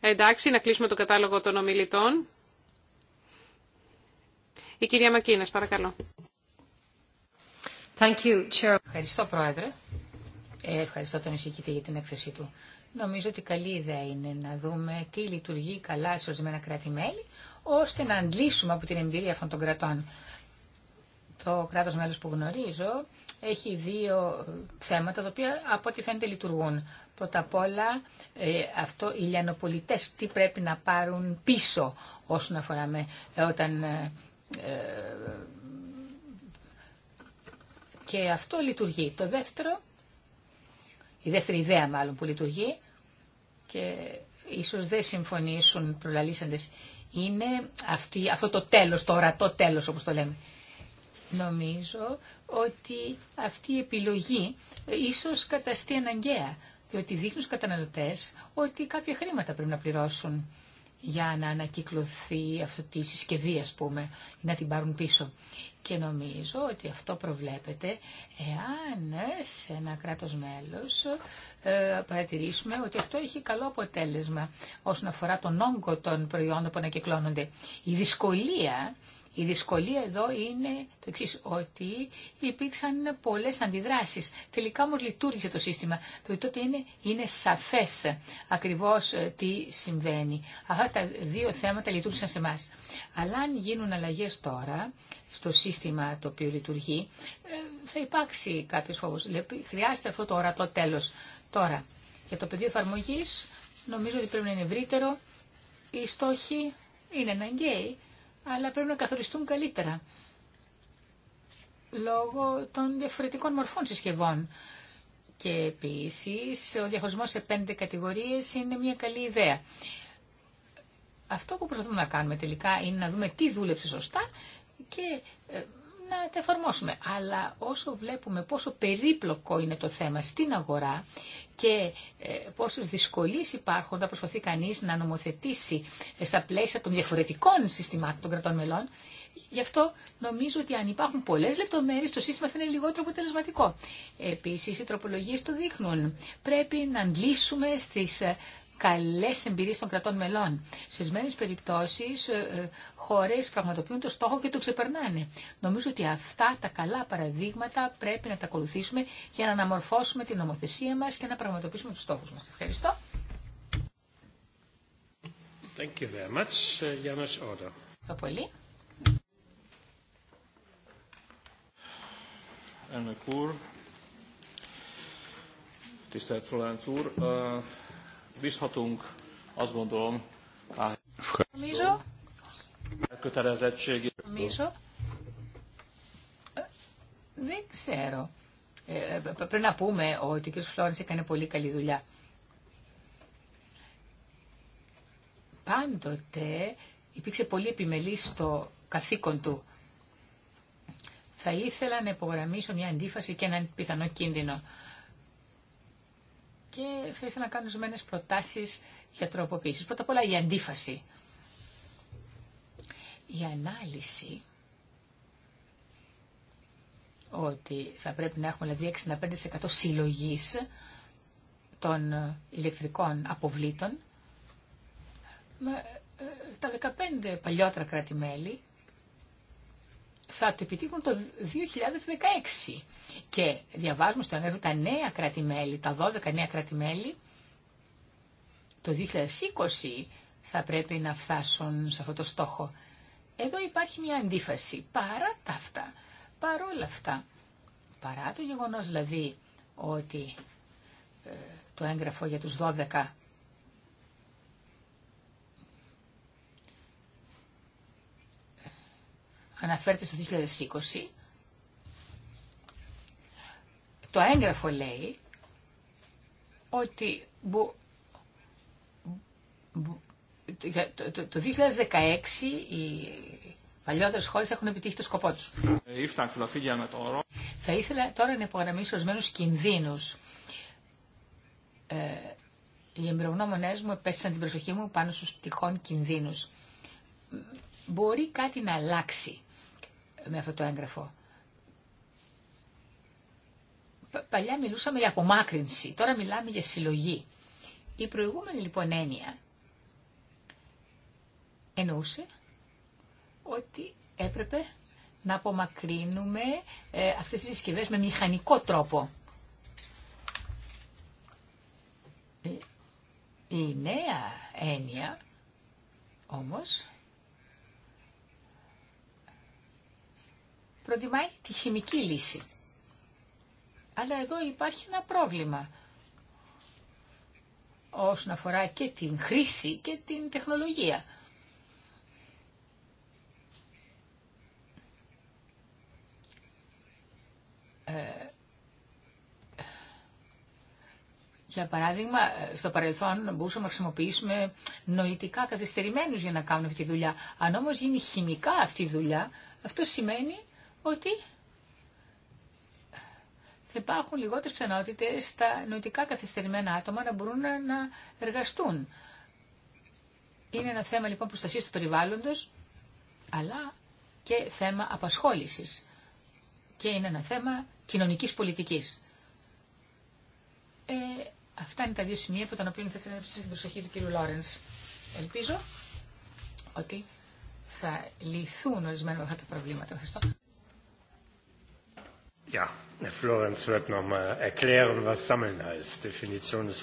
Εντάξει, να κλείσουμε το κατάλογο των ομιλητών. Η κυρία Μακίνας, παρακαλώ. Thank you, Chair. Ευχαριστώ, Πρόεδρε. Ε, ευχαριστώ τον εισηγητή για την έκθεσή του. Νομίζω ότι καλή ιδέα είναι να δούμε τι λειτουργεί καλά σε ορισμένα κράτη-μέλη, ώστε να αντλήσουμε από την εμπειρία αυτών των κρατών. Το κράτο μέλο που γνωρίζω έχει δύο θέματα, τα οποία από ό,τι φαίνεται λειτουργούν. Πρώτα απ' όλα, ε, αυτό οι λιανοπολιτές τι πρέπει να πάρουν πίσω όσον αφορά με, ε, όταν... Ε, και αυτό λειτουργεί. Το δεύτερο, η δεύτερη ιδέα μάλλον που λειτουργεί, και ίσως δεν συμφωνήσουν προλαλήσαντες είναι αυτή, αυτό το τέλος, το ορατό τέλος όπως το λέμε. Νομίζω ότι αυτή η επιλογή ίσως καταστεί αναγκαία, διότι δείχνουν στους καταναλωτές ότι κάποια χρήματα πρέπει να πληρώσουν για να ανακυκλωθεί αυτή η συσκευή, ας πούμε, να την πάρουν πίσω. Και νομίζω ότι αυτό προβλέπεται εάν σε ένα κράτος μέλος ε, παρατηρήσουμε ότι αυτό έχει καλό αποτέλεσμα όσον αφορά τον όγκο των προϊόντων που ανακυκλώνονται. Η δυσκολία η δυσκολία εδώ είναι το εξή, ότι υπήρξαν πολλέ αντιδράσει. Τελικά όμω λειτουργήσε το σύστημα. διότι τότε είναι, είναι σαφέ ακριβώ ε, τι συμβαίνει. Αυτά τα δύο θέματα λειτουργήσαν σε εμά. Αλλά αν γίνουν αλλαγέ τώρα στο σύστημα το οποίο λειτουργεί, ε, θα υπάρξει κάποιο φόβο. Χρειάζεται αυτό το ορατό τέλο. Τώρα, για το πεδίο εφαρμογή, νομίζω ότι πρέπει να είναι ευρύτερο. Οι στόχοι είναι αναγκαίοι αλλά πρέπει να καθοριστούν καλύτερα λόγω των διαφορετικών μορφών συσκευών. Και επίσης ο διαχωρισμός σε πέντε κατηγορίες είναι μια καλή ιδέα. Αυτό που προσπαθούμε να κάνουμε τελικά είναι να δούμε τι δούλεψε σωστά και ε, να τα εφαρμόσουμε. Αλλά όσο βλέπουμε πόσο περίπλοκο είναι το θέμα στην αγορά και ε, πόσε δυσκολίε υπάρχουν να προσπαθεί κανεί να νομοθετήσει ε, στα πλαίσια των διαφορετικών συστημάτων των κρατών μελών, Γι' αυτό νομίζω ότι αν υπάρχουν πολλέ λεπτομέρειε, το σύστημα θα είναι λιγότερο αποτελεσματικό. Επίση, οι τροπολογίε το δείχνουν. Πρέπει να αντλήσουμε στι ε, Καλέ εμπειρίε των κρατών μελών. Σε ορισμένε περιπτώσει, ε, ε, χώρε πραγματοποιούν το στόχο και το ξεπερνάνε. Νομίζω ότι αυτά τα καλά παραδείγματα πρέπει να τα ακολουθήσουμε για να αναμορφώσουμε την νομοθεσία μα και να πραγματοποιήσουμε του στόχου μα. Ευχαριστώ. Thank you very much, ε, Ευχαριστώ πολύ. Florence azt gondolom, Δεν ξέρω. Ε, πρέπει να πούμε ότι ο κ. Φλόρενς έκανε πολύ καλή δουλειά. Πάντοτε υπήρξε πολύ επιμελή στο καθήκον του. Θα ήθελα να υπογραμμίσω μια αντίφαση και έναν πιθανό κίνδυνο και θα ήθελα να κάνω ορισμένε προτάσεις για τροποποίηση. Πρώτα απ' όλα η αντίφαση. Η ανάλυση ότι θα πρέπει να έχουμε δηλαδή 65% συλλογή των ηλεκτρικών αποβλήτων. Με ε, τα 15 παλιότερα κράτη-μέλη θα το επιτύχουν το 2016. Και διαβάζουμε στο έγγραφο τα νέα κρατημέλη, τα 12 νέα κρατημέλη, το 2020 θα πρέπει να φτάσουν σε αυτό το στόχο. Εδώ υπάρχει μια αντίφαση. Παρά τα αυτά, παρόλα αυτά, παρά το γεγονός δηλαδή ότι ε, το έγγραφο για τους 12 αναφέρεται στο 2020. Το έγγραφο λέει ότι το 2016 οι παλιότερε χώρε έχουν επιτύχει το σκοπό του. Ε, Θα ήθελα τώρα να υπογραμμίσω ορισμένου κινδύνου. Ε, οι εμπειρογνώμονέ μου επέστησαν την προσοχή μου πάνω στου τυχόν κινδύνου. Μπορεί κάτι να αλλάξει με αυτό το έγγραφο. Παλιά μιλούσαμε για απομάκρυνση, τώρα μιλάμε για συλλογή. Η προηγούμενη λοιπόν έννοια εννοούσε ότι έπρεπε να απομακρύνουμε ε, αυτές τις συσκευέ με μηχανικό τρόπο. Ε, η νέα έννοια όμως προτιμάει τη χημική λύση. Αλλά εδώ υπάρχει ένα πρόβλημα όσον αφορά και την χρήση και την τεχνολογία. Ε, για παράδειγμα, στο παρελθόν μπορούσαμε να χρησιμοποιήσουμε νοητικά καθυστερημένους για να κάνουν αυτή τη δουλειά. Αν όμως γίνει χημικά αυτή η δουλειά, αυτό σημαίνει ότι θα υπάρχουν λιγότερες πιθανότητες στα νοητικά καθυστερημένα άτομα να μπορούν να εργαστούν. Είναι ένα θέμα λοιπόν προστασίας του περιβάλλοντος, αλλά και θέμα απασχόλησης. Και είναι ένα θέμα κοινωνικής πολιτικής. Ε, αυτά είναι τα δύο σημεία από τα οποία θα ήθελα να ψήσω την προσοχή του κύριου Λόρενς. Ελπίζω ότι θα λυθούν ορισμένα αυτά τα προβλήματα. Ευχαριστώ.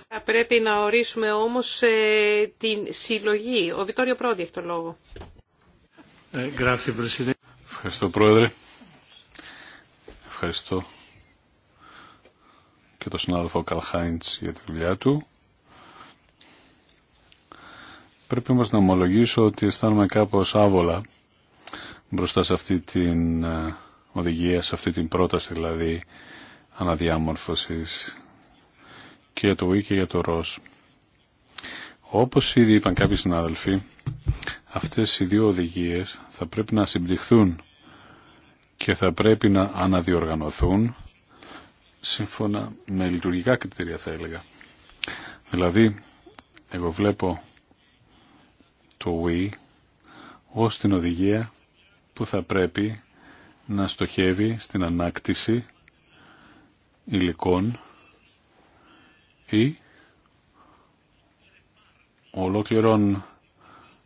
Θα πρέπει να ορίσουμε όμως ε, την συλλογή. Ο Βιτόριο Πρόντι έχει το λόγο. Ε, Ευχαριστώ Πρόεδρε. Ευχαριστώ και τον συνάδελφο Καλχάιντς για τη δουλειά του. Πρέπει όμως να ομολογήσω ότι αισθάνομαι κάπως άβολα μπροστά σε αυτή την ε, οδηγία, σε αυτή την πρόταση δηλαδή αναδιάμορφωσης και για το Ί και για το ΡΟΣ. Όπως ήδη είπαν κάποιοι συνάδελφοι, αυτές οι δύο οδηγίες θα πρέπει να συμπτυχθούν και θα πρέπει να αναδιοργανωθούν σύμφωνα με λειτουργικά κριτήρια θα έλεγα. Δηλαδή, εγώ βλέπω το Wii ως την οδηγία που θα πρέπει να στοχεύει στην ανάκτηση υλικών ή ολόκληρων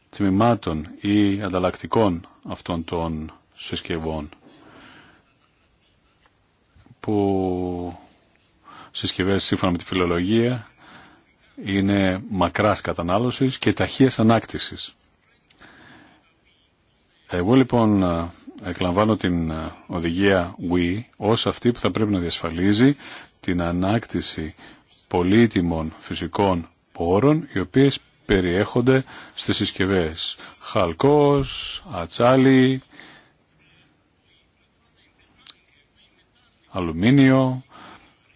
τμήματων ή ανταλλακτικών αυτών των συσκευών που συσκευές σύμφωνα με τη φιλολογία είναι μακράς κατανάλωσης και ταχείας ανάκτησης. Εγώ λοιπόν εκλαμβάνω την ε, οδηγία WE ως αυτή που θα πρέπει να διασφαλίζει την ανάκτηση πολύτιμων φυσικών πόρων οι οποίες περιέχονται στις συσκευές χαλκός, ατσάλι, αλουμίνιο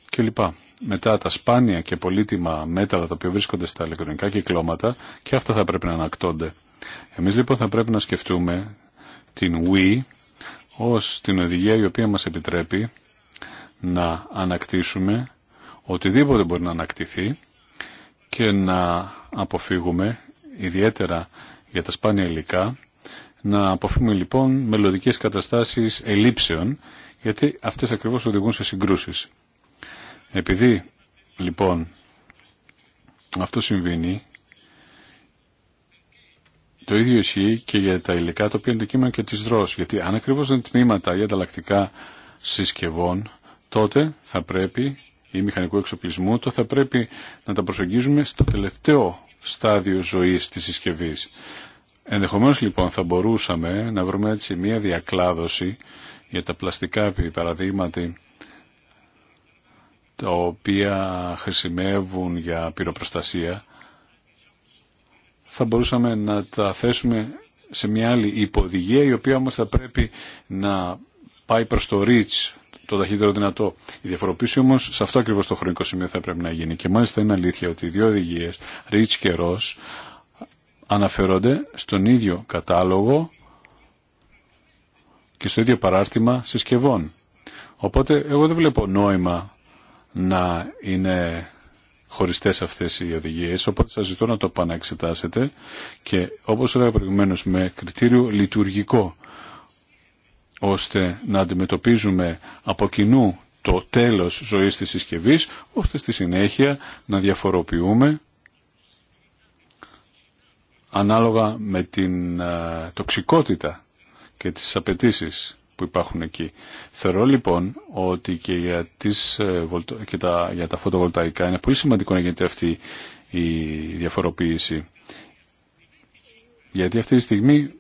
κλπ. Μετά τα σπάνια και πολύτιμα μέταλλα τα οποία βρίσκονται στα ηλεκτρονικά κυκλώματα και αυτά θα πρέπει να ανακτώνται. Εμείς λοιπόν θα πρέπει να σκεφτούμε την WE ως την οδηγία η οποία μας επιτρέπει να ανακτήσουμε οτιδήποτε μπορεί να ανακτηθεί και να αποφύγουμε ιδιαίτερα για τα σπάνια υλικά να αποφύγουμε λοιπόν μελλοντικές καταστάσεις ελήψεων γιατί αυτές ακριβώς οδηγούν σε συγκρούσεις. Επειδή λοιπόν αυτό συμβαίνει το ίδιο ισχύει και για τα υλικά το οποίο είναι το και τη ΔΡΟΣ. Γιατί αν ακριβώ είναι τμήματα ή ανταλλακτικά συσκευών, τότε θα πρέπει ή μηχανικού εξοπλισμού, τότε θα πρέπει να τα προσεγγίζουμε στο τελευταίο στάδιο ζωής της συσκευή. Ενδεχομένως λοιπόν θα μπορούσαμε να βρούμε έτσι μία διακλάδωση για τα πλαστικά παραδείγματι τα οποία χρησιμεύουν για πυροπροστασία θα μπορούσαμε να τα θέσουμε σε μια άλλη υποδηγία η οποία όμως θα πρέπει να πάει προς το reach το ταχύτερο δυνατό. Η διαφοροποίηση όμω σε αυτό ακριβώ το χρονικό σημείο θα πρέπει να γίνει. Και μάλιστα είναι αλήθεια ότι οι δύο οδηγίε, Ρίτ και Ρο, αναφέρονται στον ίδιο κατάλογο και στο ίδιο παράρτημα συσκευών. Οπότε εγώ δεν βλέπω νόημα να είναι χωριστές αυτές οι οδηγίες, οπότε σας ζητώ να το παναεξετάσετε και όπως έλεγα προηγουμένω με κριτήριο λειτουργικό, ώστε να αντιμετωπίζουμε από κοινού το τέλος ζωής της συσκευή, ώστε στη συνέχεια να διαφοροποιούμε ανάλογα με την ε, τοξικότητα και τις απαιτήσει που υπάρχουν εκεί. Θεωρώ λοιπόν ότι και για, τις, ε, και τα, για τα φωτοβολταϊκά είναι πολύ σημαντικό να γίνεται αυτή η διαφοροποίηση. Γιατί αυτή τη στιγμή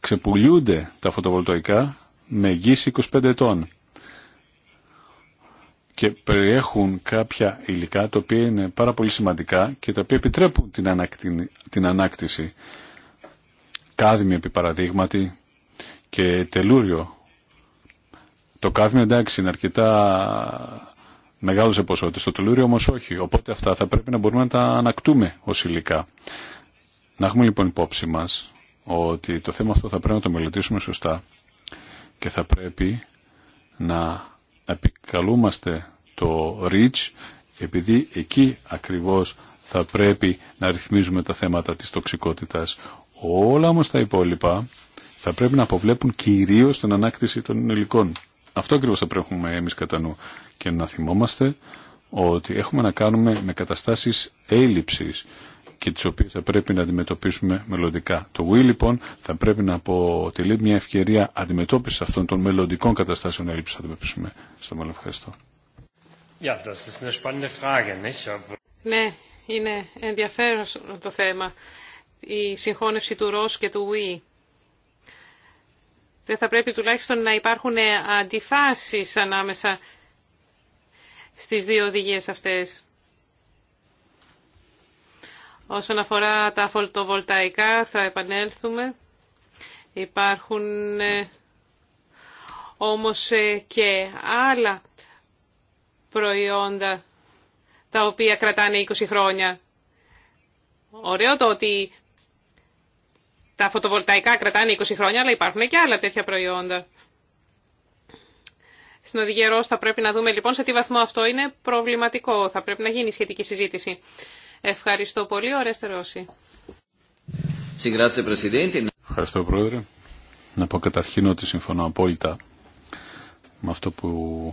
ξεπουλιούνται τα φωτοβολταϊκά με γης 25 ετών και περιέχουν κάποια υλικά τα οποία είναι πάρα πολύ σημαντικά και τα οποία επιτρέπουν την, ανάκτηση. Κάδμιο επί και τελούριο. Το κάδμιο εντάξει είναι αρκετά μεγάλο σε ποσότητες, το τελούριο όμω. όχι. Οπότε αυτά θα πρέπει να μπορούμε να τα ανακτούμε ω υλικά. Να έχουμε λοιπόν υπόψη μας ότι το θέμα αυτό θα πρέπει να το μελετήσουμε σωστά και θα πρέπει να επικαλούμαστε το REACH επειδή εκεί ακριβώς θα πρέπει να ρυθμίζουμε τα θέματα της τοξικότητας. Όλα όμως τα υπόλοιπα θα πρέπει να αποβλέπουν κυρίως την ανάκτηση των υλικών. Αυτό ακριβώ θα πρέπει εμείς κατά νου και να θυμόμαστε ότι έχουμε να κάνουμε με καταστάσεις έλλειψης και τις οποίες θα πρέπει να αντιμετωπίσουμε μελλοντικά. Το Wii λοιπόν θα πρέπει να αποτελεί μια ευκαιρία αντιμετώπισης αυτών των μελλοντικών καταστάσεων έλλειψης θα αντιμετωπίσουμε στο μέλλον. Ευχαριστώ. Ναι, είναι ενδιαφέρον το θέμα. Η συγχώνευση του ΡΟΣ και του Wii. Δεν θα πρέπει τουλάχιστον να υπάρχουν αντιφάσεις ανάμεσα στις δύο οδηγίες αυτές. Όσον αφορά τα φωτοβολταϊκά θα επανέλθουμε. Υπάρχουν ε, όμως ε, και άλλα προϊόντα τα οποία κρατάνε 20 χρόνια. Ωραίο το ότι τα φωτοβολταϊκά κρατάνε 20 χρόνια, αλλά υπάρχουν και άλλα τέτοια προϊόντα. Στην οδηγία ΡΟΣ θα πρέπει να δούμε λοιπόν σε τι βαθμό αυτό είναι προβληματικό. Θα πρέπει να γίνει σχετική συζήτηση. Ευχαριστώ πολύ. Ωραία Ρώση. Ευχαριστώ Πρόεδρε. Να πω καταρχήν ότι συμφωνώ απόλυτα με αυτό που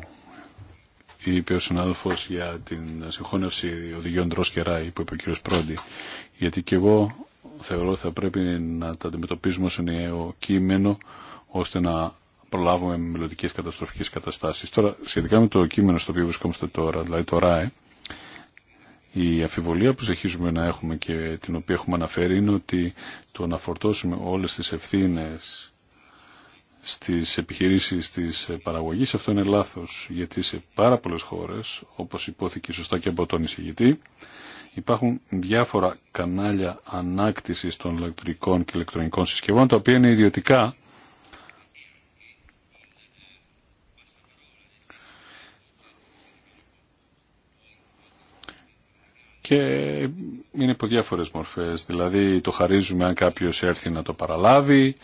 είπε ο συνάδελφο για την συγχώνευση οδηγιών Ράι που είπε ο κ. Πρόντι. Γιατί και εγώ θεωρώ ότι θα πρέπει να τα αντιμετωπίζουμε ως ενιαίο κείμενο ώστε να προλάβουμε μελλοντικέ καταστροφικέ καταστάσει. Τώρα, σχετικά με το κείμενο στο οποίο βρισκόμαστε τώρα, δηλαδή το ΡΑΕ, η αφιβολία που συνεχίζουμε να έχουμε και την οποία έχουμε αναφέρει είναι ότι το να φορτώσουμε όλε τι ευθύνε στι επιχειρήσει τη παραγωγή αυτό είναι λάθο γιατί σε πάρα πολλέ χώρε, όπω υπόθηκε σωστά και από τον εισηγητή, Υπάρχουν διάφορα κανάλια ανάκτησης των ηλεκτρικών και ηλεκτρονικών συσκευών, τα οποία είναι ιδιωτικά και είναι από διάφορες μορφές. Δηλαδή το χαρίζουμε αν κάποιος έρθει να το παραλάβει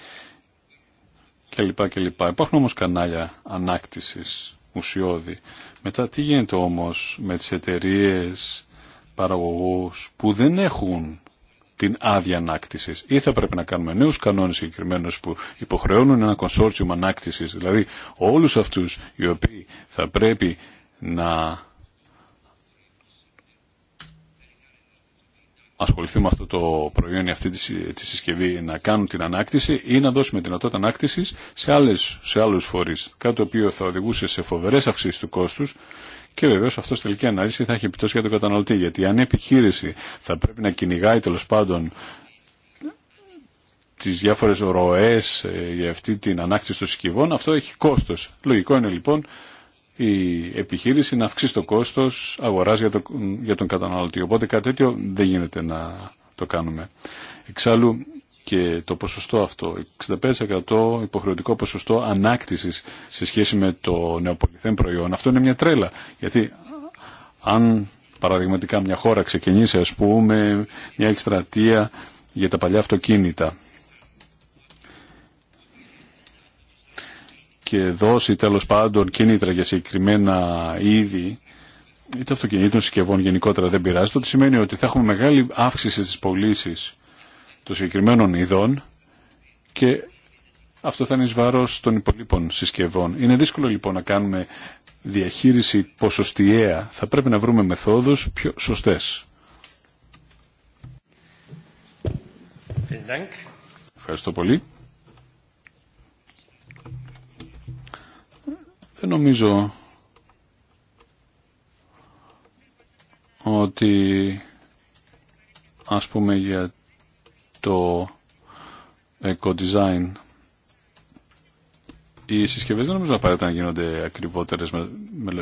κλπ. λοιπά. Υπάρχουν όμως κανάλια ανάκτησης ουσιώδη. Μετά τι γίνεται όμως με τις εταιρείες παραγωγούς που δεν έχουν την άδεια ανάκτηση. Ή θα πρέπει να κάνουμε νέους κανόνες συγκεκριμένου που υποχρεώνουν ένα κονσόρτσιουμ ανάκτηση. Δηλαδή όλους αυτούς οι οποίοι θα πρέπει να ασχοληθούμε αυτό το προϊόν ή αυτή τη συσκευή να κάνουν την ανάκτηση ή να δώσουμε δυνατότητα ανάκτησης σε, άλλες, σε άλλους φορείς. Κάτι το οποίο θα οδηγούσε σε φοβερές αυξήσεις του κόστους και βεβαίω αυτό στη τελική ανάλυση θα έχει επιπτώσει για τον καταναλωτή. Γιατί αν η επιχείρηση θα πρέπει να κυνηγάει τέλο πάντων τι διάφορε ροέ ε, για αυτή την ανάκτηση των συσκευών, αυτό έχει κόστο. Λογικό είναι λοιπόν η επιχείρηση να αυξήσει το κόστο αγορά για, τον, για τον καταναλωτή. Οπότε κάτι τέτοιο δεν γίνεται να το κάνουμε. Εξάλλου και το ποσοστό αυτό, 65% υποχρεωτικό ποσοστό ανάκτησης σε σχέση με το νεοπολιθέν προϊόν, αυτό είναι μια τρέλα. Γιατί αν παραδειγματικά μια χώρα ξεκινήσει ας πούμε μια εκστρατεία για τα παλιά αυτοκίνητα και δώσει τέλος πάντων κίνητρα για συγκεκριμένα είδη είτε αυτοκινήτων συσκευών γενικότερα δεν πειράζει, τότε σημαίνει ότι θα έχουμε μεγάλη αύξηση στις πωλήσει των συγκεκριμένων ειδών και αυτό θα είναι εις βάρος των υπολείπων συσκευών. Είναι δύσκολο λοιπόν να κάνουμε διαχείριση ποσοστιαία. Θα πρέπει να βρούμε μεθόδους πιο σωστές. Ευχαριστώ πολύ. Δεν νομίζω ότι ας πούμε για το eco-design. Οι συσκευές δεν νομίζω απαραίτητα να γίνονται ακριβότερες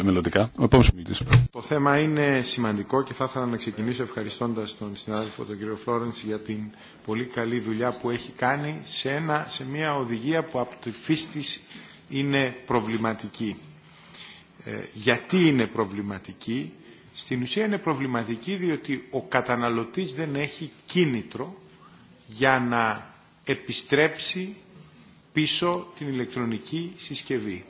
μελλοντικά. Ο επόμενος Το θέμα είναι σημαντικό και θα ήθελα να ξεκινήσω ευχαριστώντας τον συνάδελφο τον κύριο Φλόρενς για την πολύ καλή δουλειά που έχει κάνει σε, ένα, σε μια οδηγία που από τη φύση της είναι προβληματική. Ε, γιατί είναι προβληματική. Στην ουσία είναι προβληματική διότι ο καταναλωτής δεν έχει κίνητρο για να επιστρέψει πίσω την ηλεκτρονική συσκευή.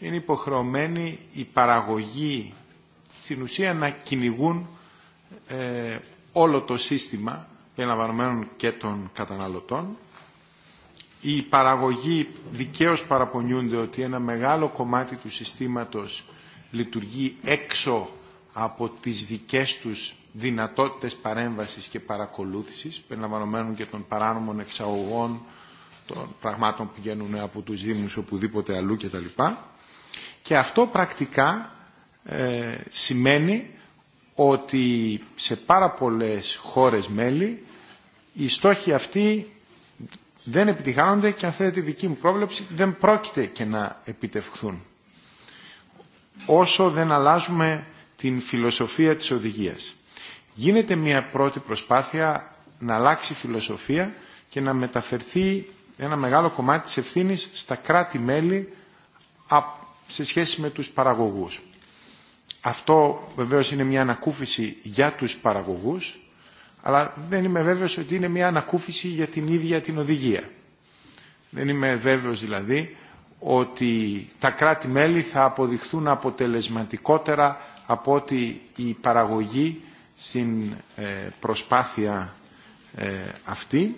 Είναι υποχρεωμένοι η παραγωγή στην ουσία να κυνηγούν ε, όλο το σύστημα περιλαμβανομένων και των καταναλωτών. Οι παραγωγοί δικαίως παραπονιούνται ότι ένα μεγάλο κομμάτι του συστήματος λειτουργεί έξω από τις δικές τους δυνατότητες παρέμβασης και παρακολούθησης, περιλαμβανομένων και των παράνομων εξαγωγών, των πραγμάτων που πηγαίνουν από τους Δήμους οπουδήποτε αλλού κτλ. Και αυτό πρακτικά ε, σημαίνει ότι σε πάρα πολλές χώρες μέλη οι στόχοι αυτοί δεν επιτυχάνονται και αν θέλετε τη δική μου πρόβλεψη δεν πρόκειται και να επιτευχθούν. Όσο δεν αλλάζουμε την φιλοσοφία της οδηγίας γίνεται μια πρώτη προσπάθεια να αλλάξει φιλοσοφία και να μεταφερθεί ένα μεγάλο κομμάτι της ευθύνης στα κράτη-μέλη σε σχέση με τους παραγωγούς. Αυτό βεβαίως είναι μια ανακούφιση για τους παραγωγούς, αλλά δεν είμαι βέβαιος ότι είναι μια ανακούφιση για την ίδια την οδηγία. Δεν είμαι βέβαιος δηλαδή ότι τα κράτη-μέλη θα αποδειχθούν αποτελεσματικότερα από ότι η παραγωγή στην ε, προσπάθεια ε, αυτή.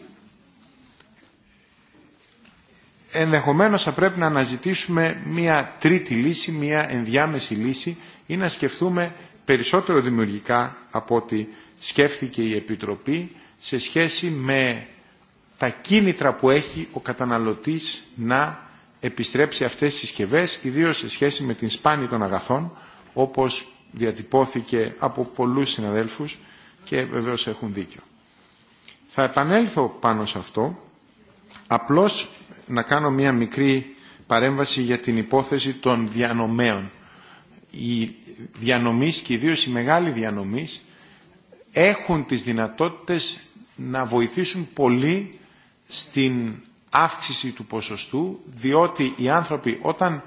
Ενδεχομένως θα πρέπει να αναζητήσουμε μία τρίτη λύση, μία ενδιάμεση λύση ή να σκεφτούμε περισσότερο δημιουργικά από ό,τι σκέφτηκε η Επιτροπή σε σχέση με τα κίνητρα που έχει ο καταναλωτής να επιστρέψει αυτές τις συσκευές, ιδίως σε σχέση με την σπάνη των αγαθών, όπως διατυπώθηκε από πολλούς συναδέλφους και βεβαίως έχουν δίκιο. Θα επανέλθω πάνω σε αυτό, απλώς να κάνω μία μικρή παρέμβαση για την υπόθεση των διανομέων. Οι διανομείς και ιδίω οι μεγάλοι διανομείς έχουν τις δυνατότητες να βοηθήσουν πολύ στην αύξηση του ποσοστού, διότι οι άνθρωποι όταν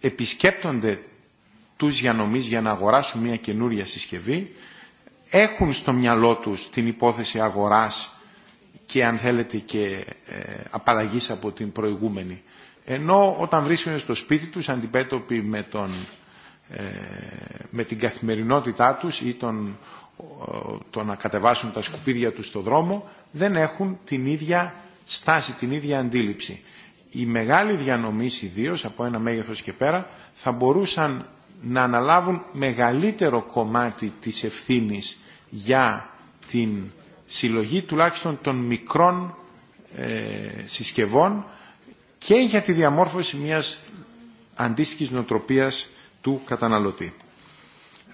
επισκέπτονται τους διανομής για να αγοράσουν μια καινούρια συσκευή, έχουν στο μυαλό τους την υπόθεση αγοράς και αν θέλετε και ε, από την προηγούμενη. Ενώ όταν βρίσκονται στο σπίτι τους αντιπέτωποι με, τον, ε, με την καθημερινότητά τους ή τον, το να κατεβάσουν τα σκουπίδια τους στο δρόμο, δεν έχουν την ίδια στάση, την ίδια αντίληψη. Οι μεγάλοι διανομής ιδίω από ένα μέγεθος και πέρα θα μπορούσαν να αναλάβουν μεγαλύτερο κομμάτι της ευθύνης για την συλλογή τουλάχιστον των μικρών ε, συσκευών και για τη διαμόρφωση μιας αντίστοιχης νοτροπίας του καταναλωτή.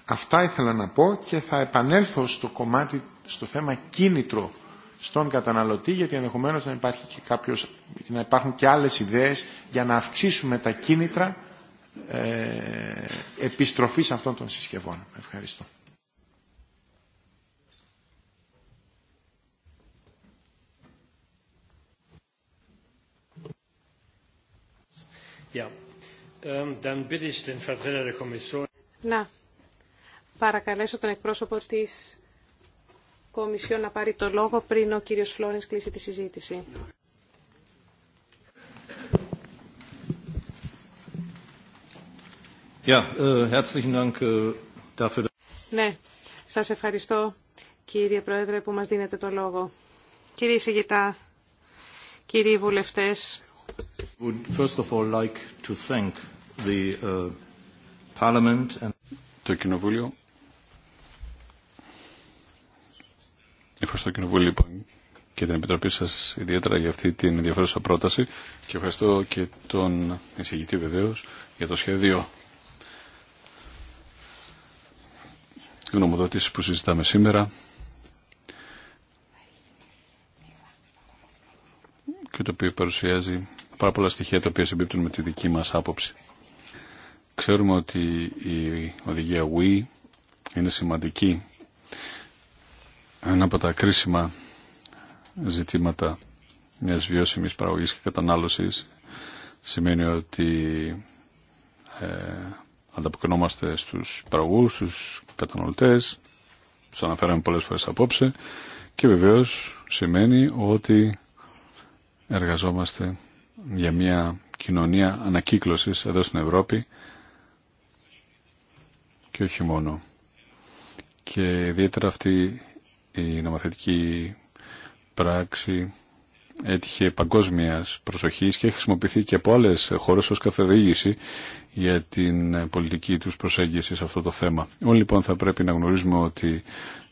Αυτά ήθελα να πω και θα επανέλθω στο κομμάτι, στο θέμα κίνητρο στον καταναλωτή, γιατί ενδεχομένως να, υπάρχει και κάποιος, να υπάρχουν και άλλες ιδέες για να αυξήσουμε τα κίνητρα ε, επιστροφής αυτών των συσκευών. Ευχαριστώ. Ähm, να παρακαλέσω τον εκπρόσωπο της Κομισιόν να πάρει το λόγο πριν ο κύριος Φλόρινς κλείσει τη συζήτηση. Äh, äh, ναι, σας ευχαριστώ κύριε Πρόεδρε που μας δίνετε το λόγο. Κύριε Σιγητά, κύριοι βουλευτές. First Το Κοινοβούλιο. Ευχαριστώ Κοινοβούλιο λοιπόν και την Επιτροπή σας ιδιαίτερα για αυτή την ενδιαφέρουσα πρόταση και ευχαριστώ και τον εισηγητή βεβαίως για το σχέδιο στην γνωμοδότηση που συζητάμε σήμερα και το οποίο παρουσιάζει πάρα πολλά στοιχεία τα οποία συμπίπτουν με τη δική μας άποψη. Ξέρουμε ότι η οδηγία WE είναι σημαντική. Ένα από τα κρίσιμα ζητήματα μιας βιώσιμης παραγωγής και κατανάλωσης σημαίνει ότι ε, ανταποκρινόμαστε στους παραγωγού, στους καταναλωτές, τους αναφέραμε πολλές φορές απόψε και βεβαίως σημαίνει ότι εργαζόμαστε για μια κοινωνία ανακύκλωσης εδώ στην Ευρώπη και όχι μόνο. Και ιδιαίτερα αυτή η νομοθετική πράξη έτυχε παγκόσμια προσοχής και έχει χρησιμοποιηθεί και από άλλε χώρε ω καθοδήγηση για την πολιτική τους προσέγγιση σε αυτό το θέμα. Όλοι λοιπόν θα πρέπει να γνωρίζουμε ότι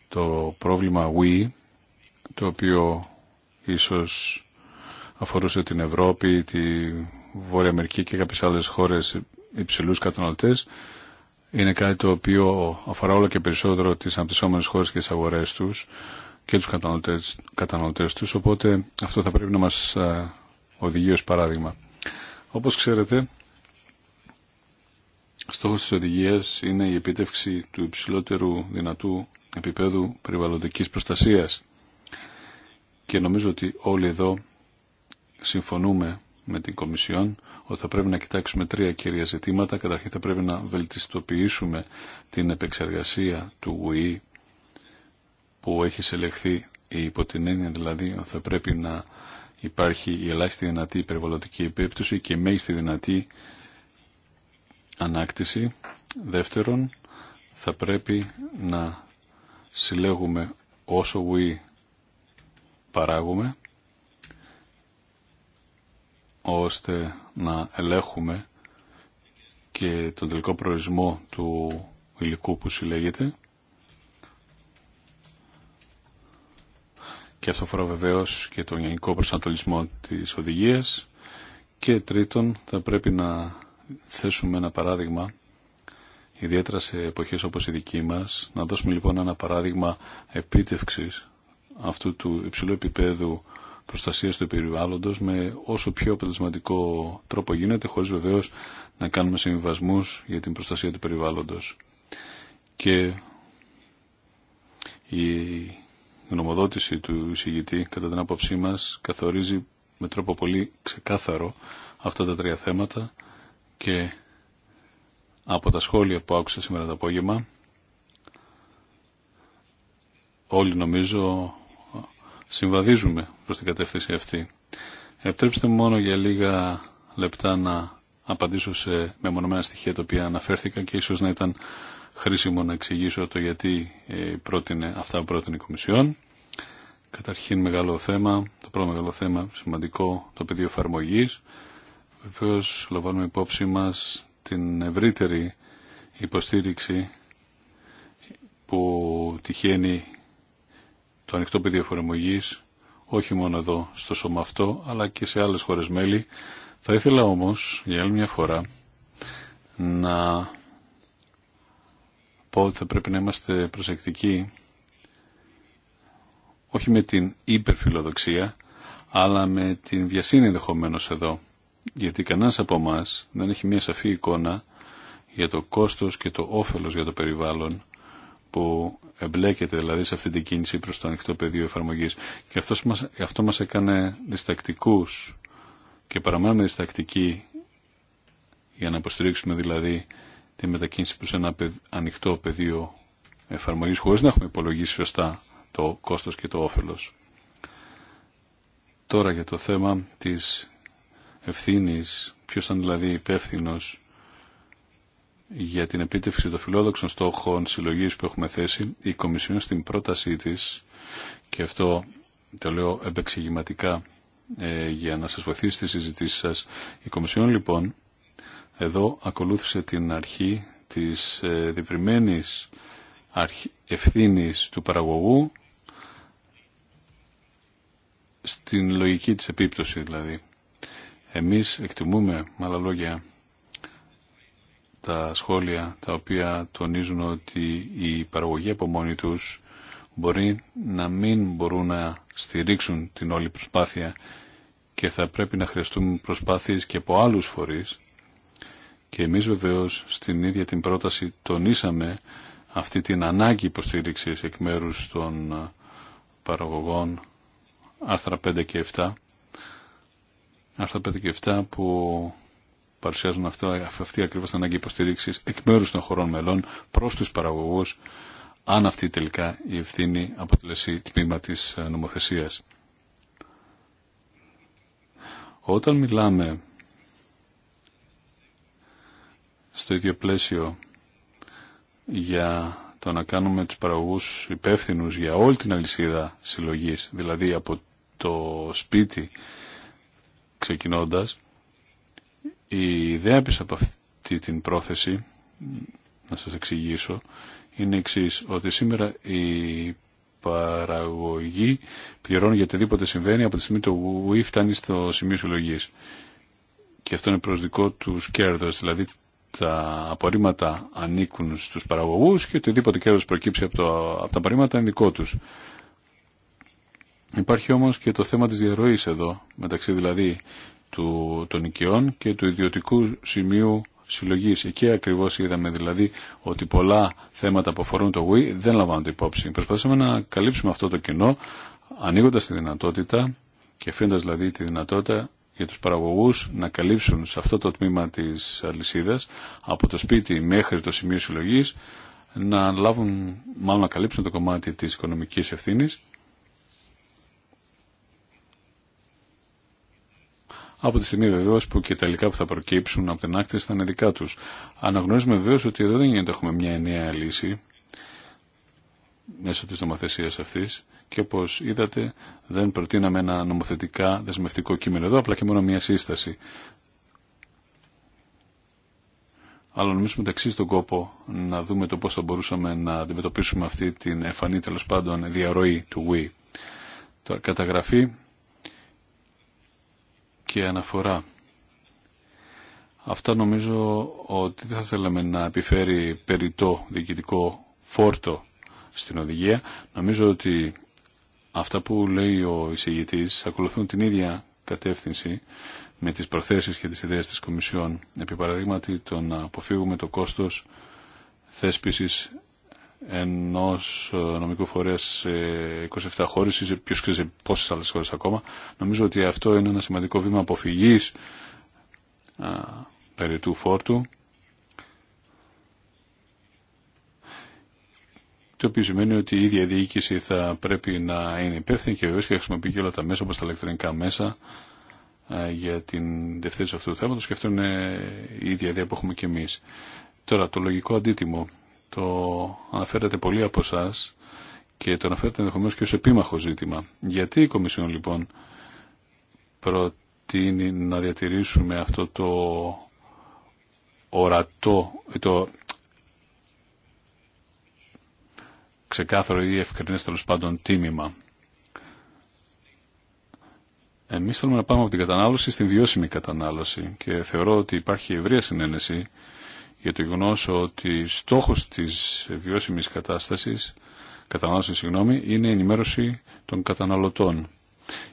το πρόβλημα WE, το οποίο ίσως αφορούσε την Ευρώπη, τη Βόρεια Αμερική και κάποιες άλλες χώρες υψηλού καταναλωτέ, είναι κάτι το οποίο αφορά όλο και περισσότερο τι αναπτυσσόμενε χώρε και τι αγορέ τους και τους καταναλωτές, καταναλωτές τους, οπότε αυτό θα πρέπει να μας οδηγεί ως παράδειγμα. Όπως ξέρετε, στόχος της οδηγίας είναι η επίτευξη του υψηλότερου δυνατού επίπεδου περιβαλλοντικής προστασίας. Και νομίζω ότι όλοι εδώ συμφωνούμε με την Κομισιόν ότι θα πρέπει να κοιτάξουμε τρία κυρία ζητήματα. Καταρχήν θα πρέπει να βελτιστοποιήσουμε την επεξεργασία του ΟΗ που έχει συλλεχθεί υπό την έννοια δηλαδή ότι θα πρέπει να υπάρχει η ελάχιστη δυνατή περιβαλλοντική επίπτωση και η μέγιστη δυνατή ανάκτηση. Δεύτερον, θα πρέπει να συλλέγουμε όσο we παράγουμε ώστε να ελέγχουμε και τον τελικό προορισμό του υλικού που συλλέγεται και αυτό φορά βεβαίω και τον γενικό προσανατολισμό της οδηγίας και τρίτον θα πρέπει να θέσουμε ένα παράδειγμα ιδιαίτερα σε εποχές όπως η δική μας να δώσουμε λοιπόν ένα παράδειγμα επίτευξης αυτού του υψηλού επίπεδου προστασία του περιβάλλοντο με όσο πιο αποτελεσματικό τρόπο γίνεται, χωρί βεβαίω να κάνουμε συμβιβασμού για την προστασία του περιβάλλοντο. Και η γνωμοδότηση του εισηγητή, κατά την άποψή μας, καθορίζει με τρόπο πολύ ξεκάθαρο αυτά τα τρία θέματα και από τα σχόλια που άκουσα σήμερα το απόγευμα όλοι νομίζω συμβαδίζουμε προς την κατεύθυνση αυτή. Επιτρέψτε μου μόνο για λίγα λεπτά να απαντήσω σε μεμονωμένα στοιχεία τα οποία αναφέρθηκα και ίσως να ήταν χρήσιμο να εξηγήσω το γιατί ε, πρότεινε αυτά που πρότεινε η Κομισιόν. Καταρχήν μεγάλο θέμα, το πρώτο μεγάλο θέμα σημαντικό, το πεδίο εφαρμογή. Βεβαίω λαμβάνουμε υπόψη μα την ευρύτερη υποστήριξη που τυχαίνει το ανοιχτό πεδίο εφαρμογή όχι μόνο εδώ στο σώμα αυτό, αλλά και σε άλλες χώρες μέλη. Θα ήθελα όμως για άλλη μια φορά να πω ότι θα πρέπει να είμαστε προσεκτικοί όχι με την υπερφιλοδοξία, αλλά με την βιασύνη ενδεχομένω εδώ. Γιατί κανένας από εμά δεν έχει μια σαφή εικόνα για το κόστος και το όφελος για το περιβάλλον που εμπλέκεται δηλαδή σε αυτή την κίνηση προς το ανοιχτό πεδίο εφαρμογής. Και αυτός μας, αυτό μας έκανε διστακτικούς και παραμένουμε διστακτικοί για να υποστηρίξουμε δηλαδή τη μετακίνηση προς ένα ανοιχτό πεδίο εφαρμογής χωρίς να έχουμε υπολογίσει σωστά το κόστος και το όφελος. Τώρα για το θέμα της ευθύνης, ποιος ήταν δηλαδή υπεύθυνο για την επίτευξη των φιλόδοξων στόχων συλλογής που έχουμε θέσει, η Κομισιόν στην πρότασή της, και αυτό το λέω επεξηγηματικά ε, για να σας βοηθήσει στη συζητήση σας, η Κομισιόν λοιπόν εδώ ακολούθησε την αρχή της ε, διευρυμένης ευθύνης του παραγωγού στην λογική της επίπτωση δηλαδή. Εμείς εκτιμούμε, με άλλα λόγια, τα σχόλια τα οποία τονίζουν ότι η παραγωγή από μόνοι τους μπορεί να μην μπορούν να στηρίξουν την όλη προσπάθεια και θα πρέπει να χρειαστούν προσπάθειες και από άλλους φορείς και εμείς βεβαίως στην ίδια την πρόταση τονίσαμε αυτή την ανάγκη υποστήριξης εκ μέρους των ε, παραγωγών άρθρα 5 και 7 άρθρα 5 και 7 που παρουσιάζουν αυτό, αυτή ακριβώς την ανάγκη υποστήριξης εκ μέρους των χωρών μελών προς τους παραγωγούς αν αυτή τελικά η ευθύνη αποτελέσει τμήμα της ε, νομοθεσίας. Όταν μιλάμε στο ίδιο πλαίσιο για το να κάνουμε τους παραγωγούς υπεύθυνους για όλη την αλυσίδα συλλογής, δηλαδή από το σπίτι ξεκινώντας, η ιδέα πίσω από αυτή την πρόθεση, να σας εξηγήσω, είναι εξή ότι σήμερα η παραγωγή πληρώνει για οτιδήποτε συμβαίνει από τη στιγμή το φτάνει στο σημείο συλλογής. Και αυτό είναι δικό του κέρδος, δηλαδή τα απορρίμματα ανήκουν στους παραγωγούς και οτιδήποτε κέρδος προκύψει από, το, από τα απορρίμματα είναι δικό τους. Υπάρχει όμως και το θέμα της διαρροής εδώ, μεταξύ δηλαδή του, των οικειών και του ιδιωτικού σημείου συλλογής. Εκεί ακριβώς είδαμε δηλαδή ότι πολλά θέματα που αφορούν το γούι δεν λαμβάνονται υπόψη. Προσπαθήσαμε να καλύψουμε αυτό το κοινό, ανοίγοντας τη δυνατότητα και αφήνοντας δηλαδή τη δυνατότητα για τους παραγωγούς να καλύψουν σε αυτό το τμήμα της αλυσίδας από το σπίτι μέχρι το σημείο συλλογή, να λάβουν, μάλλον να καλύψουν το κομμάτι της οικονομικής ευθύνης από τη στιγμή βεβαίως που και τα υλικά που θα προκύψουν από την άκρη θα είναι δικά τους. Αναγνωρίζουμε βεβαίως ότι εδώ δεν γίνεται έχουμε μια νέα λύση μέσω της νομοθεσίας αυτής και όπως είδατε δεν προτείναμε ένα νομοθετικά δεσμευτικό κείμενο εδώ, απλά και μόνο μια σύσταση. Αλλά νομίζουμε ότι αξίζει τον κόπο να δούμε το πώς θα μπορούσαμε να αντιμετωπίσουμε αυτή την εφανή, τέλο πάντων διαρροή του WE. Το καταγραφή και αναφορά. Αυτά νομίζω ότι δεν θα θέλαμε να επιφέρει περιττό διοικητικό φόρτο στην οδηγία. Νομίζω ότι Αυτά που λέει ο εισηγητή ακολουθούν την ίδια κατεύθυνση με τις προθέσεις και τις ιδέες της Κομισιόν. Επί παραδείγματι το να αποφύγουμε το κόστος θέσπισης ενός ε, νομικού φορέα σε 27 χώρε, ή σε ξέρει πόσε πόσες άλλες χώρες ακόμα. Νομίζω ότι αυτό είναι ένα σημαντικό βήμα αποφυγής περί του φόρτου το οποίο σημαίνει ότι η ίδια διοίκηση θα πρέπει να είναι υπεύθυνη και βεβαίω και χρησιμοποιεί και όλα τα μέσα όπω τα ηλεκτρονικά μέσα ε, για την διευθύνση αυτού του θέματο και αυτό είναι η ίδια ιδέα που έχουμε και εμεί. Τώρα το λογικό αντίτιμο το αναφέρατε πολλοί από εσά και το αναφέρατε ενδεχομένω και ω επίμαχο ζήτημα. Γιατί η Κομισιόν λοιπόν προτείνει να διατηρήσουμε αυτό το ορατό, το ξεκάθαρο ή ευκρινές τέλο πάντων τίμημα. Εμείς θέλουμε να πάμε από την κατανάλωση στην βιώσιμη κατανάλωση και θεωρώ ότι υπάρχει ευρεία συνένεση για το γεγονό ότι στόχος της βιώσιμης κατάστασης, κατανάλωση συγγνώμη, είναι η ενημέρωση των καταναλωτών.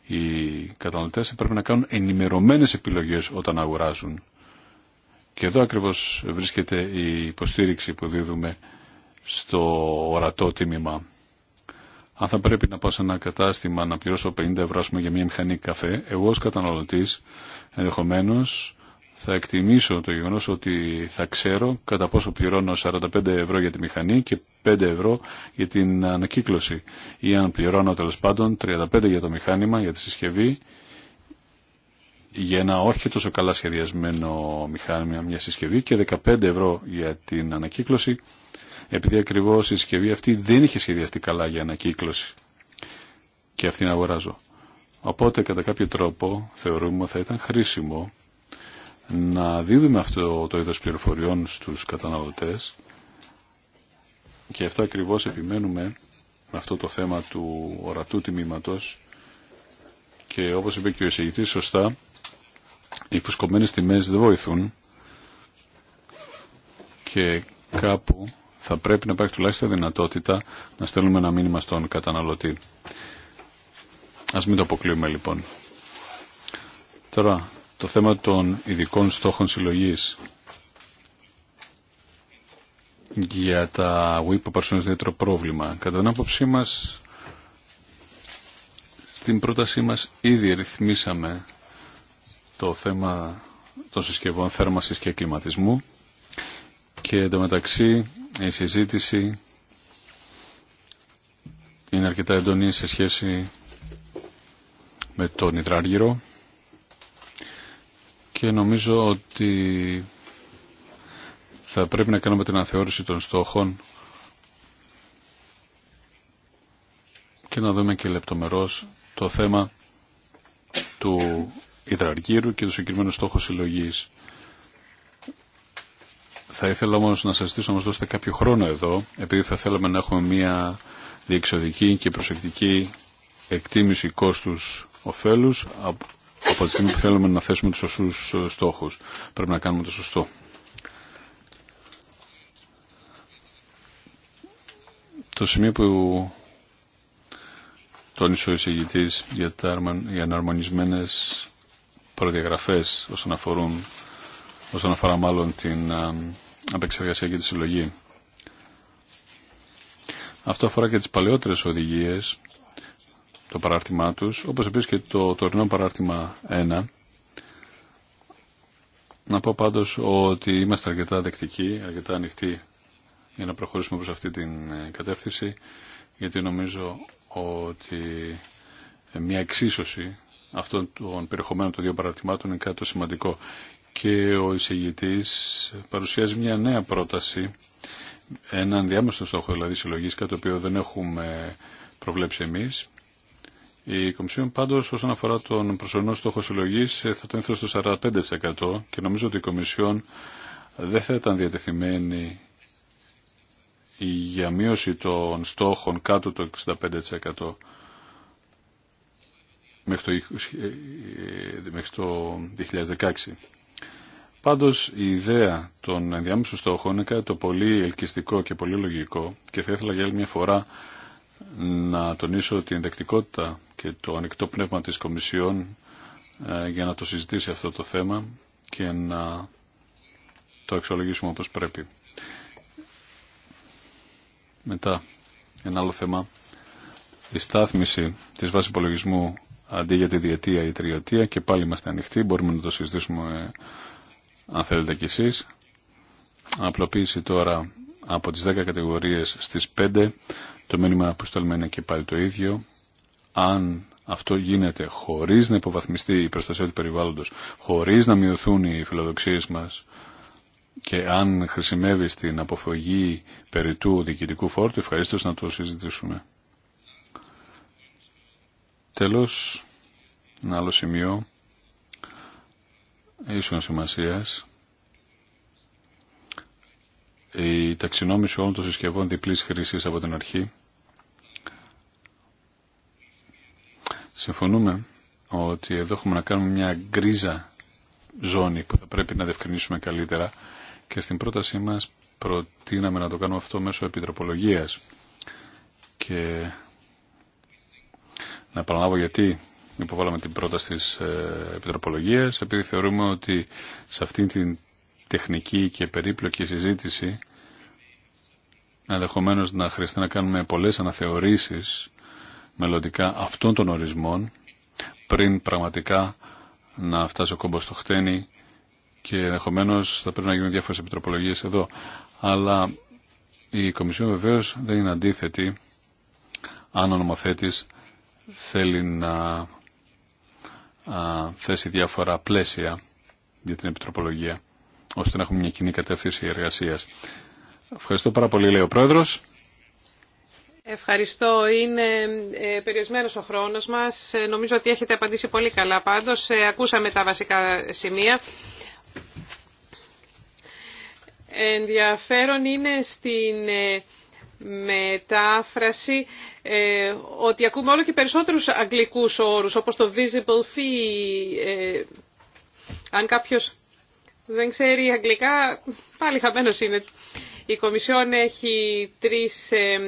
Οι καταναλωτές πρέπει να κάνουν ενημερωμένες επιλογές όταν αγοράζουν. Και εδώ ακριβώς βρίσκεται η υποστήριξη που δίδουμε στο ορατό τίμημα. Αν θα πρέπει να πάω σε ένα κατάστημα να πληρώσω 50 ευρώ πούμε, για μια μηχανή καφέ, εγώ ως καταναλωτής ενδεχομένως θα εκτιμήσω το γεγονός ότι θα ξέρω κατά πόσο πληρώνω 45 ευρώ για τη μηχανή και 5 ευρώ για την ανακύκλωση ή αν πληρώνω τέλο πάντων 35 για το μηχάνημα, για τη συσκευή για ένα όχι τόσο καλά σχεδιασμένο μηχάνημα, μια συσκευή και 15 ευρώ για την ανακύκλωση επειδή ακριβώ η συσκευή αυτή δεν είχε σχεδιαστεί καλά για ανακύκλωση και αυτήν αγοράζω. Οπότε κατά κάποιο τρόπο θεωρούμε ότι θα ήταν χρήσιμο να δίδουμε αυτό το είδος πληροφοριών στους καταναλωτές και αυτό ακριβώς επιμένουμε με αυτό το θέμα του ορατού τιμήματος και όπως είπε και ο εισηγητής σωστά οι φουσκωμένες τιμές δεν βοηθούν και κάπου θα πρέπει να υπάρχει τουλάχιστον δυνατότητα να στέλνουμε ένα μήνυμα στον καταναλωτή. Ας μην το αποκλείουμε λοιπόν. Τώρα, το θέμα των ειδικών στόχων συλλογή για τα WIP που ιδιαίτερο πρόβλημα. Κατά την άποψή μα, στην πρότασή μα ήδη ρυθμίσαμε το θέμα των συσκευών θέρμανσης και κλιματισμού και εντωμεταξύ η συζήτηση είναι αρκετά εντονή σε σχέση με τον Ιδράργυρο και νομίζω ότι θα πρέπει να κάνουμε την αναθεώρηση των στόχων και να δούμε και λεπτομερώς το θέμα του Ιδραργύρου και του συγκεκριμένου στόχου συλλογής. Θα ήθελα όμως να σας ζητήσω να μας δώσετε κάποιο χρόνο εδώ, επειδή θα θέλαμε να έχουμε μια διεξοδική και προσεκτική εκτίμηση κόστους ωφέλους από τη στιγμή που θέλουμε να θέσουμε τους σωστούς ε, στόχους. Πρέπει να κάνουμε το σωστό. Το σημείο που τόνισε ο εισηγητής για τα αναρμονισμένες προδιαγραφές όσον αφορούν όσον αφορά μάλλον την ε, απεξεργασία και τη συλλογή. Αυτό αφορά και τις παλαιότερες οδηγίες, το παράρτημά τους, όπως επίσης και το τωρινό παράρτημα 1. Να πω πάντως ότι είμαστε αρκετά δεκτικοί, αρκετά ανοιχτοί για να προχωρήσουμε προς αυτή την ε, κατεύθυνση, γιατί νομίζω ότι ε, μια εξίσωση αυτών των περιεχομένων των δύο παραρτημάτων είναι κάτι το σημαντικό και ο εισηγητής παρουσιάζει μια νέα πρόταση, έναν διάμεσο στόχο δηλαδή συλλογής, κάτι το οποίο δεν έχουμε προβλέψει εμείς. Η Κομισιόν πάντως όσον αφορά τον προσωρινό στόχο συλλογής ε, θα τον ήθελε στο 45% και νομίζω ότι η Κομισιόν δεν θα ήταν διατεθειμένη για μείωση των στόχων κάτω το 65% μέχρι το, 2016. Ε, ε, Πάντως η ιδέα των ενδιάμεσων στόχων είναι κάτι το πολύ ελκυστικό και πολύ λογικό και θα ήθελα για άλλη μια φορά να τονίσω την δεκτικότητα και το ανοιχτό πνεύμα της Κομισιόν ε, για να το συζητήσει αυτό το θέμα και να το αξιολογήσουμε όπως πρέπει. Μετά, ένα άλλο θέμα, η στάθμιση της βάση υπολογισμού αντί για τη διετία ή τριετία και πάλι είμαστε ανοιχτοί, μπορούμε να το συζητήσουμε αν θέλετε κι εσείς. Απλοποίηση τώρα από τις 10 κατηγορίες στις 5. Το μήνυμα που στέλνουμε είναι και πάλι το ίδιο. Αν αυτό γίνεται χωρίς να υποβαθμιστεί η προστασία του περιβάλλοντος, χωρίς να μειωθούν οι φιλοδοξίες μας και αν χρησιμεύει στην αποφυγή περί του διοικητικού φόρτου, ευχαριστώ να το συζητήσουμε. Τέλος, ένα άλλο σημείο ίσον σημασία. η ταξινόμηση όλων των συσκευών διπλής χρήση από την αρχή συμφωνούμε ότι εδώ έχουμε να κάνουμε μια γκρίζα ζώνη που θα πρέπει να διευκρινίσουμε καλύτερα και στην πρότασή μας προτείναμε να το κάνουμε αυτό μέσω επιτροπολογίας και να επαναλάβω γιατί υποβάλαμε την πρόταση της ε, Επιτροπολογίας επειδή θεωρούμε ότι σε αυτήν την τεχνική και περίπλοκη συζήτηση ενδεχομένω να χρειαστεί να κάνουμε πολλές αναθεωρήσεις μελλοντικά αυτών των ορισμών πριν πραγματικά να φτάσει ο κόμπος στο χτένι και ενδεχομένω θα πρέπει να γίνουν διάφορες επιτροπολογίες εδώ. Αλλά η Κομισιόν βεβαίω δεν είναι αντίθετη αν ο νομοθέτης θέλει να α, θέσει διάφορα πλαίσια για την επιτροπολογία, ώστε να έχουμε μια κοινή κατεύθυνση εργασία. Ευχαριστώ πάρα πολύ, λέει ο Πρόεδρος. Ευχαριστώ. Είναι ε, περιορισμένο ο χρόνος μας. Ε, νομίζω ότι έχετε απαντήσει πολύ καλά πάντως. Ε, ακούσαμε τα βασικά σημεία. Ενδιαφέρον είναι στην μετάφραση ε, ότι ακούμε όλο και περισσότερους αγγλικούς όρους όπως το visible fee. Ε, αν κάποιος δεν ξέρει αγγλικά πάλι χαμένος είναι. Η Κομισιόν έχει τρεις ε,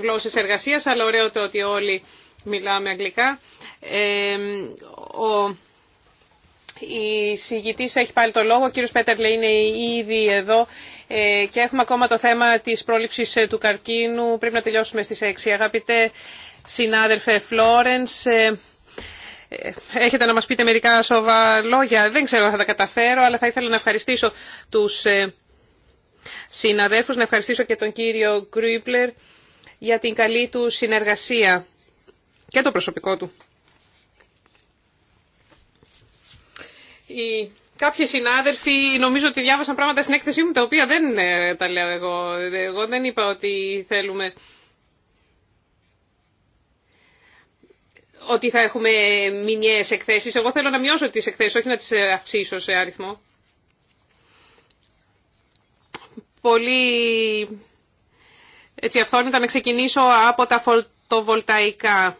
γλώσσες εργασίας αλλά ωραίο το ότι όλοι μιλάμε αγγλικά. Ε, ο, η συγητής έχει πάλι το λόγο, ο κύριος Πέτερλε είναι ήδη εδώ ε, και έχουμε ακόμα το θέμα της πρόληψης ε, του καρκίνου. Πρέπει να τελειώσουμε στις 6. Αγαπητέ συνάδελφε Φλόρενς, ε, έχετε να μας πείτε μερικά σοβα λόγια. Δεν ξέρω αν θα τα καταφέρω, αλλά θα ήθελα να ευχαριστήσω τους συναδέλφους, να ευχαριστήσω και τον κύριο Γκρίπλερ για την καλή του συνεργασία και το προσωπικό του. Η Κάποιοι συνάδελφοι νομίζω ότι διάβασαν πράγματα στην έκθεσή μου τα οποία δεν ε, τα λέω εγώ. Εγώ δεν είπα ότι θέλουμε ότι θα έχουμε μηνιαίες εκθέσεις. Εγώ θέλω να μειώσω τι εκθέσεις, όχι να τις ε, αυξήσω σε αριθμό. Πολύ έτσι αυθόρμητα να ξεκινήσω από τα φωτοβολταϊκά.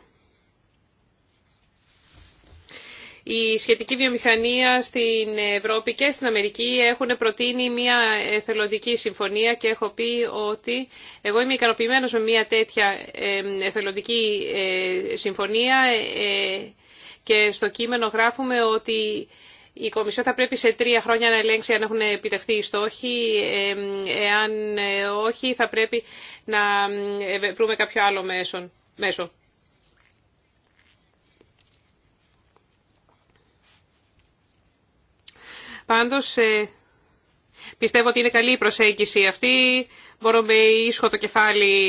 Η σχετική βιομηχανία στην Ευρώπη και στην Αμερική έχουν προτείνει μια εθελοντική συμφωνία και έχω πει ότι εγώ είμαι ικανοποιημένο με μια τέτοια εθελοντική ε, συμφωνία ε, και στο κείμενο γράφουμε ότι η Κομισιόν θα πρέπει σε τρία χρόνια να ελέγξει αν έχουν επιτευχθεί οι στόχοι. Εάν ε, όχι θα πρέπει να βρούμε κάποιο άλλο μέσο. Πάντως, ε, πιστεύω ότι είναι καλή η προσέγγιση αυτή. Μπορώ με ίσχο το κεφάλι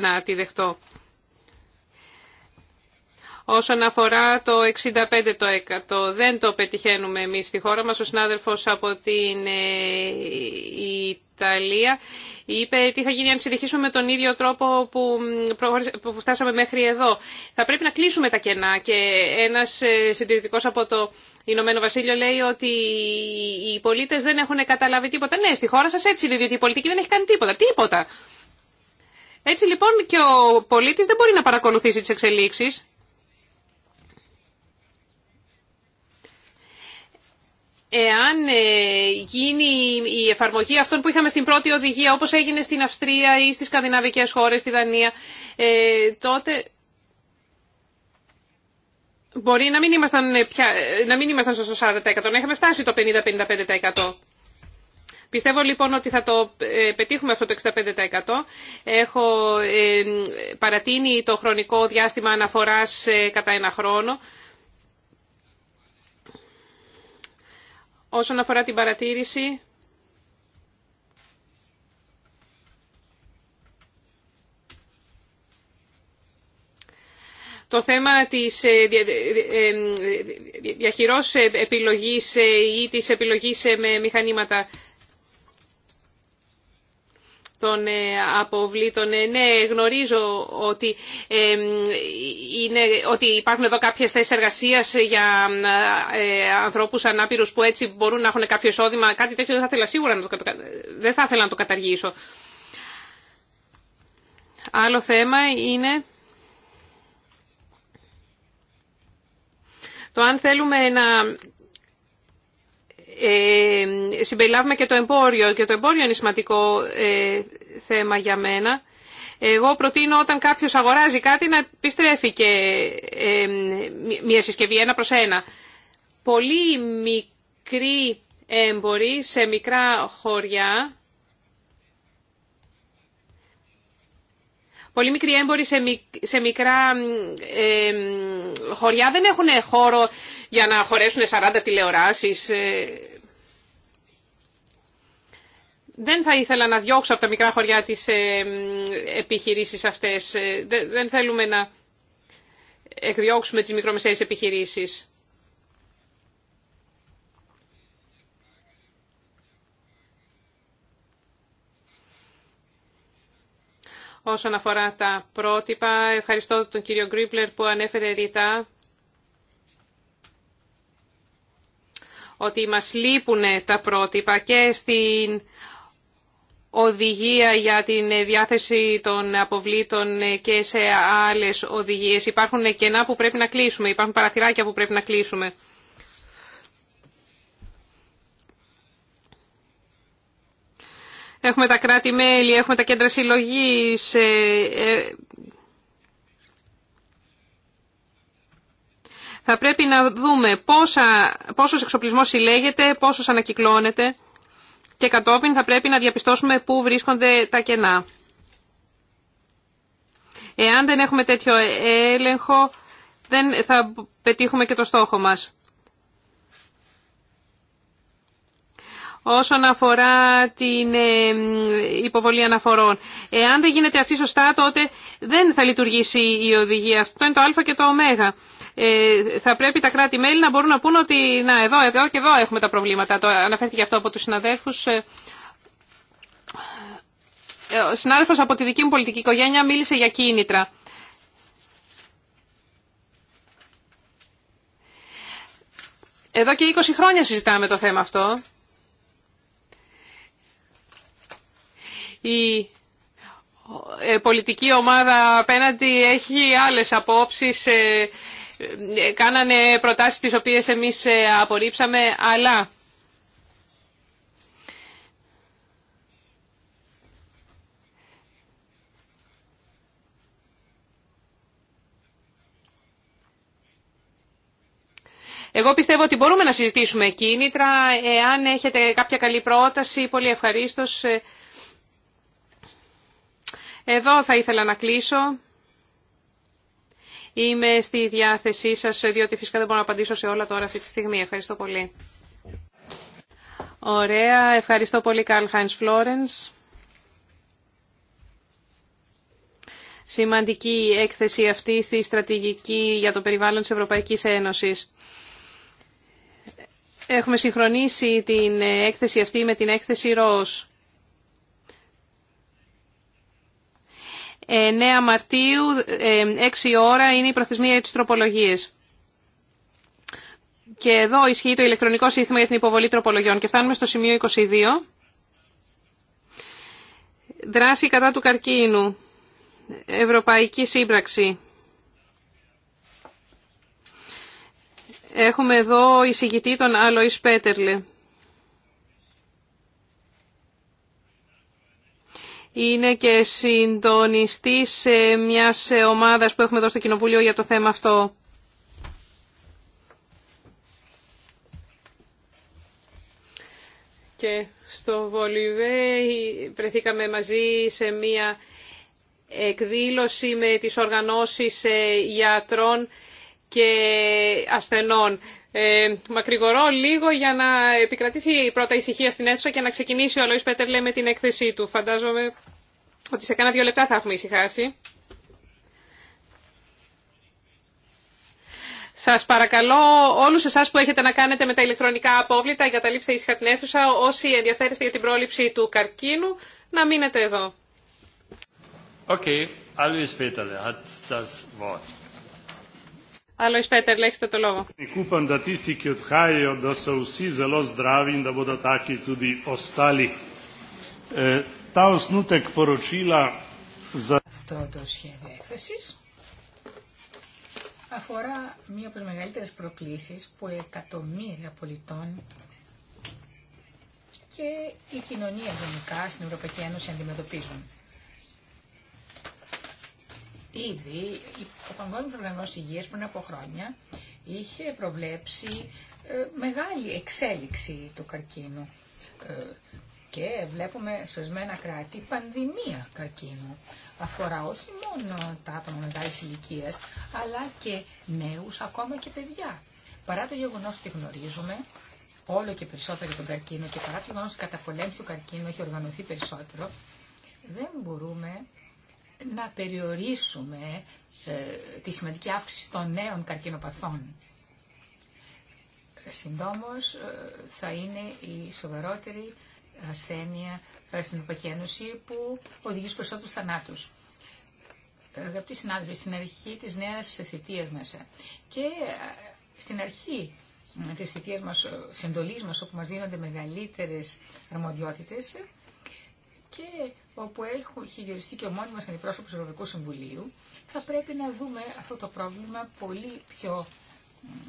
να τη δεχτώ. Όσον αφορά το 65% δεν το πετυχαίνουμε εμείς στη χώρα μας. Ο συνάδελφος από την ε, Ιταλία είπε τι θα γίνει αν συνεχίσουμε με τον ίδιο τρόπο που, που φτάσαμε μέχρι εδώ. Θα πρέπει να κλείσουμε τα κενά και ένας ε, συντηρητικός από το Ηνωμένο Βασίλειο λέει ότι οι πολίτες δεν έχουν καταλάβει τίποτα. Ναι, στη χώρα σας έτσι είναι, διότι η πολιτική δεν έχει κάνει τίποτα. Τίποτα. Έτσι λοιπόν και ο πολίτης δεν μπορεί να παρακολουθήσει τις εξελίξεις. εάν ε, γίνει η εφαρμογή αυτών που είχαμε στην πρώτη οδηγία, όπως έγινε στην Αυστρία ή στις σκανδιναβικές χώρες, στη Δανία, ε, τότε μπορεί να μην ήμασταν, πια, ε, να μην ήμασταν στο 40%, να είχαμε φτάσει το 50-55%. Πιστεύω λοιπόν ότι θα το πετύχουμε αυτό το 65%. Έχω παρατείνει το χρονικό διάστημα αναφοράς κατά ένα χρόνο. όσον αφορά την παρατήρηση το θέμα της ε, ε, ε, διαχειρός επιλογής ή της επιλογής με μηχανήματα των ε, αποβλήτων. Ε, ναι, γνωρίζω ότι, ε, είναι, ότι υπάρχουν εδώ κάποιες θέσεις εργασίας για ε, ανθρώπους ανάπηρους που έτσι μπορούν να έχουν κάποιο εισόδημα. Κάτι τέτοιο δεν θα ήθελα σίγουρα να το, δεν θα ήθελα να το καταργήσω. Άλλο θέμα είναι... Το αν θέλουμε να ε, συμπεριλάβουμε και το εμπόριο και το εμπόριο είναι σημαντικό ε, θέμα για μένα. Εγώ προτείνω όταν κάποιος αγοράζει κάτι να επιστρέφει και ε, μια συσκευή ένα προς ένα. Πολύ μικροί έμποροι σε μικρά χωριά πολύ μικροί έμποροι σε μικρά ε, χωριά δεν έχουν χώρο για να χωρέσουν 40 τηλεοράσεις. Ε. Δεν θα ήθελα να διώξω από τα μικρά χωριά τις ε, επιχειρήσεις αυτές. Δεν θέλουμε να εκδιώξουμε τις μικρομεσαίες επιχειρήσεις. όσον αφορά τα πρότυπα. Ευχαριστώ τον κύριο Γκρίπλερ που ανέφερε ρητά ότι μας λείπουν τα πρότυπα και στην οδηγία για την διάθεση των αποβλήτων και σε άλλες οδηγίες. Υπάρχουν κενά που πρέπει να κλείσουμε, υπάρχουν παραθυράκια που πρέπει να κλείσουμε. Έχουμε τα κράτη-μέλη, έχουμε τα κέντρα συλλογής. Ε, ε, θα πρέπει να δούμε πόσα, πόσος εξοπλισμός συλλέγεται, πόσος ανακυκλώνεται και κατόπιν θα πρέπει να διαπιστώσουμε πού βρίσκονται τα κενά. Εάν δεν έχουμε τέτοιο έλεγχο, δεν θα πετύχουμε και το στόχο μας. όσον αφορά την ε, υποβολή αναφορών. Εάν δεν γίνεται αυτή σωστά, τότε δεν θα λειτουργήσει η οδηγία. Αυτό είναι το α και το ω. Ε, θα πρέπει τα κράτη-μέλη να μπορούν να πούν ότι να, εδώ, εδώ και εδώ έχουμε τα προβλήματα. Το αναφέρθηκε αυτό από τους συναδέλφους. Ε, ο συνάδελφος από τη δική μου πολιτική οικογένεια μίλησε για κίνητρα. Εδώ και 20 χρόνια συζητάμε το θέμα αυτό. η ε, πολιτική ομάδα απέναντι έχει άλλες απόψεις. Ε, ε, κάνανε προτάσεις τις οποίες εμείς απορρίψαμε, αλλά... Εγώ πιστεύω ότι μπορούμε να συζητήσουμε κίνητρα. Εάν έχετε κάποια καλή πρόταση, πολύ ευχαρίστως εδώ θα ήθελα να κλείσω. Είμαι στη διάθεσή σας, διότι φυσικά δεν μπορώ να απαντήσω σε όλα τώρα αυτή τη στιγμή. Ευχαριστώ πολύ. Ωραία. Ευχαριστώ πολύ, Καρλ Χάινς Φλόρενς. Σημαντική έκθεση αυτή στη στρατηγική για το περιβάλλον της Ευρωπαϊκής Ένωσης. Έχουμε συγχρονίσει την έκθεση αυτή με την έκθεση ΡΟΣ. 9 Μαρτίου, 6 ε, ώρα, είναι η προθεσμία για τις Και εδώ ισχύει το ηλεκτρονικό σύστημα για την υποβολή τροπολογιών. Και φτάνουμε στο σημείο 22. Δράση κατά του καρκίνου. Ευρωπαϊκή σύμπραξη. Έχουμε εδώ εισηγητή τον Άλοης Πέτερλε. είναι και συντονιστής ε, μια ε, ομάδα που έχουμε εδώ στο Κοινοβούλιο για το θέμα αυτό. Και στο Βολιβέ βρεθήκαμε μαζί σε μια εκδήλωση με τις οργανώσεις ε, γιατρών και ασθενών. Ε, μακρηγορώ λίγο για να επικρατήσει η πρώτα ησυχία στην αίθουσα και να ξεκινήσει ο Αλόης Πέτερλε με την έκθεσή του. Φαντάζομαι ότι σε κάνα δύο λεπτά θα έχουμε ησυχάσει. Σας παρακαλώ όλους εσά που έχετε να κάνετε με τα ηλεκτρονικά απόβλητα, εγκαταλείψτε ήσυχα την αίθουσα, όσοι ενδιαφέρεστε για την πρόληψη του καρκίνου, να μείνετε εδώ. Okay, Alois Peterle hat das Wort. Άλλο Peter, λέξτε το λόγο. Ε, Αυτό το σχέδιο έκθεσης αφορά μία από τις μεγαλύτερες προκλήσεις που εκατομμύρια πολιτών και η κοινωνία γενικά στην Ευρωπαϊκή Ένωση αντιμετωπίζουν ήδη ο Παγκόσμιος Οργανισμός Υγείας πριν από χρόνια είχε προβλέψει ε, μεγάλη εξέλιξη του καρκίνου ε, και βλέπουμε σε ορισμένα κράτη πανδημία καρκίνου. Αφορά όχι μόνο τα άτομα μεγάλη ηλικία, αλλά και νέου, ακόμα και παιδιά. Παρά το γεγονό ότι γνωρίζουμε όλο και περισσότερο τον καρκίνο και παρά το γεγονό ότι η καταπολέμηση του καρκίνου έχει οργανωθεί περισσότερο, δεν μπορούμε να περιορίσουμε ε, τη σημαντική αύξηση των νέων καρκινοπαθών. Συντόμως ε, θα είναι η σοβαρότερη ασθένεια ε, στην Ευρωπαϊκή Ένωση που οδηγεί στους περισσότερους θανάτους. Αγαπητοί συνάδελφοι, στην αρχή της νέας θητείας μας και στην αρχή της θητείας μας, συντολής μας, όπου μας δίνονται μεγαλύτερες αρμοδιότητες, και όπου έχει χειριστεί και ο μόνιμος αντιπρόσωπος του Ευρωπαϊκού Συμβουλίου, θα πρέπει να δούμε αυτό το πρόβλημα πολύ πιο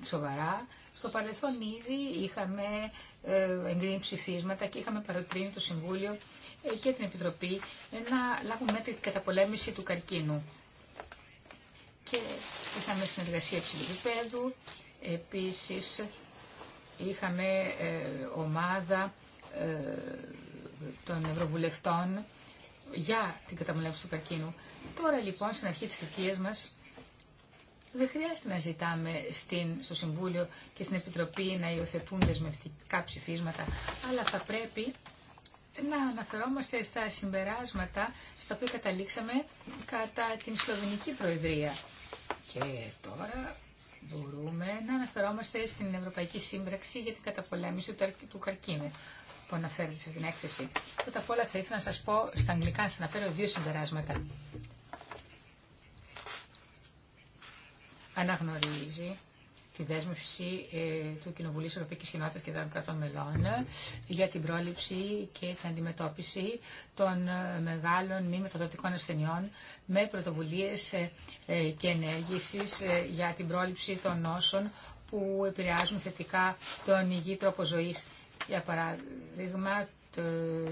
σοβαρά. Στο παρελθόν ήδη είχαμε ε, εγκρίνει ψηφίσματα και είχαμε παροτρύνει το Συμβούλιο ε, και την Επιτροπή ε, να λάβουν μέτρη την καταπολέμηση του καρκίνου. Και είχαμε συνεργασία ψηλού επίπεδου, επίσης είχαμε ομάδα των Ευρωβουλευτών για την καταπολέμηση του καρκίνου. Τώρα λοιπόν στην αρχή της θητείας μας δεν χρειάζεται να ζητάμε στην, στο Συμβούλιο και στην Επιτροπή να υιοθετούν δεσμευτικά ψηφίσματα, αλλά θα πρέπει να αναφερόμαστε στα συμπεράσματα στα οποία καταλήξαμε κατά την Σλοβενική Προεδρία. Και τώρα μπορούμε να αναφερόμαστε στην Ευρωπαϊκή Σύμπραξη για την καταπολέμηση του καρκίνου που αναφέρεται σε την έκθεση. Πρώτα απ' όλα θα ήθελα να σας πω στα αγγλικά, σας αναφέρω δύο συμπεράσματα. Αναγνωρίζει τη δέσμευση ε, του Κοινοβουλίου Ευρωπαϊκή Κοινότητα και των κρατών μελών ε, για την πρόληψη και την αντιμετώπιση των ε, μεγάλων μη μεταδοτικών ασθενειών με πρωτοβουλίε και ενέργηση για την πρόληψη των νόσων που επηρεάζουν θετικά τον υγιή τρόπο ζωής για παράδειγμα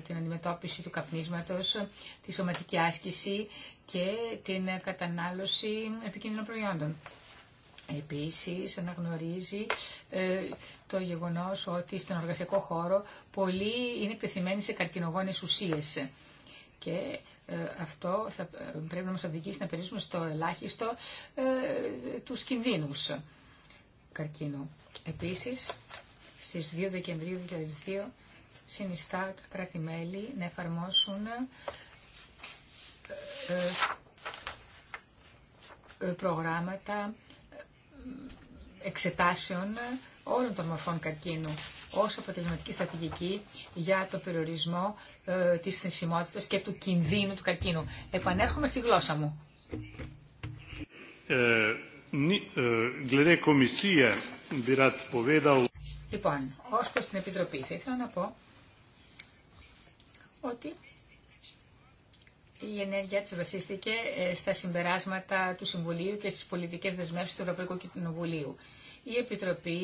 την αντιμετώπιση του καπνίσματος, τη σωματική άσκηση και την κατανάλωση επικίνδυνων προϊόντων. Επίσης αναγνωρίζει ε, το γεγονός ότι στον εργασιακό χώρο πολλοί είναι επιθυμένοι σε καρκινογόνες ουσίες και ε, αυτό θα, ε, πρέπει να μας οδηγήσει να περιορίσουμε στο ελάχιστο ε, τους κινδύνους καρκίνου. Επίσης στις 2 Δεκεμβρίου 2002 συνιστά τα κράτη-μέλη να εφαρμόσουν ε, ε, προγράμματα ε, εξετάσεων όλων των μορφών καρκίνου ως αποτελεσματική στρατηγική για το περιορισμό της θνησιμότητας και του κινδύνου του καρκίνου. Επανέρχομαι στη γλώσσα μου. Ε, ε, κομισία, Λοιπόν, ω προ την Επιτροπή θα ήθελα να πω ότι η ενέργεια της βασίστηκε ε, στα συμπεράσματα του Συμβουλίου και στις πολιτικές δεσμεύσεις του Ευρωπαϊκού Κοινοβουλίου. Η Επιτροπή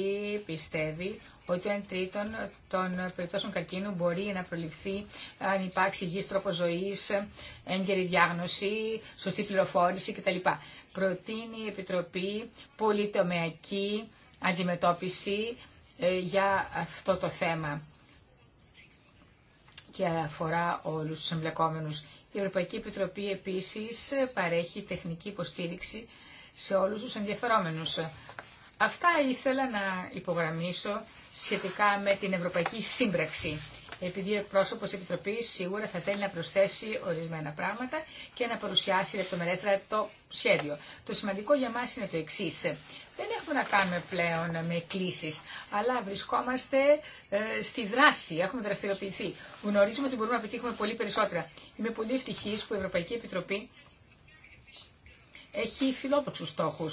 πιστεύει ότι ο τρίτον των περιπτώσεων καρκίνου μπορεί να προληφθεί αν υπάρξει υγιής τρόπο ζωής, έγκαιρη διάγνωση, σωστή πληροφόρηση κτλ. Προτείνει η Επιτροπή πολυτομεακή αντιμετώπιση ε, για αυτό το θέμα και αφορά όλους τους εμπλεκόμενους. Η Ευρωπαϊκή Επιτροπή επίσης παρέχει τεχνική υποστήριξη σε όλους τους ενδιαφερόμενους. Αυτά ήθελα να υπογραμμίσω σχετικά με την Ευρωπαϊκή Σύμπραξη επειδή ο εκπρόσωπο τη Επιτροπή σίγουρα θα θέλει να προσθέσει ορισμένα πράγματα και να παρουσιάσει λεπτομερέστερα το σχέδιο. Το σημαντικό για μα είναι το εξή. Δεν έχουμε να κάνουμε πλέον με κλήσει, αλλά βρισκόμαστε ε, στη δράση, έχουμε δραστηριοποιηθεί. Γνωρίζουμε ότι μπορούμε να πετύχουμε πολύ περισσότερα. Είμαι πολύ ευτυχή που η Ευρωπαϊκή Επιτροπή έχει φιλόδοξου στόχου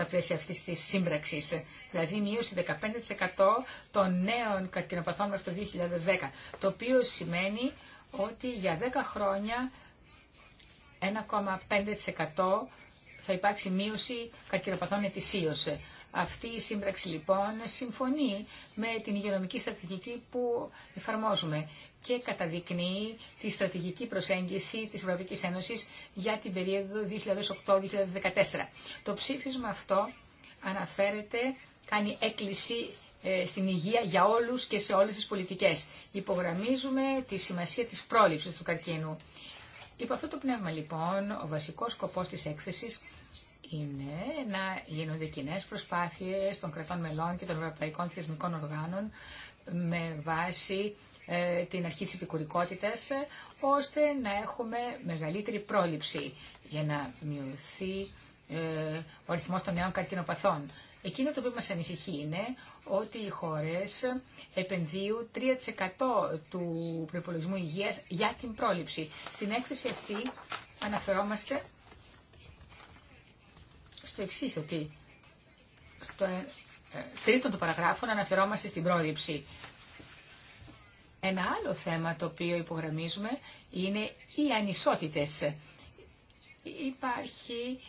στα πλαίσια αυτή τη σύμπραξη, Δηλαδή μείωση 15% των νέων καρκινοπαθών μέχρι το 2010. Το οποίο σημαίνει ότι για 10 χρόνια 1,5% θα υπάρξει μείωση καρκινοπαθών ετησίω. Αυτή η σύμπραξη λοιπόν συμφωνεί με την υγειονομική στρατηγική που εφαρμόζουμε και καταδεικνύει τη στρατηγική προσέγγιση της Ευρωπαϊκής Ένωσης για την περίοδο 2008-2014. Το ψήφισμα αυτό αναφέρεται, κάνει έκκληση ε, στην υγεία για όλους και σε όλες τις πολιτικές. Υπογραμμίζουμε τη σημασία της πρόληψης του καρκίνου. Υπό αυτό το πνεύμα λοιπόν, ο βασικός σκοπός της έκθεσης είναι να γίνονται κοινέ προσπάθειες των κρατών μελών και των ευρωπαϊκών θεσμικών οργάνων με βάση ε, την αρχή της επικουρικότητας, ε, ώστε να έχουμε μεγαλύτερη πρόληψη για να μειωθεί ε, ο αριθμός των νέων καρκινοπαθών. Εκείνο το οποίο μας ανησυχεί είναι ότι οι χώρες επενδύουν 3% του προϋπολογισμού υγείας για την πρόληψη. Στην έκθεση αυτή αναφερόμαστε στο εξή ότι στο τρίτο του παραγράφου αναφερόμαστε στην πρόληψη. Ένα άλλο θέμα το οποίο υπογραμμίζουμε είναι οι ανισότητες. Υπάρχει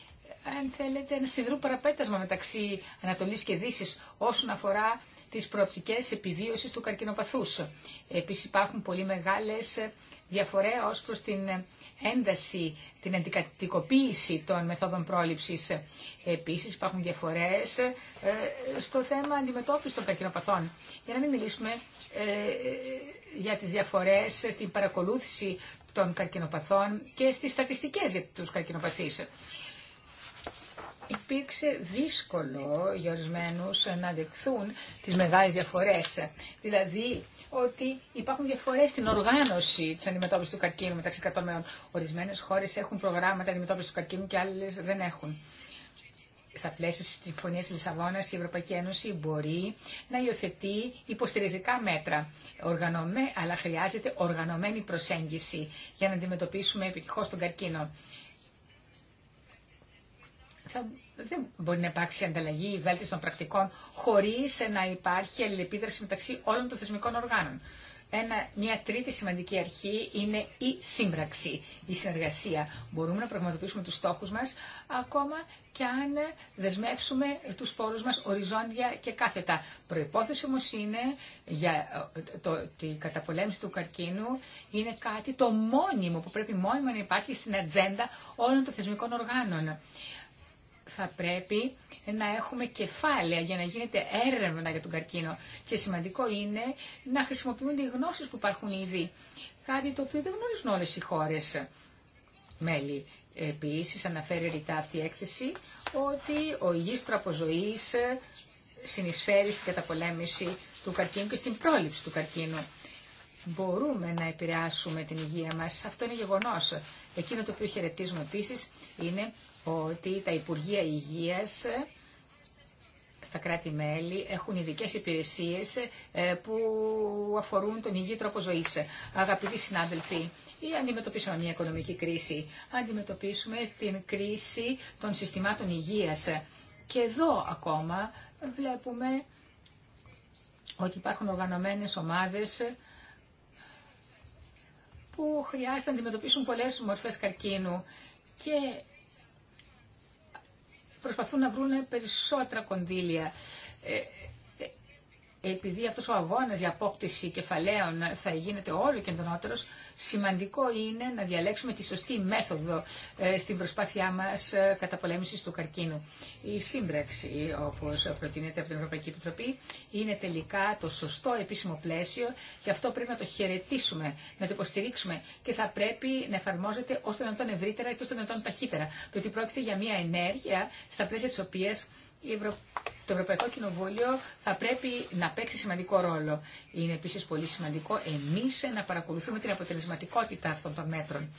αν θέλετε, ένα σιδρού παραπέτασμα μεταξύ Ανατολής και Δύσης όσον αφορά τις προοπτικές επιβίωση του καρκινοπαθούς. Επίσης υπάρχουν πολύ μεγάλες διαφορές ως προς την ένταση, την αντικατοικοποίηση των μεθόδων πρόληψης. Επίσης υπάρχουν διαφορές ε, στο θέμα αντιμετώπιση των καρκινοπαθών. Για να μην μιλήσουμε ε, ε, για τις διαφορές στην παρακολούθηση των καρκινοπαθών και στις στατιστικές για τους καρκινοπαθείς. Υπήρξε δύσκολο για ορισμένου να δεχθούν τις μεγάλες διαφορές. Δηλαδή ότι υπάρχουν διαφορές στην οργάνωση της αντιμετώπισης του καρκίνου μεταξύ κρατών ορισμένες χώρες έχουν προγράμματα αντιμετώπισης του καρκίνου και άλλες δεν έχουν στα πλαίσια της Συμφωνίας Λισαβόνας η Ευρωπαϊκή Ένωση μπορεί να υιοθετεί υποστηρικτικά μέτρα, οργανωμέ, αλλά χρειάζεται οργανωμένη προσέγγιση για να αντιμετωπίσουμε επιτυχώς τον καρκίνο. δεν μπορεί να υπάρξει ανταλλαγή των πρακτικών χωρίς να υπάρχει αλληλεπίδραση μεταξύ όλων των θεσμικών οργάνων. Ένα, μια τρίτη σημαντική αρχή είναι η σύμπραξη, η συνεργασία. Μπορούμε να πραγματοποιήσουμε τους στόχους μας ακόμα και αν δεσμεύσουμε τους πόρους μας οριζόντια και κάθετα. Προϋπόθεση όμως είναι για ε, το, τη καταπολέμηση του καρκίνου είναι κάτι το μόνιμο που πρέπει μόνιμα να υπάρχει στην ατζέντα όλων των θεσμικών οργάνων θα πρέπει να έχουμε κεφάλαια για να γίνεται έρευνα για τον καρκίνο. Και σημαντικό είναι να χρησιμοποιούνται οι γνώσεις που υπάρχουν ήδη. Κάτι το οποίο δεν γνωρίζουν όλες οι χώρες μέλη. Επίσης αναφέρει ρητά αυτή η έκθεση ότι ο υγιής τρόπος ζωής συνεισφέρει στην καταπολέμηση του καρκίνου και στην πρόληψη του καρκίνου. Μπορούμε να επηρεάσουμε την υγεία μας. Αυτό είναι γεγονός. Εκείνο το οποίο χαιρετίζουμε επίσης είναι ότι τα Υπουργεία Υγείας ε, στα κράτη-μέλη έχουν ειδικέ υπηρεσίες ε, που αφορούν τον υγιή τρόπο ζωής. Αγαπητοί συνάδελφοι, ή αντιμετωπίσουμε μια οικονομική κρίση, αντιμετωπίσουμε την κρίση των συστημάτων υγείας. Και εδώ ακόμα βλέπουμε ότι υπάρχουν οργανωμένες ομάδες ε, που χρειάζεται να αντιμετωπίσουν πολλές μορφές καρκίνου και προσπαθούν να βρουν περισσότερα κονδύλια ε, επειδή αυτός ο αγώνας για απόκτηση κεφαλαίων θα γίνεται όλο και εντονότερος, σημαντικό είναι να διαλέξουμε τη σωστή μέθοδο ε, στην προσπάθειά μας ε, καταπολέμησης του καρκίνου. Η σύμπραξη, όπως προτείνεται από την Ευρωπαϊκή Επιτροπή, είναι τελικά το σωστό επίσημο πλαίσιο και αυτό πρέπει να το χαιρετήσουμε, να το υποστηρίξουμε και θα πρέπει να εφαρμόζεται ώστε να τον ευρύτερα και ώστε να τον ταχύτερα. Διότι πρόκειται για μια ενέργεια στα πλαίσια της οποίας το Ευρωπαϊκό Κοινοβούλιο θα πρέπει να παίξει σημαντικό ρόλο. Είναι επίσης πολύ σημαντικό εμείς να παρακολουθούμε την αποτελεσματικότητα αυτών των μέτρων.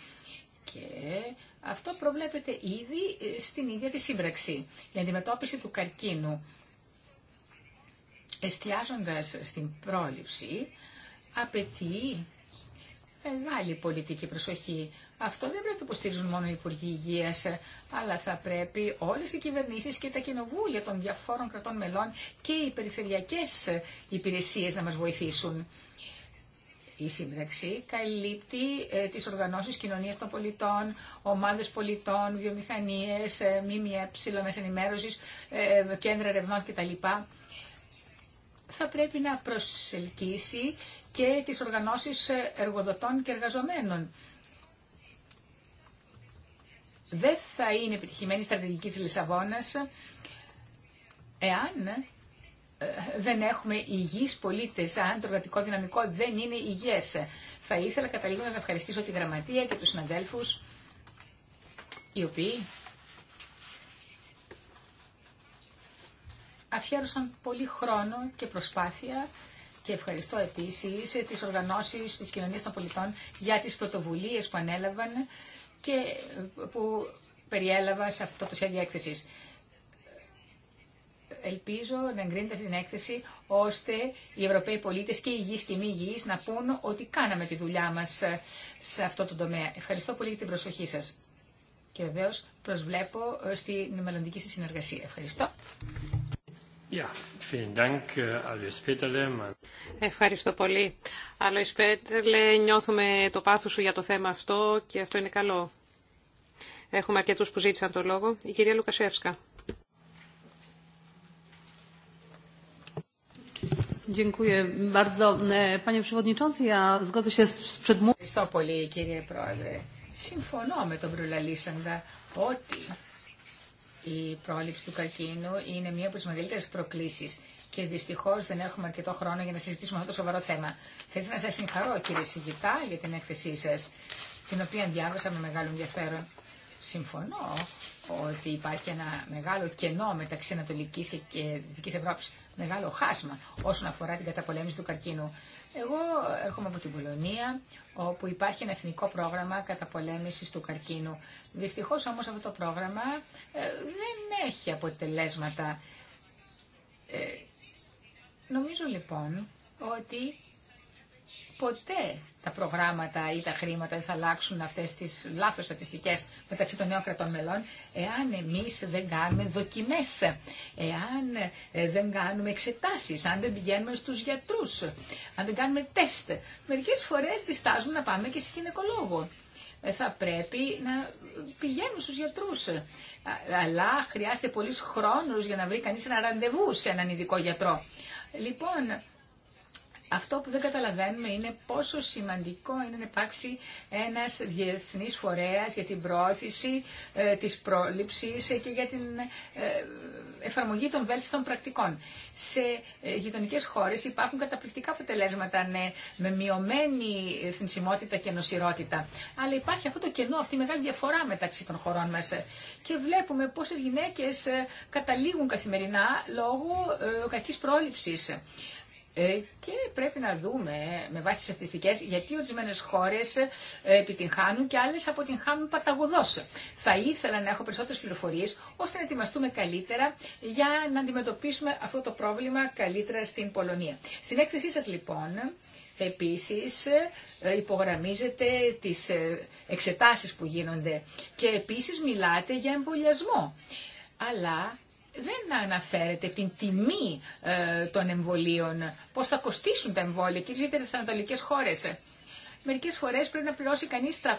Και αυτό προβλέπεται ήδη ε, στην ίδια τη σύμπραξη. Η αντιμετώπιση του καρκίνου, εστιάζοντας στην πρόληψη, απαιτεί μεγάλη πολιτική προσοχή. Αυτό δεν πρέπει να το υποστηρίζουν μόνο οι Υπουργοί Υγεία, αλλά θα πρέπει όλε οι κυβερνήσει και τα κοινοβούλια των διαφόρων κρατών μελών και οι περιφερειακέ υπηρεσίε να μα βοηθήσουν. Η σύμπραξη καλύπτει ε, τις οργανώσεις κοινωνίας των πολιτών, ομάδες πολιτών, βιομηχανίες, ε, ΜΜΕ, μέσα ε, κέντρα ερευνών κτλ θα πρέπει να προσελκύσει και τις οργανώσεις εργοδοτών και εργαζομένων. Δεν θα είναι επιτυχημένη η στρατηγική της Λισαβόνας εάν ε, δεν έχουμε υγιείς πολίτες, αν το εργατικό δυναμικό δεν είναι υγιές. Θα ήθελα καταλήγω να ευχαριστήσω τη Γραμματεία και τους συναδέλφους οι οποίοι αφιέρωσαν πολύ χρόνο και προσπάθεια και ευχαριστώ επίσης τις οργανώσεις της κοινωνίας των πολιτών για τις πρωτοβουλίες που ανέλαβαν και που περιέλαβα σε αυτό το σχέδιο έκθεσης. Ελπίζω να εγκρίνετε αυτή την έκθεση ώστε οι Ευρωπαίοι πολίτες και οι υγιείς και μη υγιείς να πούν ότι κάναμε τη δουλειά μας σε αυτό το τομέα. Ευχαριστώ πολύ για την προσοχή σας. Και βεβαίως προσβλέπω στη μελλοντική συνεργασία. Ευχαριστώ. Äh, Ευχαριστώ πολύ. Άλλο πέτρελε νιώθουμε το πάθος σου για το θέμα αυτό και αυτό είναι καλό. Έχουμε αρκετούς που ζήτησαν το λόγο. Η κυρία Λουκασεύσκα. Ε, Ευχαριστώ πολύ κύριε Πρόεδρε. Συμφωνώ με τον προλαλήσαντα ότι η πρόληψη του καρκίνου είναι μία από τι μεγαλύτερε προκλήσει και δυστυχώ δεν έχουμε αρκετό χρόνο για να συζητήσουμε αυτό το σοβαρό θέμα. Θα ήθελα να σα συγχαρώ, κύριε Σιγητά, για την έκθεσή σα, την οποία διάβασα με μεγάλο ενδιαφέρον. Συμφωνώ ότι υπάρχει ένα μεγάλο κενό μεταξύ Ανατολική και Δυτική Ευρώπη, μεγάλο χάσμα όσον αφορά την καταπολέμηση του καρκίνου. Εγώ έρχομαι από την Πολωνία, όπου υπάρχει ένα εθνικό πρόγραμμα καταπολέμησης του καρκίνου. Δυστυχώς όμως αυτό το πρόγραμμα ε, δεν έχει αποτελέσματα. Ε, νομίζω λοιπόν ότι ποτέ τα προγράμματα ή τα χρήματα δεν θα αλλάξουν αυτέ τι λάθο στατιστικές μεταξύ των νέων κρατών μελών, εάν εμεί δεν κάνουμε δοκιμέ, εάν ε, δεν κάνουμε εξετάσει, αν δεν πηγαίνουμε στου γιατρού, αν δεν κάνουμε τεστ. Μερικέ φορέ διστάζουμε να πάμε και σε γυναικολόγο ε, θα πρέπει να πηγαίνουν στους γιατρούς. Αλλά χρειάζεται πολλής χρόνος για να βρει κανείς ένα ραντεβού σε έναν ειδικό γιατρό. Λοιπόν, αυτό που δεν καταλαβαίνουμε είναι πόσο σημαντικό είναι να υπάρξει ένας διεθνής φορέας για την προώθηση ε, της πρόληψης ε, και για την ε, εφαρμογή των βέλτιστων πρακτικών. Σε ε, γειτονικέ χώρες υπάρχουν καταπληκτικά αποτελέσματα ναι, με μειωμένη θνησιμότητα και νοσηρότητα. Αλλά υπάρχει αυτό το κενό, αυτή η μεγάλη διαφορά μεταξύ των χωρών μας. Και βλέπουμε πόσες γυναίκες καταλήγουν καθημερινά λόγω κακής πρόληψης. Ε, και πρέπει να δούμε με βάση τι στατιστικές γιατί ορισμένε χώρες ε, επιτυγχάνουν και άλλες αποτυγχάνουν παταγωδώ. Θα ήθελα να έχω περισσότερες πληροφορίες ώστε να ετοιμαστούμε καλύτερα για να αντιμετωπίσουμε αυτό το πρόβλημα καλύτερα στην Πολωνία. Στην έκθεσή σας λοιπόν Επίσης ε, υπογραμμίζετε τις εξετάσεις που γίνονται και επίσης μιλάτε για εμβολιασμό. Αλλά δεν αναφέρεται την τιμή ε, των εμβολίων, πώς θα κοστίσουν τα εμβόλια και ζείτε στις ανατολικές χώρες. Μερικές φορές πρέπει να πληρώσει κανείς 300-400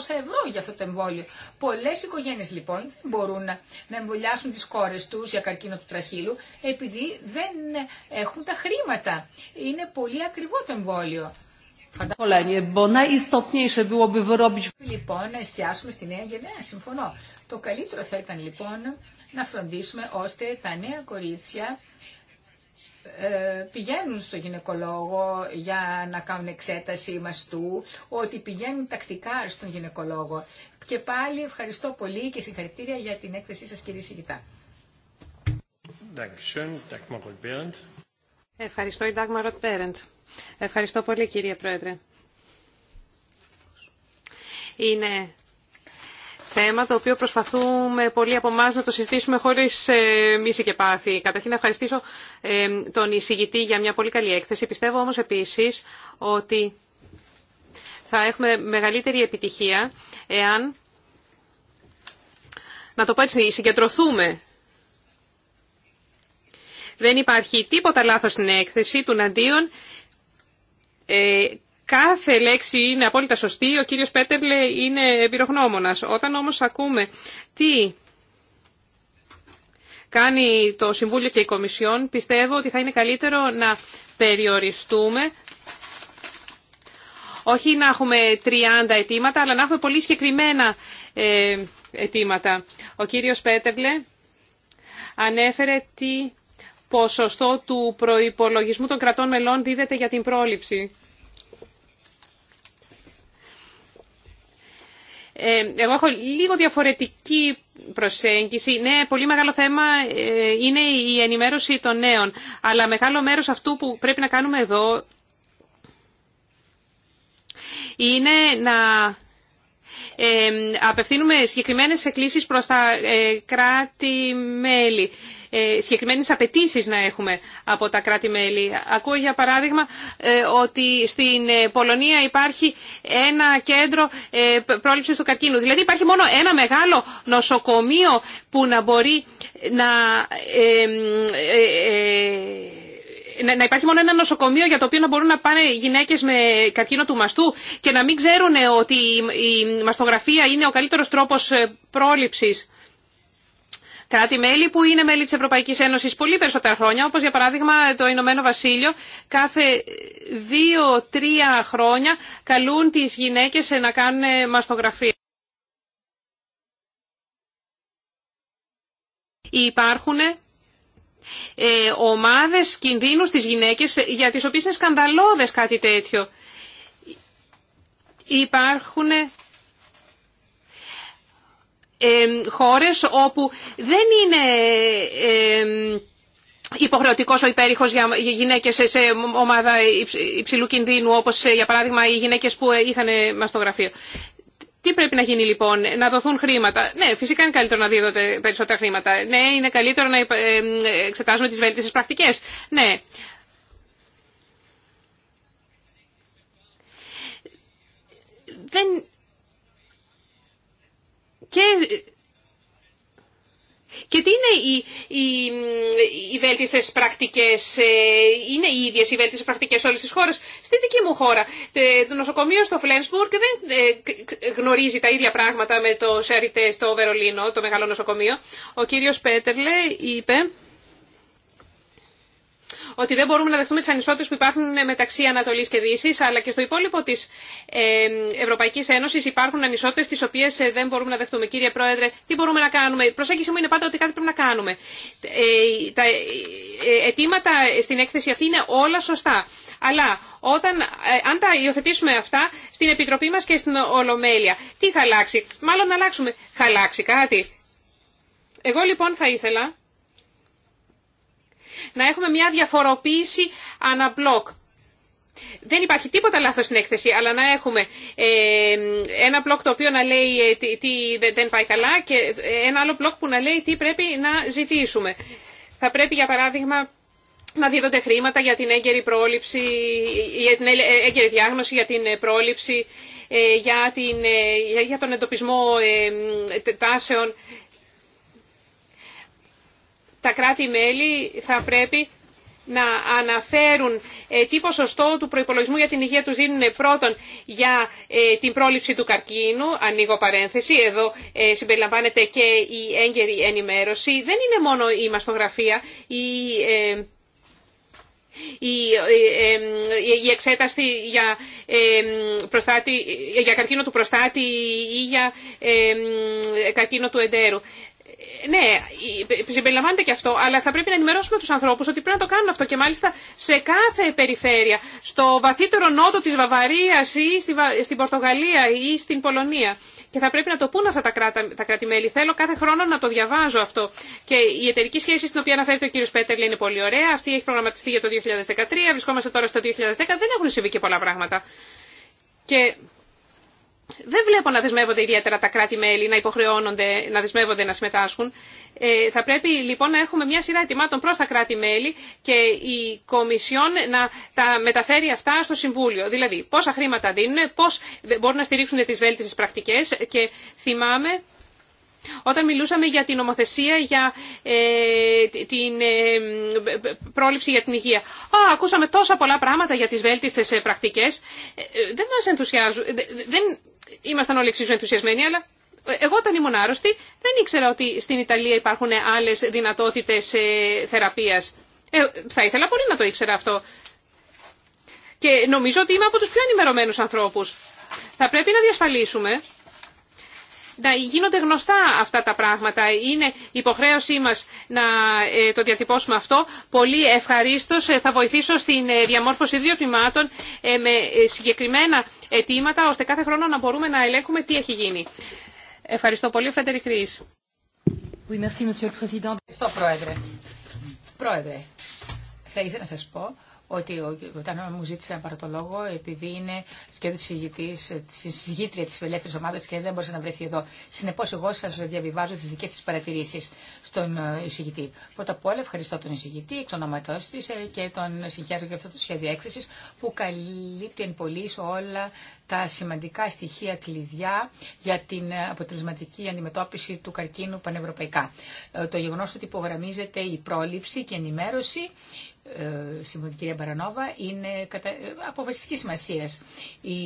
ευρώ για αυτό το εμβόλιο. Πολλές οικογένειες λοιπόν δεν μπορούν να εμβολιάσουν τις κόρες τους για καρκίνο του τραχύλου επειδή δεν έχουν τα χρήματα. Είναι πολύ ακριβό το εμβόλιο. Λοιπόν, να εστιάσουμε στη νέα γενναία, συμφωνώ. Το καλύτερο θα ήταν λοιπόν να φροντίσουμε ώστε τα νέα κορίτσια ε, πηγαίνουν στο γυναικολόγο για να κάνουν εξέταση μαστού, ότι πηγαίνουν τακτικά στον γυναικολόγο. Και πάλι ευχαριστώ πολύ και συγχαρητήρια για την έκθεσή σας κύριε Σιγητά. Ευχαριστώ η Dagmar Ροτπέρεντ. Ευχαριστώ πολύ κύριε Πρόεδρε. Είναι θέμα το οποίο προσπαθούμε πολλοί από εμά να το συζητήσουμε χωρίς ε, μίση και πάθη. Καταρχήν να ευχαριστήσω ε, τον εισηγητή για μια πολύ καλή έκθεση. Πιστεύω όμω επίση ότι θα έχουμε μεγαλύτερη επιτυχία εάν, να το πω έτσι, συγκεντρωθούμε. Δεν υπάρχει τίποτα λάθος στην έκθεση του Ναντίον. Ε, κάθε λέξη είναι απόλυτα σωστή, ο κύριος Πέτερλε είναι εμπειρογνώμονας. Όταν όμως ακούμε τι κάνει το Συμβούλιο και η Κομισιόν, πιστεύω ότι θα είναι καλύτερο να περιοριστούμε όχι να έχουμε 30 αιτήματα, αλλά να έχουμε πολύ συγκεκριμένα ε, αιτήματα. Ο κύριος Πέτερλε ανέφερε τι ποσοστό του προϋπολογισμού των κρατών μελών δίδεται για την πρόληψη. Ε, εγώ έχω λίγο διαφορετική προσέγγιση. Ναι, πολύ μεγάλο θέμα ε, είναι η ενημέρωση των νέων. Αλλά μεγάλο μέρος αυτού που πρέπει να κάνουμε εδώ είναι να ε, απευθύνουμε συγκεκριμένες εκκλήσεις προς τα κράτη-μέλη. Ε, συγκεκριμένες απαιτήσει να έχουμε από τα κράτη-μέλη. Ακούω για παράδειγμα ε, ότι στην ε, Πολωνία υπάρχει ένα κέντρο πρόληψης του καρκίνου. Δηλαδή υπάρχει μόνο ένα μεγάλο νοσοκομείο που να μπορεί να να υπάρχει μόνο ένα νοσοκομείο για το οποίο να μπορούν να πάνε γυναίκε με καρκίνο του μαστού και να μην ξέρουν ότι η μαστογραφία είναι ο καλύτερο τρόπο πρόληψη. Κάτι μελη που είναι μέλη της Ευρωπαϊκής Ένωσης πολύ περισσότερα χρόνια, όπως για παράδειγμα το Ηνωμένο Βασίλειο, κάθε δύο-τρία χρόνια καλούν τις γυναίκες να κάνουν μαστογραφία. Υπάρχουν ε, ομάδες κινδύνου στις γυναίκες για τις οποίες είναι σκανδαλώδες κάτι τέτοιο. Υπάρχουν ε, χώρες όπου δεν είναι υποχρεωτικός ο υπέρηχος για γυναίκες σε ομάδα υψηλού κινδύνου, όπως ε, για παράδειγμα οι γυναίκες που ε, είχαν ε, μαστογραφείο. Τι πρέπει να γίνει λοιπόν, να δοθούν χρήματα. Ναι, φυσικά είναι καλύτερο να δίδονται περισσότερα χρήματα. Ναι, είναι καλύτερο να εξετάζουμε τις βέλτιστες πρακτικές. Ναι. Δεν και, και τι είναι οι, οι, οι βέλτιστες πρακτικές, ε, είναι οι ίδιες οι βέλτιστες πρακτικές σε όλες τις χώρες. Στη δική μου χώρα, το νοσοκομείο στο Φλένσμπουργκ δεν ε, γνωρίζει τα ίδια πράγματα με το Σέριτε στο Βερολίνο, το μεγάλο νοσοκομείο. Ο κύριος Πέτερλε είπε ότι δεν μπορούμε να δεχτούμε τι ανισότητε που υπάρχουν μεταξύ Ανατολή και Δύση, αλλά και στο υπόλοιπο τη ε, Ευρωπαϊκή Ένωση υπάρχουν ανισότητε τι οποίε ε, δεν μπορούμε να δεχτούμε. Κύριε Πρόεδρε, τι μπορούμε να κάνουμε. Η προσέγγιση μου είναι πάντα ότι κάτι πρέπει να κάνουμε. Ε, τα αιτήματα στην έκθεση αυτή είναι όλα σωστά. Αλλά όταν, ε, αν τα υιοθετήσουμε αυτά στην Επιτροπή μας και στην Ολομέλεια, τι θα αλλάξει. Μάλλον να αλλάξουμε. Θα αλλάξει κάτι. Εγώ λοιπόν θα ήθελα να έχουμε μια διαφοροποίηση αναπλοκ. Δεν υπάρχει τίποτα λάθος στην έκθεση, αλλά να έχουμε ε, ένα μπλοκ το οποίο να λέει ε, τι δεν πάει καλά και ε, ένα άλλο μπλοκ που να λέει τι πρέπει να ζητήσουμε. Θα πρέπει, για παράδειγμα, να δίδονται χρήματα για την έγκαιρη, πρόληψη, για την έγκαιρη διάγνωση, για την πρόληψη, για, την, για τον εντοπισμό τάσεων τα κράτη-μέλη θα πρέπει να αναφέρουν ε, τι ποσοστό του προϋπολογισμού για την υγεία τους δίνουν πρώτον για ε, την πρόληψη του καρκίνου, ανοίγω παρένθεση, εδώ ε, συμπεριλαμβάνεται και η έγκαιρη ενημέρωση. Δεν είναι μόνο η μαστογραφία, η, η, εξέταση για, προστάτη, για καρκίνο του προστάτη ή για καρκίνο του εντέρου ναι, συμπεριλαμβάνεται και αυτό, αλλά θα πρέπει να ενημερώσουμε του ανθρώπου ότι πρέπει να το κάνουν αυτό και μάλιστα σε κάθε περιφέρεια. Στο βαθύτερο νότο τη Βαβαρία ή στην Πορτογαλία ή στην Πολωνία. Και θα πρέπει να το πούν αυτά τα, κράτα, τα κράτη-μέλη. Θέλω κάθε χρόνο να το διαβάζω αυτό. Και η εταιρική σχέση στην οποία αναφέρεται ο κύριο Πέτερλ είναι πολύ ωραία. Αυτή έχει προγραμματιστεί για το 2013. Βρισκόμαστε τώρα στο 2010. Δεν έχουν συμβεί και πολλά πράγματα. Και δεν βλέπω να δεσμεύονται ιδιαίτερα τα κράτη-μέλη να υποχρεώνονται να δεσμεύονται να συμμετάσχουν. Ε, θα πρέπει λοιπόν να έχουμε μια σειρά ετοιμάτων προ τα κράτη-μέλη και η Κομισιόν να τα μεταφέρει αυτά στο Συμβούλιο. Δηλαδή πόσα χρήματα δίνουν, πώ μπορούν να στηρίξουν τις βέλτιστες πρακτικέ. και θυμάμαι όταν μιλούσαμε για την ομοθεσία, για ε, την ε, πρόληψη για την υγεία. Α, ακούσαμε τόσα πολλά πράγματα για τις βέλτιστες ε, πρακτικές. Δεν μας ενθουσιάζουν. Δεν ήμασταν όλοι εξίσου ενθουσιασμένοι, αλλά ε, εγώ όταν ήμουν άρρωστη δεν ήξερα ότι στην Ιταλία υπάρχουν άλλες δυνατότητες ε, θεραπείας. Ε, θα ήθελα πολύ να το ήξερα αυτό. Και νομίζω ότι είμαι από τους πιο ενημερωμένου ανθρώπους. Θα πρέπει να διασφαλίσουμε να γίνονται γνωστά αυτά τα πράγματα. Είναι υποχρέωσή μας να ε, το διατυπώσουμε αυτό. Πολύ ευχαρίστως ε, θα βοηθήσω στην ε, διαμόρφωση δύο τμήματων με συγκεκριμένα αιτήματα, ώστε κάθε χρόνο να μπορούμε να ελέγχουμε τι έχει γίνει. Ευχαριστώ πολύ, Φρεντερικ Ρίς. Oui, Monsieur le Président. Ευχαριστώ, Πρόεδρε. Πρόεδρε, θα ήθελα να σας πω ότι όταν μου ζήτησε να πάρω το λόγο, επειδή είναι και της συγγήτρια τη Ελεύθερη Ομάδα και δεν μπορούσε να βρεθεί εδώ. Συνεπώ, εγώ σα διαβιβάζω τι δικέ τη παρατηρήσει στον ε, εισηγητή. Πρώτα απ' όλα, ευχαριστώ τον εισηγητή, εξ ονόματό τη ε, και τον συγχαίρω για αυτό το σχέδιο έκθεση που καλύπτει εν πωλής όλα τα σημαντικά στοιχεία κλειδιά για την ε, αποτελεσματική αντιμετώπιση του καρκίνου πανευρωπαϊκά. Το γεγονό ότι υπογραμμίζεται η πρόληψη και ενημέρωση ε, συμφωνική κυρία Μπαρανόβα, είναι κατα... Ε, αποφασιστική σημασία. Η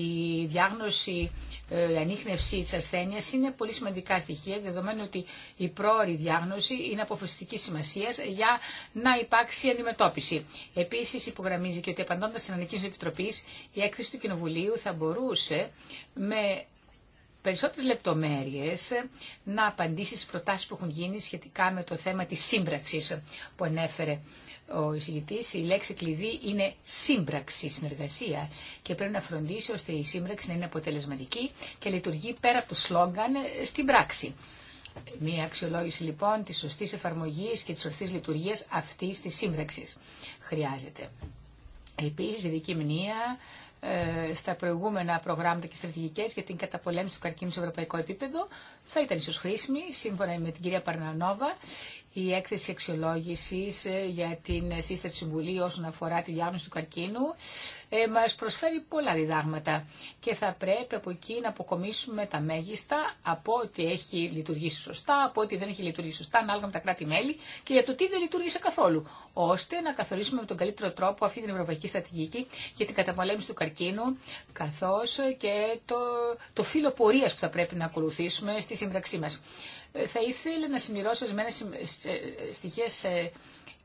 διάγνωση, ε, η ανείχνευση τη ασθένεια είναι πολύ σημαντικά στοιχεία, δεδομένου ότι η πρόορη διάγνωση είναι αποφασιστική σημασία για να υπάρξει αντιμετώπιση. Επίση, υπογραμμίζει και ότι απαντώντα στην ανακοίνωση Επιτροπή, η έκθεση του Κοινοβουλίου θα μπορούσε με περισσότερε λεπτομέρειε να απαντήσει στι προτάσει που έχουν γίνει σχετικά με το θέμα τη σύμπραξη που ανέφερε ο εισηγητή, η λέξη κλειδί είναι σύμπραξη, συνεργασία και πρέπει να φροντίσει ώστε η σύμπραξη να είναι αποτελεσματική και λειτουργεί πέρα από το σλόγγαν ε, στην πράξη. Μία αξιολόγηση λοιπόν τη σωστή εφαρμογή και τη ορθής λειτουργία αυτή τη σύμπραξης χρειάζεται. Επίση, η δική μνήμα ε, στα προηγούμενα προγράμματα και στρατηγικέ για την καταπολέμηση του καρκίνου σε ευρωπαϊκό επίπεδο θα ήταν ίσω χρήσιμη, σύμφωνα με την κυρία Παρνανόβα, η έκθεση αξιολόγηση ε, για την σύσταση συμβουλή όσον αφορά τη διάγνωση του καρκίνου ε, μα προσφέρει πολλά διδάγματα και θα πρέπει από εκεί να αποκομίσουμε τα μέγιστα από ό,τι έχει λειτουργήσει σωστά, από ό,τι δεν έχει λειτουργήσει σωστά, ανάλογα με τα κράτη-μέλη και για το τι δεν λειτουργήσε καθόλου, ώστε να καθορίσουμε με τον καλύτερο τρόπο αυτή την ευρωπαϊκή στρατηγική για την καταπολέμηση του καρκίνου, καθώ και το, το φύλλο πορεία που θα πρέπει να ακολουθήσουμε στη σύμπραξή μα θα ήθελα να σημειώσω ορισμένα στοιχεία σε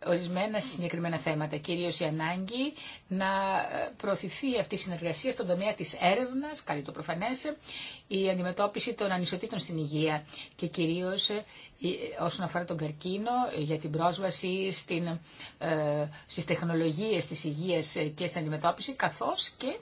ορισμένα συγκεκριμένα θέματα, κυρίως η ανάγκη να προωθηθεί αυτή η συνεργασία στον τομέα της έρευνας, κάτι το προφανές, η αντιμετώπιση των ανισοτήτων στην υγεία και κυρίως ε, όσον αφορά τον καρκίνο για την πρόσβαση στην, ε, στις τεχνολογίες της υγείας και στην αντιμετώπιση, καθώς και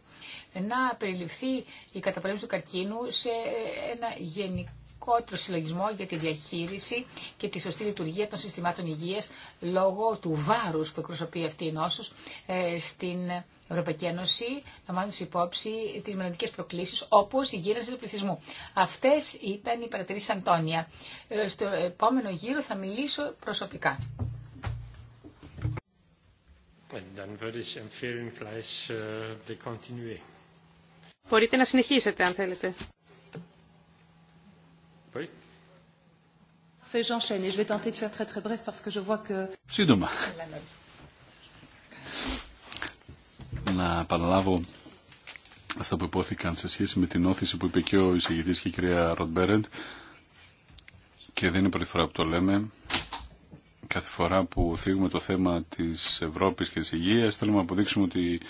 να περιληφθεί η καταπολέμηση του καρκίνου σε ε, ένα γενικό λόγω συλλογισμό για τη διαχείριση και τη σωστή λειτουργία των συστημάτων υγείας λόγω του βάρους που εκπροσωπεί αυτή η νόσος ε, στην Ευρωπαϊκή Ένωση, να σε υπόψη τι μελλοντικέ προκλήσει, όπω η γύρανση του πληθυσμού. Αυτέ ήταν οι παρατηρήσει Αντώνια. Ε, στο επόμενο γύρο θα μιλήσω προσωπικά. Äh, Μπορείτε να συνεχίσετε αν θέλετε. Σύντομα. Να παραλάβω αυτά που υπόθηκαν σε σχέση με την όθηση που είπε και ο εισηγητή και η κυρία Ροντμπέρεντ και δεν είναι πρώτη φορά που το λέμε. Κάθε φορά που θίγουμε το θέμα τη Ευρώπη και τη υγεία. θέλουμε να αποδείξουμε ότι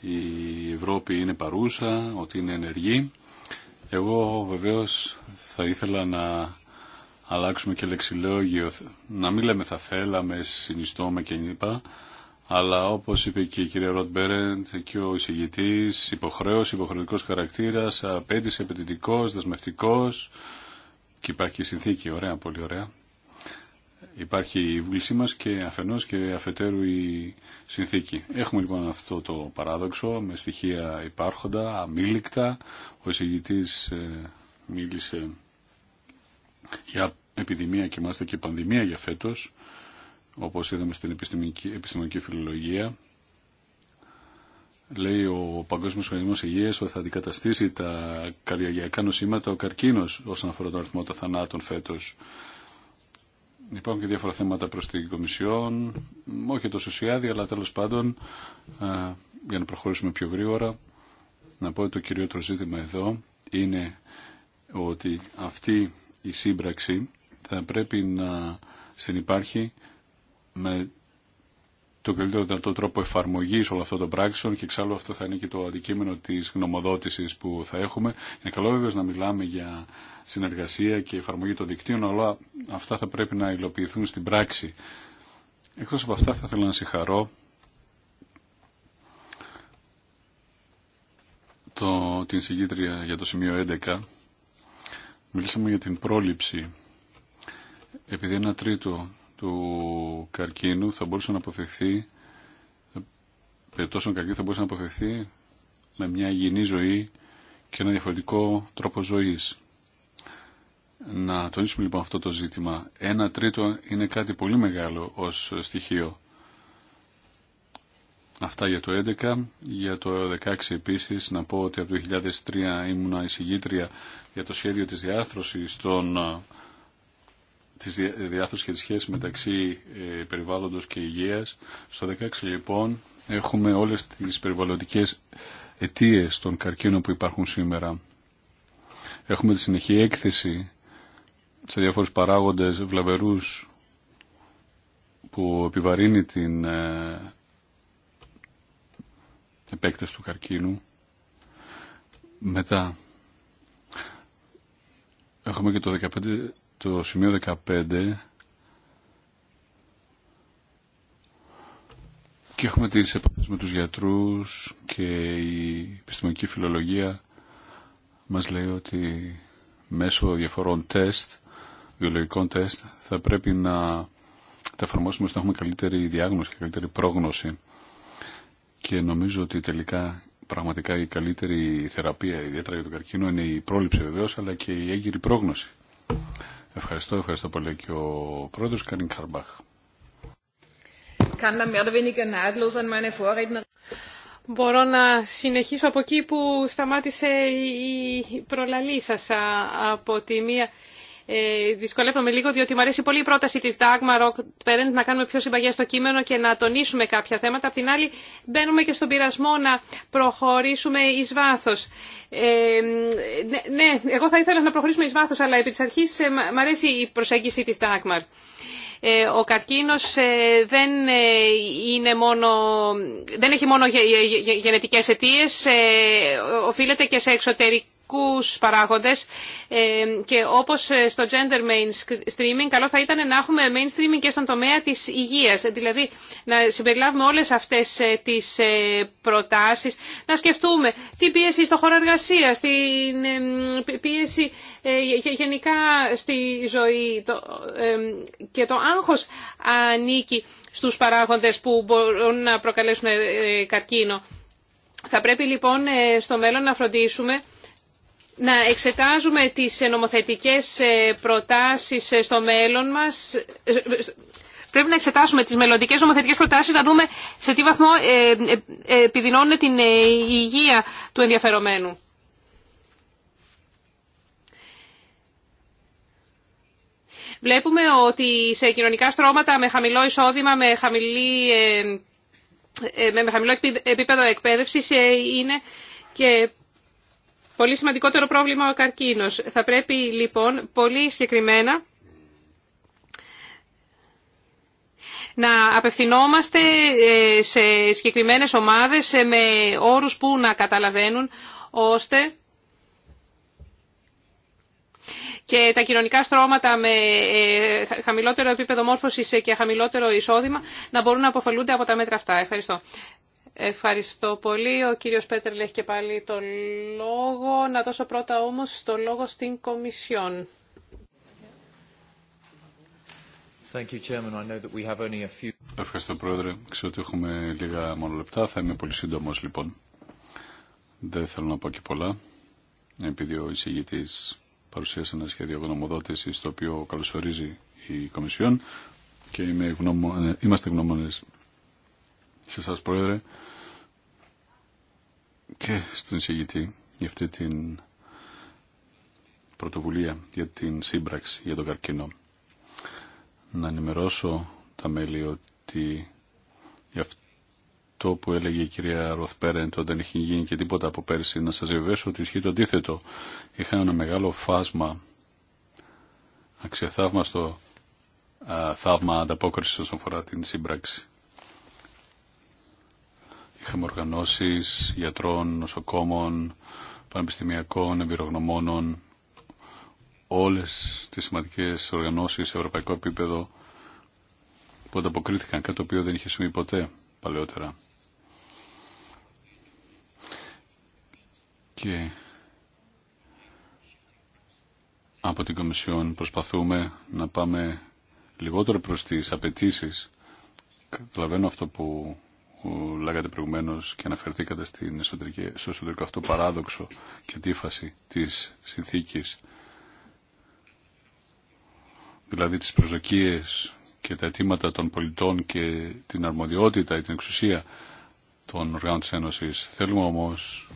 η Ευρώπη είναι παρούσα, ότι είναι ενεργή. Εγώ βεβαίω θα ήθελα να αλλάξουμε και λεξιλόγιο, να μην λέμε θα θέλαμε, συνιστώμε νύπα. Αλλά όπως είπε και η κυρία Ροτ Μπέρεντ και ο εισηγητής, υποχρέωση, υποχρεωτικός χαρακτήρας, απέτηση, απαιτητικός, δεσμευτικός και υπάρχει και συνθήκη, ωραία, πολύ ωραία. Υπάρχει η βούλησή μας και αφενός και αφετέρου η συνθήκη. Έχουμε λοιπόν αυτό το παράδοξο με στοιχεία υπάρχοντα, αμήλικτα. Ο εισηγητής ε, μίλησε για επιδημία και μάλιστα και πανδημία για φέτος, όπως είδαμε στην επιστημονική, επιστημονική φιλολογία, λέει ο Παγκόσμιος Οργανισμός Υγείας ότι θα αντικαταστήσει τα καρδιαγιακά νοσήματα ο καρκίνος όσον αφορά τον αριθμό των θανάτων φέτος. Υπάρχουν και διάφορα θέματα προς την Κομισιόν, όχι το Σουσιάδη αλλά τέλος πάντων, για να προχωρήσουμε πιο γρήγορα, να πω ότι το κυριότερο ζήτημα εδώ είναι ότι αυτή η σύμπραξη θα πρέπει να συνεπάρχει με το καλύτερο δυνατό τρόπο εφαρμογή όλων αυτών των πράξεων και εξάλλου αυτό θα είναι και το αντικείμενο τη γνωμοδότηση που θα έχουμε. Είναι καλό βέβαια να μιλάμε για συνεργασία και εφαρμογή των δικτύων, αλλά αυτά θα πρέπει να υλοποιηθούν στην πράξη. Εκτό από αυτά, θα ήθελα να συγχαρώ το, την συγκίτρια για το σημείο 11 Μιλήσαμε για την πρόληψη. Επειδή ένα τρίτο του καρκίνου θα μπορούσε να αποφευθεί, περιπτώσεων καρκίνου θα μπορούσε να αποφευθεί με μια υγιεινή ζωή και ένα διαφορετικό τρόπο ζωής. Να τονίσουμε λοιπόν αυτό το ζήτημα. Ένα τρίτο είναι κάτι πολύ μεγάλο ως στοιχείο Αυτά για το 11. Για το 16 επίσης να πω ότι από το 2003 ήμουνα εισηγήτρια για το σχέδιο της διάρθρωσης των ε, της και τη σχέση μεταξύ ε, περιβάλλοντος και υγείας. Στο 16 λοιπόν έχουμε όλες τις περιβαλλοντικές αιτίε των καρκίνων που υπάρχουν σήμερα. Έχουμε τη συνεχή έκθεση σε διάφορους παράγοντες βλαβερούς που επιβαρύνει την ε, επέκταση του καρκίνου. Μετά έχουμε και το, 15, το σημείο 15 και έχουμε τις επαφές με τους γιατρούς και η επιστημονική φιλολογία μας λέει ότι μέσω διαφορών τεστ, βιολογικών τεστ, θα πρέπει να τα εφαρμόσουμε ώστε να έχουμε καλύτερη διάγνωση και καλύτερη πρόγνωση και νομίζω ότι τελικά πραγματικά η καλύτερη θεραπεία ιδιαίτερα για τον καρκίνο είναι η πρόληψη βεβαίω, αλλά και η έγκυρη πρόγνωση. Ευχαριστώ, ευχαριστώ πολύ και ο πρόεδρος Καρίν Καρμπάχ. Μπορώ να συνεχίσω από εκεί που σταμάτησε η προλαλή σας από τη μία ε, δυσκολεύομαι λίγο διότι μου αρέσει πολύ η πρόταση της Dagmar Rockparent να κάνουμε πιο συμπαγέ στο κείμενο και να τονίσουμε κάποια θέματα. Απ' την άλλη μπαίνουμε και στον πειρασμό να προχωρήσουμε εις βάθος. Ε, ναι, ναι εγώ θα ήθελα να προχωρήσουμε εις βάθος, αλλά επί της αρχής ε, αρέσει η προσέγγιση της Dagmar. Ε, ο καρκίνος ε, δεν, ε, δεν έχει μόνο γενετικές αιτίες, οφείλεται και σε εξωτερικά παράγοντες ε, και όπως ε, στο gender mainstreaming καλό θα ήταν να έχουμε mainstreaming και στον τομέα της υγείας δηλαδή να συμπεριλάβουμε όλες αυτές ε, τις προτάσεις να σκεφτούμε την πίεση στο χώρο εργασίας την πίεση γενικά στη ζωή και το άγχος ανήκει στους παράγοντες που μπορούν να προκαλέσουν καρκίνο θα πρέπει λοιπόν στο μέλλον να φροντίσουμε να εξετάζουμε τις ε, νομοθετικές ε, προτάσεις ε, στο μέλλον μας, πρέπει να εξετάσουμε τις μελλοντικές νομοθετικές προτάσεις, να δούμε σε τι βαθμό επιδεινώνουν την υγεία του ενδιαφερομένου. Βλέπουμε ότι σε κοινωνικά στρώματα με χαμηλό εισόδημα, με, χαμηλή, με χαμηλό επίπεδο εκπαίδευσης είναι και Πολύ σημαντικότερο πρόβλημα ο καρκίνος. Θα πρέπει λοιπόν πολύ συγκεκριμένα να απευθυνόμαστε ε, σε συγκεκριμένες ομάδες ε, με όρους που να καταλαβαίνουν ώστε και τα κοινωνικά στρώματα με ε, χαμηλότερο επίπεδο μόρφωσης και χαμηλότερο εισόδημα να μπορούν να αποφελούνται από τα μέτρα αυτά. Ευχαριστώ. Ευχαριστώ πολύ. Ο κύριος Πέτρελ έχει και πάλι το λόγο. Να δώσω πρώτα όμως το λόγο στην Κομισιόν. Ευχαριστώ Πρόεδρε. Ξέρω ότι έχουμε λίγα μόνο λεπτά. Θα είμαι πολύ σύντομος λοιπόν. Δεν θέλω να πω και πολλά. Επειδή ο εισηγητής παρουσίασε ένα σχέδιο γνωμοδότησης το οποίο καλωσορίζει η Κομισιόν και ε, είμαστε γνώμονες σε εσά Πρόεδρε και στον εισηγητή για αυτή την πρωτοβουλία για την σύμπραξη για τον καρκίνο. Να ενημερώσω τα μέλη ότι αυτό που έλεγε η κυρία Ροθπέρεντ όταν είχε γίνει και τίποτα από πέρσι, να σας βεβαιώσω ότι ισχύει το αντίθετο. Είχαν ένα μεγάλο φάσμα, αξιοθαύμαστο θαύμα ανταπόκριση όσον αφορά την σύμπραξη. Είχαμε οργανώσει γιατρών, νοσοκόμων, πανεπιστημιακών, εμπειρογνωμόνων, όλες τις σημαντικέ οργανώσει σε ευρωπαϊκό επίπεδο που ανταποκρίθηκαν, κάτι το οποίο δεν είχε συμβεί ποτέ παλαιότερα. Και από την Κομισιόν προσπαθούμε να πάμε λιγότερο προς τις απαιτήσει. Καταλαβαίνω αυτό που που λέγατε προηγουμένω και αναφερθήκατε στην εσωτερική, στο εσωτερικό αυτό παράδοξο και τύφαση της συνθήκης δηλαδή τις προσδοκίες και τα αιτήματα των πολιτών και την αρμοδιότητα ή την εξουσία των οργάνων της Ένωσης. Θέλουμε όμως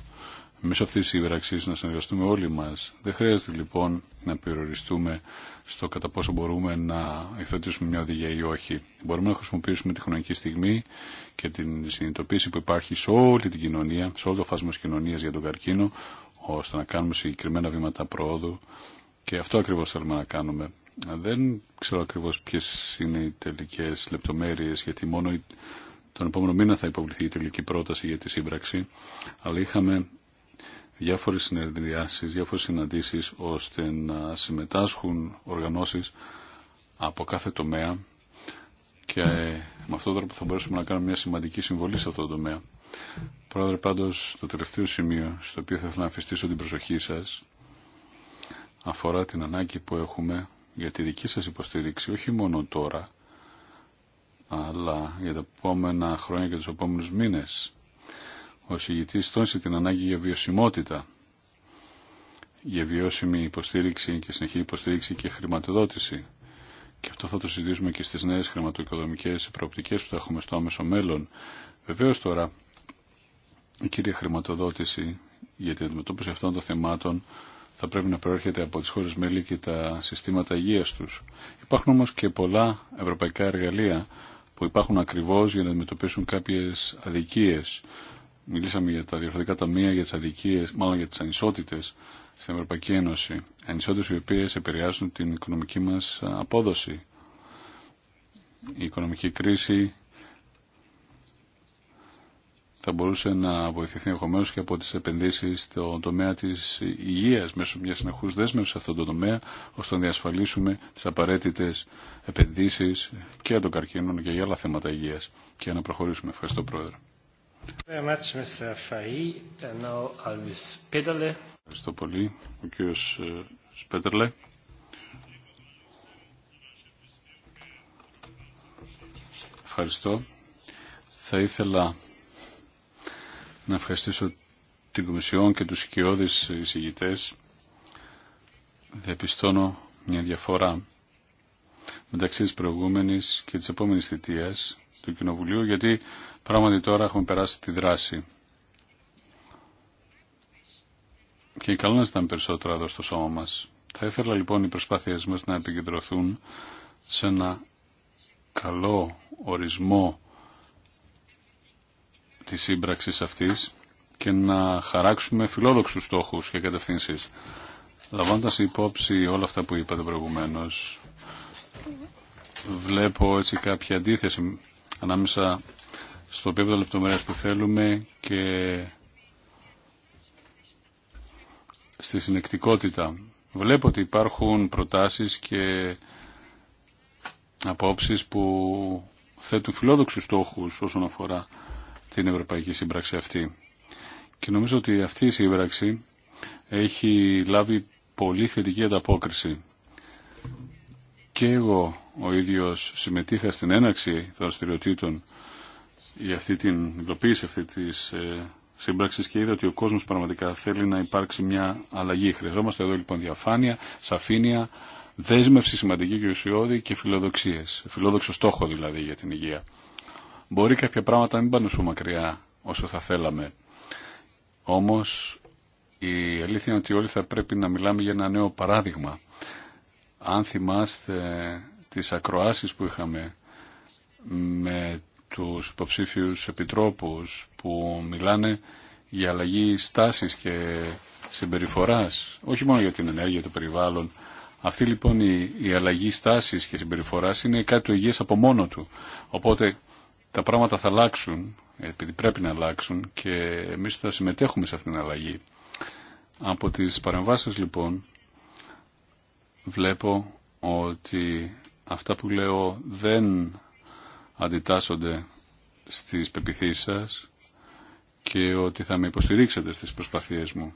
μέσω αυτής της υπεραξής να συνεργαστούμε όλοι μας. Δεν χρειάζεται λοιπόν να περιοριστούμε στο κατά πόσο μπορούμε να εκθετήσουμε μια οδηγία ή όχι. Μπορούμε να χρησιμοποιήσουμε τη χρονική στιγμή και την συνειδητοποίηση που υπάρχει σε όλη την κοινωνία, σε όλο το φάσμα της κοινωνίας για τον καρκίνο, ώστε να κάνουμε συγκεκριμένα βήματα προόδου και αυτό ακριβώς θέλουμε να κάνουμε. Δεν ξέρω ακριβώς ποιε είναι οι τελικές λεπτομέρειες, γιατί μόνο τον επόμενο μήνα θα υποβληθεί η τελική πρόταση για τη σύμπραξη, αλλά είχαμε διάφορες συνεδριάσεις, διάφορες συναντήσεις ώστε να συμμετάσχουν οργανώσεις από κάθε τομέα και με αυτόν τον τρόπο θα μπορέσουμε να κάνουμε μια σημαντική συμβολή σε αυτό το τομέα. Πρόεδρε, πάντως, το τελευταίο σημείο στο οποίο θα ήθελα να αφιστήσω την προσοχή σας αφορά την ανάγκη που έχουμε για τη δική σας υποστήριξη, όχι μόνο τώρα, αλλά για τα επόμενα χρόνια και τους επόμενους μήνες ο συγητής τόνισε την ανάγκη για βιωσιμότητα, για βιώσιμη υποστήριξη και συνεχή υποστήριξη και χρηματοδότηση. Και αυτό θα το συζητήσουμε και στις νέες χρηματοοικοδομικές προοπτικές που θα έχουμε στο άμεσο μέλλον. Βεβαίως τώρα, η κύρια χρηματοδότηση για την αντιμετώπιση αυτών των θεμάτων θα πρέπει να προέρχεται από τις χώρες μέλη και τα συστήματα υγείας τους. Υπάρχουν όμως και πολλά ευρωπαϊκά εργαλεία που υπάρχουν ακριβώς για να αντιμετωπίσουν κάποιες αδικίες μιλήσαμε για τα διαφορετικά ταμεία, για τι αδικίες, μάλλον για τις ανισότητε στην Ευρωπαϊκή Ένωση. Ανισότητε οι οποίε επηρεάζουν την οικονομική μα απόδοση. Η οικονομική κρίση θα μπορούσε να βοηθηθεί ενδεχομένω και από τι επενδύσει στον τομέα τη υγεία μέσω μια συνεχού δέσμευσης σε αυτόν τον τομέα ώστε να διασφαλίσουμε τι απαραίτητε επενδύσει και για τον καρκίνο και για άλλα θέματα υγεία και να προχωρήσουμε. Ευχαριστώ Πρόεδρε. Ευχαριστώ πολύ. Ο κύριος ε, Σπέτερλε. Ευχαριστώ. Θα ήθελα να ευχαριστήσω την Κομισιόν και τους οικειώδεις εισηγητές. Διαπιστώνω μια διαφορά μεταξύ της προηγούμενης και της επόμενης θητείας του Κοινοβουλίου γιατί πράγματι τώρα έχουμε περάσει τη δράση. Και καλό να ήταν περισσότερα εδώ στο σώμα μας. Θα ήθελα λοιπόν οι προσπάθειές μας να επικεντρωθούν σε ένα καλό ορισμό της σύμπραξης αυτής και να χαράξουμε φιλόδοξους στόχους και κατευθύνσεις. Λαμβάνοντας υπόψη όλα αυτά που είπατε προηγουμένως, βλέπω έτσι κάποια αντίθεση ανάμεσα στο επίπεδο λεπτομέρειας που θέλουμε και στη συνεκτικότητα. Βλέπω ότι υπάρχουν προτάσεις και απόψεις που θέτουν φιλόδοξους στόχους όσον αφορά την Ευρωπαϊκή Σύμπραξη αυτή. Και νομίζω ότι αυτή η σύμπραξη έχει λάβει πολύ θετική ανταπόκριση. Και εγώ ο ίδιος συμμετείχα στην έναρξη των δραστηριοτήτων για αυτή την υλοποίηση αυτή της ε, σύμπραξη και είδα ότι ο κόσμος πραγματικά θέλει να υπάρξει μια αλλαγή. Χρειαζόμαστε εδώ λοιπόν διαφάνεια, σαφήνεια, δέσμευση σημαντική και ουσιώδη και φιλοδοξίες. Φιλόδοξο στόχο δηλαδή για την υγεία. Μπορεί κάποια πράγματα να μην πάνε σου μακριά όσο θα θέλαμε. Όμως η αλήθεια είναι ότι όλοι θα πρέπει να μιλάμε για ένα νέο παράδειγμα. Αν θυμάστε τις ακροάσεις που είχαμε με τους υποψήφιους επιτρόπους που μιλάνε για αλλαγή στάσης και συμπεριφοράς, όχι μόνο για την ενέργεια, του περιβάλλον. Αυτή λοιπόν η, αλλαγή στάσης και συμπεριφοράς είναι κάτι το υγιές από μόνο του. Οπότε τα πράγματα θα αλλάξουν, επειδή πρέπει να αλλάξουν και εμείς θα συμμετέχουμε σε αυτήν την αλλαγή. Από τις παρεμβάσεις λοιπόν βλέπω ότι αυτά που λέω δεν αντιτάσσονται στις πεπιθήσεις σας και ότι θα με υποστηρίξετε στις προσπαθίες μου.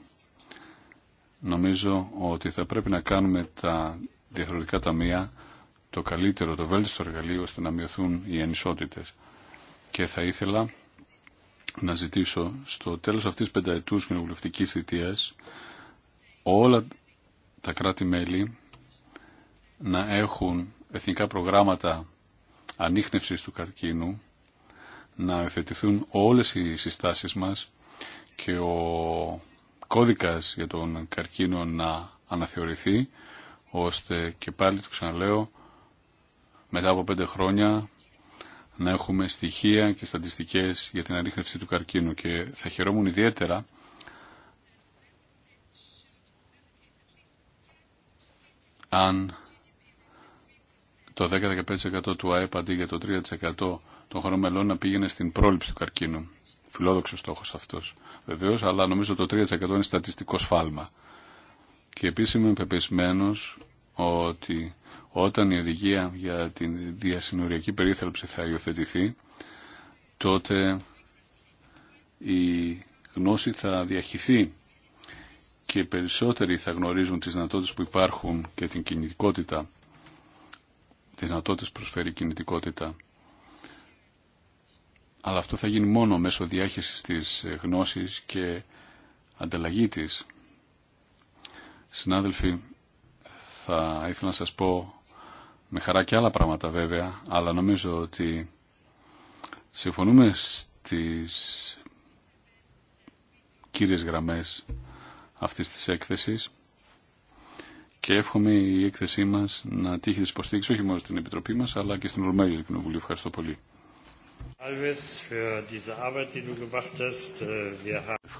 Νομίζω ότι θα πρέπει να κάνουμε τα διαφορετικά ταμεία το καλύτερο, το βέλτιστο εργαλείο ώστε να μειωθούν οι ανισότητες. Και θα ήθελα να ζητήσω στο τέλος αυτής της πενταετούς κοινοβουλευτικής θητείας όλα τα κράτη-μέλη να έχουν εθνικά προγράμματα ανείχνευσης του καρκίνου να ευθετηθούν όλες οι συστάσεις μας και ο κώδικας για τον καρκίνο να αναθεωρηθεί ώστε και πάλι το ξαναλέω μετά από πέντε χρόνια να έχουμε στοιχεία και στατιστικές για την ανείχνευση του καρκίνου και θα χαιρόμουν ιδιαίτερα αν το 10-15% του ΑΕΠ αντί για το 3% των χωρών μελών να πήγαινε στην πρόληψη του καρκίνου. Φιλόδοξο στόχο αυτός βεβαίω, αλλά νομίζω το 3% είναι στατιστικό σφάλμα. Και επίση είμαι πεπισμένο ότι όταν η οδηγία για την διασυνοριακή περίθαλψη θα υιοθετηθεί, τότε η γνώση θα διαχυθεί και περισσότεροι θα γνωρίζουν τις δυνατότητες που υπάρχουν και την κινητικότητα τις δυνατότητες προσφέρει η κινητικότητα. Αλλά αυτό θα γίνει μόνο μέσω διάχυσης της ε, γνώσης και ανταλλαγή της. Συνάδελφοι, θα ήθελα να σας πω με χαρά και άλλα πράγματα βέβαια, αλλά νομίζω ότι συμφωνούμε στις κύριες γραμμές αυτής της έκθεσης και εύχομαι η έκθεσή μα να τύχει τη υποστήριξη όχι μόνο στην Επιτροπή μα αλλά και στην Ολομέλεια του Κοινοβουλίου. Ευχαριστώ πολύ.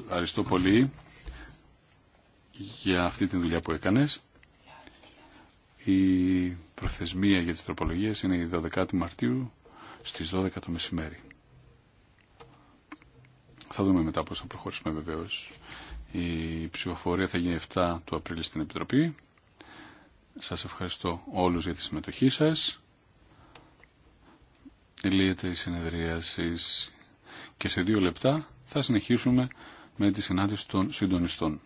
Ευχαριστώ πολύ για αυτή τη δουλειά που έκανε. Η προθεσμία για τι τροπολογίε είναι η 12η Μαρτίου στι 12 το μεσημέρι. Θα δούμε μετά πώ θα προχωρήσουμε βεβαίω. Η ψηφοφορία θα γίνει 7 του Απρίλη στην Επιτροπή σας ευχαριστώ όλους για τη συμμετοχή σας. Λύεται η συνεδρίαση και σε δύο λεπτά θα συνεχίσουμε με τη συνάντηση των συντονιστών.